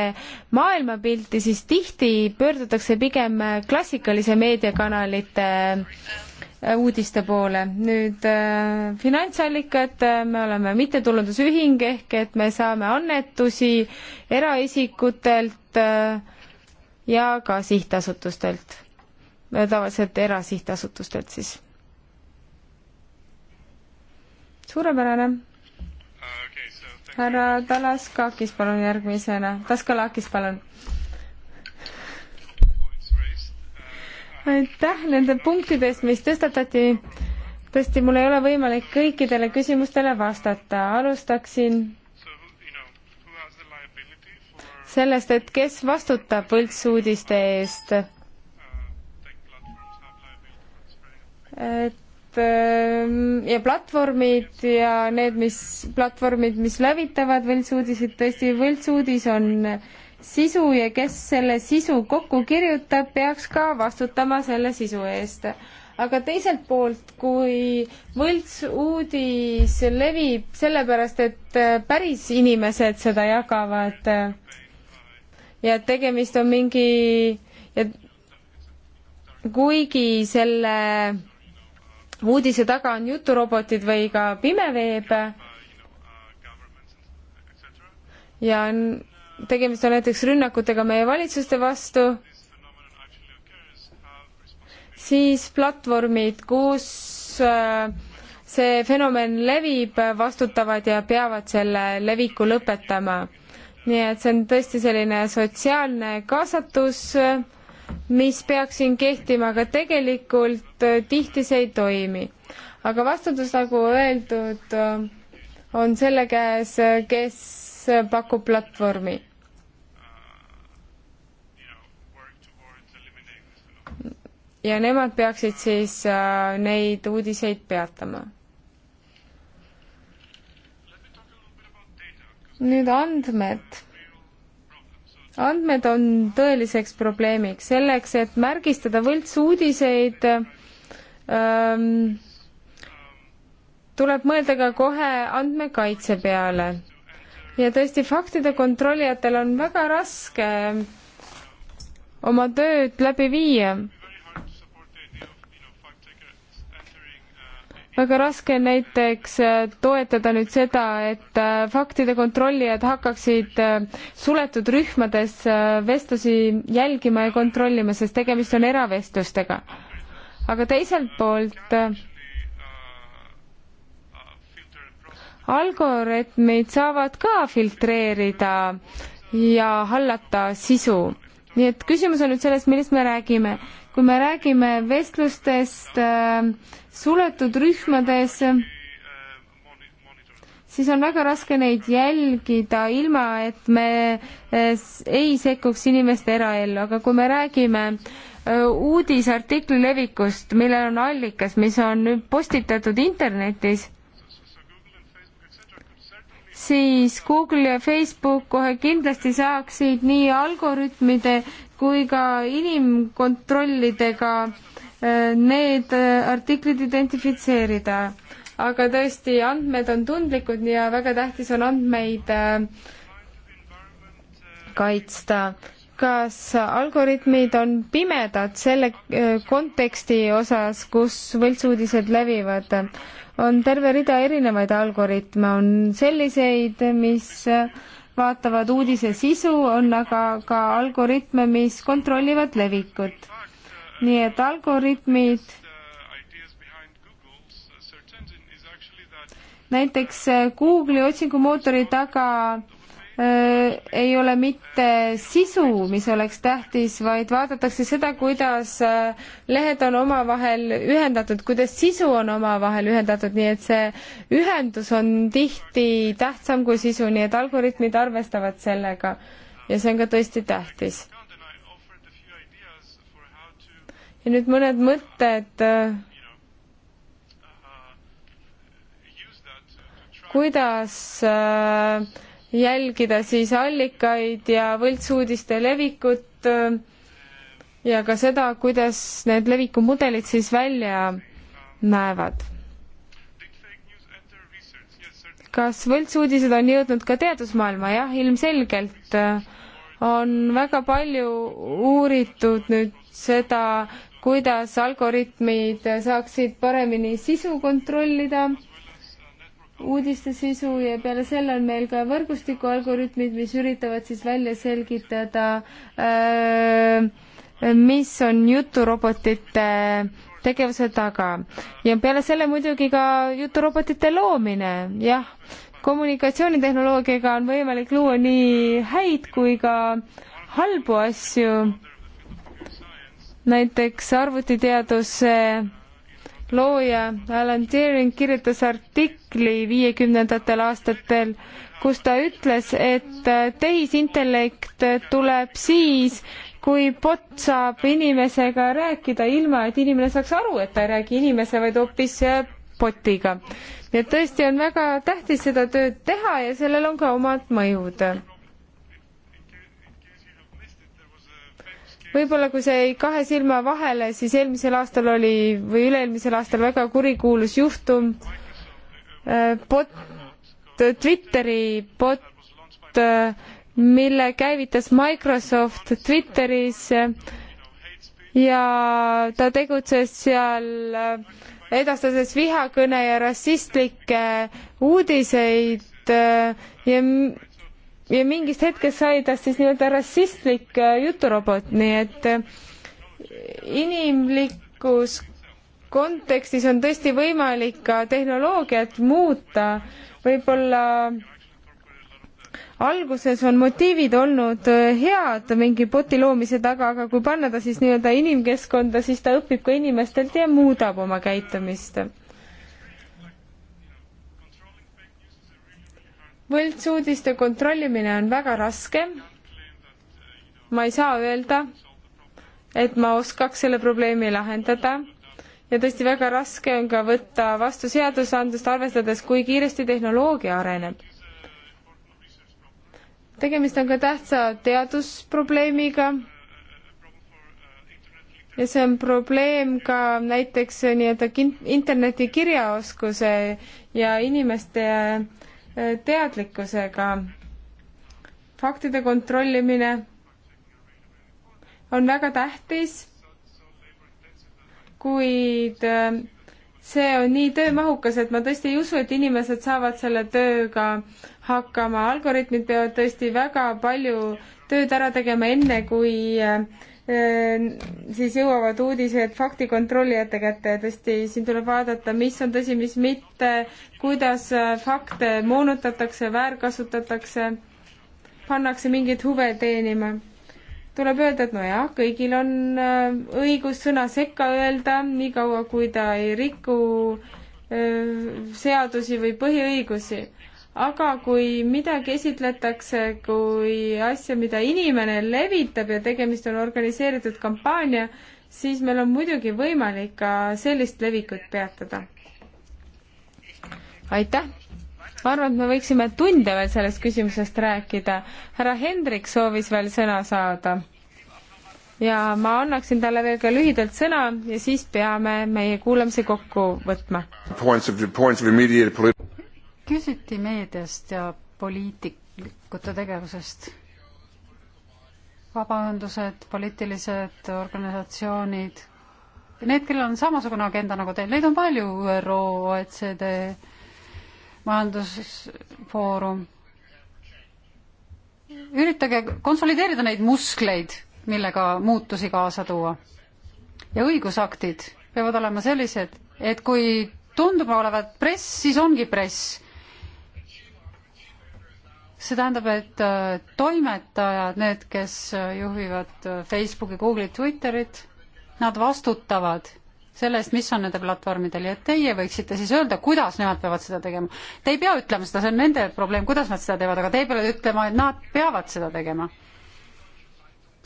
maailmapilti, siis tihti pöördutakse pigem klassikalise meediakanalite äh, uudiste poole. nüüd äh, finantsallikad äh,, me oleme mittetulundusühing ehk et me saame annetusi eraisikutelt äh, ja ka sihtasutustelt, äh, tavaliselt erasihtasutustelt siis. suurepärane härra Talaskakis, palun järgmisena. Taskalakis, palun. aitäh nende punktide eest, mis tõstatati. tõesti, mul ei ole võimalik kõikidele küsimustele vastata. alustaksin sellest, et kes vastutab võltsuudiste eest. et Ähm, ja platvormid ja need, mis, platvormid, mis levitavad võltsuudiseid, tõesti, võltsuudis on sisu ja kes selle sisu kokku kirjutab, peaks ka vastutama selle sisu eest aga teiselt poolt, kui võltsuudis levib sellepärast, et äh, päris inimesed seda jagavad äh, ja tegemist on mingi, kuigi selle uudise taga on juturobotid või ka pimeveeb. ja tegemist on näiteks rünnakutega meie valitsuste vastu, siis platvormid, kus äh, see fenomen levib, vastutavad ja peavad selle leviku lõpetama. nii et see on tõesti selline sotsiaalne kaasatus äh, mis peaks siin kehtima, aga tegelikult äh, tihti see ei toimi. aga vastutus, nagu öeldud, äh, on selle käes, äh, kes pakub platvormi. ja nemad peaksid siis neid uudiseid peatama. nüüd andmed andmed on tõeliseks probleemiks, selleks et märgistada võltsuudiseid ähm, tuleb mõelda ka kohe andmekaitse peale. ja tõesti, faktide kontrollijatel on väga raske oma tööd läbi viia väga raske näiteks äh, toetada nüüd seda, et äh, faktide kontrollijad hakkaksid äh, suletud rühmades vestlusi jälgima ja kontrollima, sest tegemist on eravestlustega. aga teiselt poolt algoritmid saavad ka filtreerida ja hallata sisu. nii et küsimus on nüüd selles, millest me räägime kui me räägime vestlustest äh, suletud rühmades, siis on väga raske neid jälgida, ilma et me äh, ei sekkuks inimeste eraellu, aga kui me räägime äh, uudisartikli levikust, millel on allikas, mis on postitatud internetis, siis Google ja Facebook kohe kindlasti saaksid nii algoritmide kui ka inimkontrollidega äh, need äh, artiklid identifitseerida. aga tõesti, andmed on tundlikud ja väga tähtis on andmeid äh, kaitsta kas algoritmid on pimedad selle konteksti osas, kus võltsuudised levivad? on terve rida erinevaid algoritme, on selliseid, mis vaatavad uudise sisu, on aga ka algoritme, mis kontrollivad levikut. nii et algoritmid näiteks Google'i otsingumootori taga Äh, ei ole mitte sisu, mis oleks tähtis, vaid vaadatakse seda, kuidas äh, lehed on omavahel ühendatud, kuidas sisu on omavahel ühendatud, nii et see ühendus on tihti tähtsam kui sisu, nii et algoritmid arvestavad sellega ja see on ka tõesti tähtis. ja nüüd mõned mõtted äh, kuidas äh, jälgida siis allikaid ja võltsuudiste levikut äh, ja ka seda, kuidas need levikumudelid siis välja näevad. kas võltsuudised on jõudnud ka teadusmaailma? jah, ilmselgelt äh, on väga palju uuritud nüüd seda, kuidas algoritmid saaksid paremini sisu kontrollida uudiste sisu ja peale selle on meil ka võrgustiku algoritmid, mis üritavad siis välja selgitada, mis on juturobotite tegevuse taga. ja peale selle muidugi ka juturobotite loomine, jah. kommunikatsioonitehnoloogiaga on võimalik luua nii häid kui ka halbu asju, näiteks arvutiteaduse äh, looja Alan Turing kirjutas artikli viiekümnendatel aastatel, kus ta ütles, et tehisintellekt tuleb siis, kui bot saab inimesega rääkida, ilma et inimene saaks aru, et ta ei räägi inimese, vaid hoopis botiga. nii et tõesti on väga tähtis seda tööd teha ja sellel on ka omad mõjud võib-olla kui see jäi kahe silma vahele, siis eelmisel aastal oli või üle-eelmisel aastal väga kurikuulus juhtum, äh, bot, äh, Twitteri bot, äh, mille käivitas Microsoft Twitteris ja ta tegutses seal edastades vihakõne ja rassistlikke uudiseid ja ja mingist hetkest sai tast siis nii-öelda rassistlik äh, juturobot, nii et äh, inimlikus kontekstis on tõesti võimalik ka tehnoloogiat muuta, võib-olla alguses on motiivid olnud äh, head mingi boti loomise taga, aga kui panna ta siis nii-öelda inimkeskkonda, siis ta õpib ka inimestelt ja muudab oma käitumist võltsuudiste kontrollimine on väga raske. ma ei saa öelda, et ma oskaks selle probleemi lahendada ja tõesti väga raske on ka võtta vastu seadusandlust, arvestades, kui kiiresti tehnoloogia areneb. tegemist on ka tähtsa teadusprobleemiga ja see on probleem ka näiteks nii-öelda interneti kirjaoskuse ja inimeste teadlikkusega. faktide kontrollimine on väga tähtis, kuid äh, see on nii töömahukas, et ma tõesti ei usu, et inimesed saavad selle tööga hakkama. algoritmid peavad tõesti väga palju tööd ära tegema, enne kui äh, Ehm, siis jõuavad uudised faktikontrollijate kätte ja tõesti, siin tuleb vaadata, mis on tõsi, mis mitte, kuidas äh, fakte moonutatakse, väärkasutatakse, pannakse mingeid huve teenima. tuleb öelda, et nojah, kõigil on äh, õigus sõna sekka öelda, niikaua kui ta ei riku äh, seadusi või põhiõigusi aga kui midagi esitletakse kui asja, mida inimene levitab ja tegemist on organiseeritud kampaania, siis meil on muidugi võimalik ka sellist levikut peatada. aitäh! ma arvan, et me võiksime tunde veel sellest küsimusest rääkida. härra Hendrik soovis veel sõna saada. ja ma annaksin talle veel ka lühidalt sõna ja siis peame meie kuulamise kokku võtma küsiti meediast ja poliitikute tegevusest. vabaühendused, poliitilised organisatsioonid, need, kellel on samasugune agenda nagu teil, neid on palju, ÜRO, OECD, majandusfoorum. üritage konsolideerida neid muskleid, millega muutusi kaasa tuua. ja õigusaktid peavad olema sellised, et kui tundub olevat press, siis ongi press see tähendab, et äh, toimetajad, need, kes äh, juhivad äh, Facebooki, Google'it, Twitterit, nad vastutavad selle eest, mis on nende platvormidel ja teie võiksite siis öelda, kuidas nemad peavad seda tegema. Te ei pea ütlema seda, see on nende probleem, kuidas nad seda teevad, aga te peate ütlema, et nad peavad seda tegema.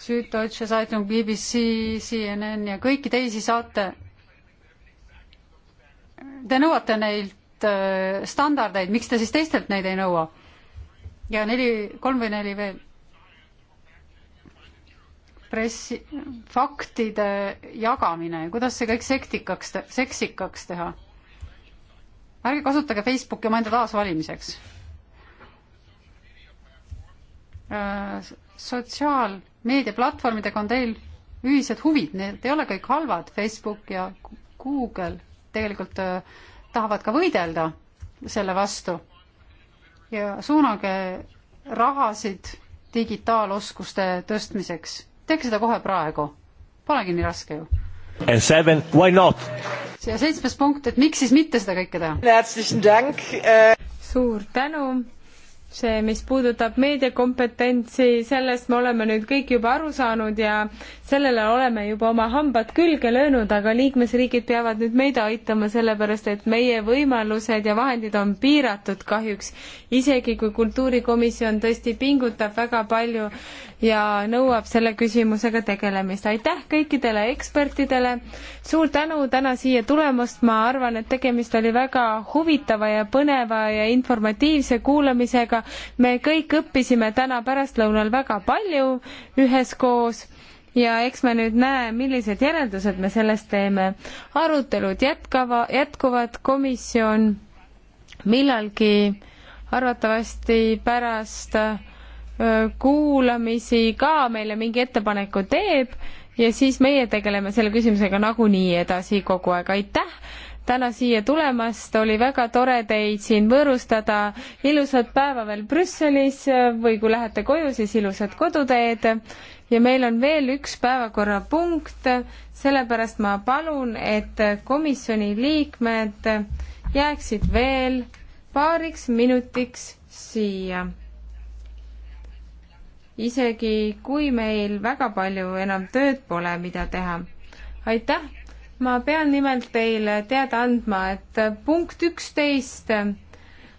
Süddeutsche Zeitung, BBC, CNN ja kõiki teisi saate. Te nõuate neilt standardeid, miks te siis teistelt neid ei nõua? ja neli, kolm või neli veel. pressi, faktide jagamine, kuidas see kõik sektikaks, seksikaks teha? ärge kasutage Facebooki omaenda taasvalimiseks. Äh, sotsiaalmeedia platvormidega on teil ühised huvid, need ei ole kõik halvad, Facebook ja Google tegelikult äh, tahavad ka võidelda selle vastu ja suunage rahasid digitaaloskuste tõstmiseks. tehke seda kohe praegu, polegi nii raske ju. And seven, why not? ja seitsmes punkt, et miks siis mitte seda kõike teha? Äh suur tänu see, mis puudutab meediakompetentsi, sellest me oleme nüüd kõik juba aru saanud ja sellele oleme juba oma hambad külge löönud, aga liikmesriigid peavad nüüd meid aitama, sellepärast et meie võimalused ja vahendid on piiratud kahjuks. isegi kui kultuurikomisjon tõesti pingutab väga palju, ja nõuab selle küsimusega tegelemist. aitäh kõikidele ekspertidele, suur tänu täna siia tulemast, ma arvan, et tegemist oli väga huvitava ja põneva ja informatiivse kuulamisega. me kõik õppisime täna pärastlõunal väga palju üheskoos ja eks me nüüd näe, millised järeldused me sellest teeme. arutelud jätkava, jätkuvad, komisjon millalgi arvatavasti pärast äh, kuulamisi ka meile mingi ettepaneku teeb ja siis meie tegeleme selle küsimusega nagunii edasi kogu aeg, aitäh täna siia tulemast, oli väga tore teid siin võõrustada, ilusat päeva veel Brüsselis või kui lähete koju, siis ilusat koduteed ja meil on veel üks päevakorrapunkt, sellepärast ma palun, et komisjoni liikmed jääksid veel paariks minutiks siia isegi kui meil väga palju enam tööd pole, mida teha. aitäh, ma pean nimelt teile teada andma, et punkt üksteist,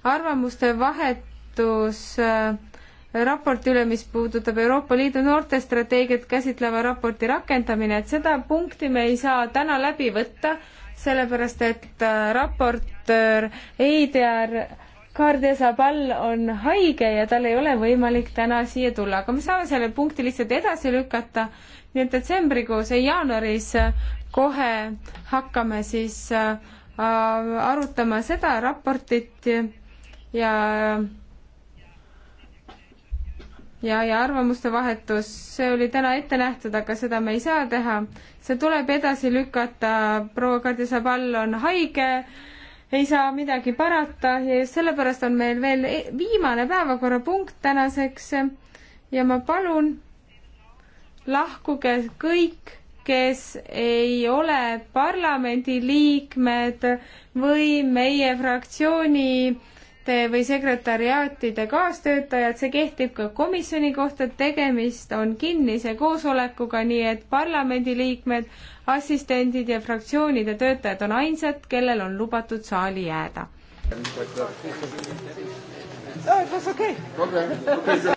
arvamuste vahetus äh, raporti üle, mis puudutab Euroopa Liidu noortestrateegiat käsitleva raporti rakendamine, et seda punkti me ei saa täna läbi võtta, sellepärast et äh, raportöör Eider Kardia Sabal on haige ja tal ei ole võimalik täna siia tulla, aga me saame selle punkti lihtsalt edasi lükata, nii et detsembrikuus ja jaanuaris kohe hakkame siis äh, arutama seda raportit ja ja, ja arvamuste vahetus, see oli täna ette nähtud, aga seda me ei saa teha. see tuleb edasi lükata, proua Kadri Sabal on haige ei saa midagi parata ja just sellepärast on meil veel e- viimane päevakorrapunkt tänaseks ja ma palun, lahkuge kõik, kes ei ole parlamendiliikmed või meie fraktsiooni või sekretäriaatide kaastöötajad, see kehtib ka komisjoni kohta, tegemist on kinnise koosolekuga, nii et parlamendiliikmed, assistendid ja fraktsioonide töötajad on ainsad, kellel on lubatud saali jääda. Oh, it was okay. okay.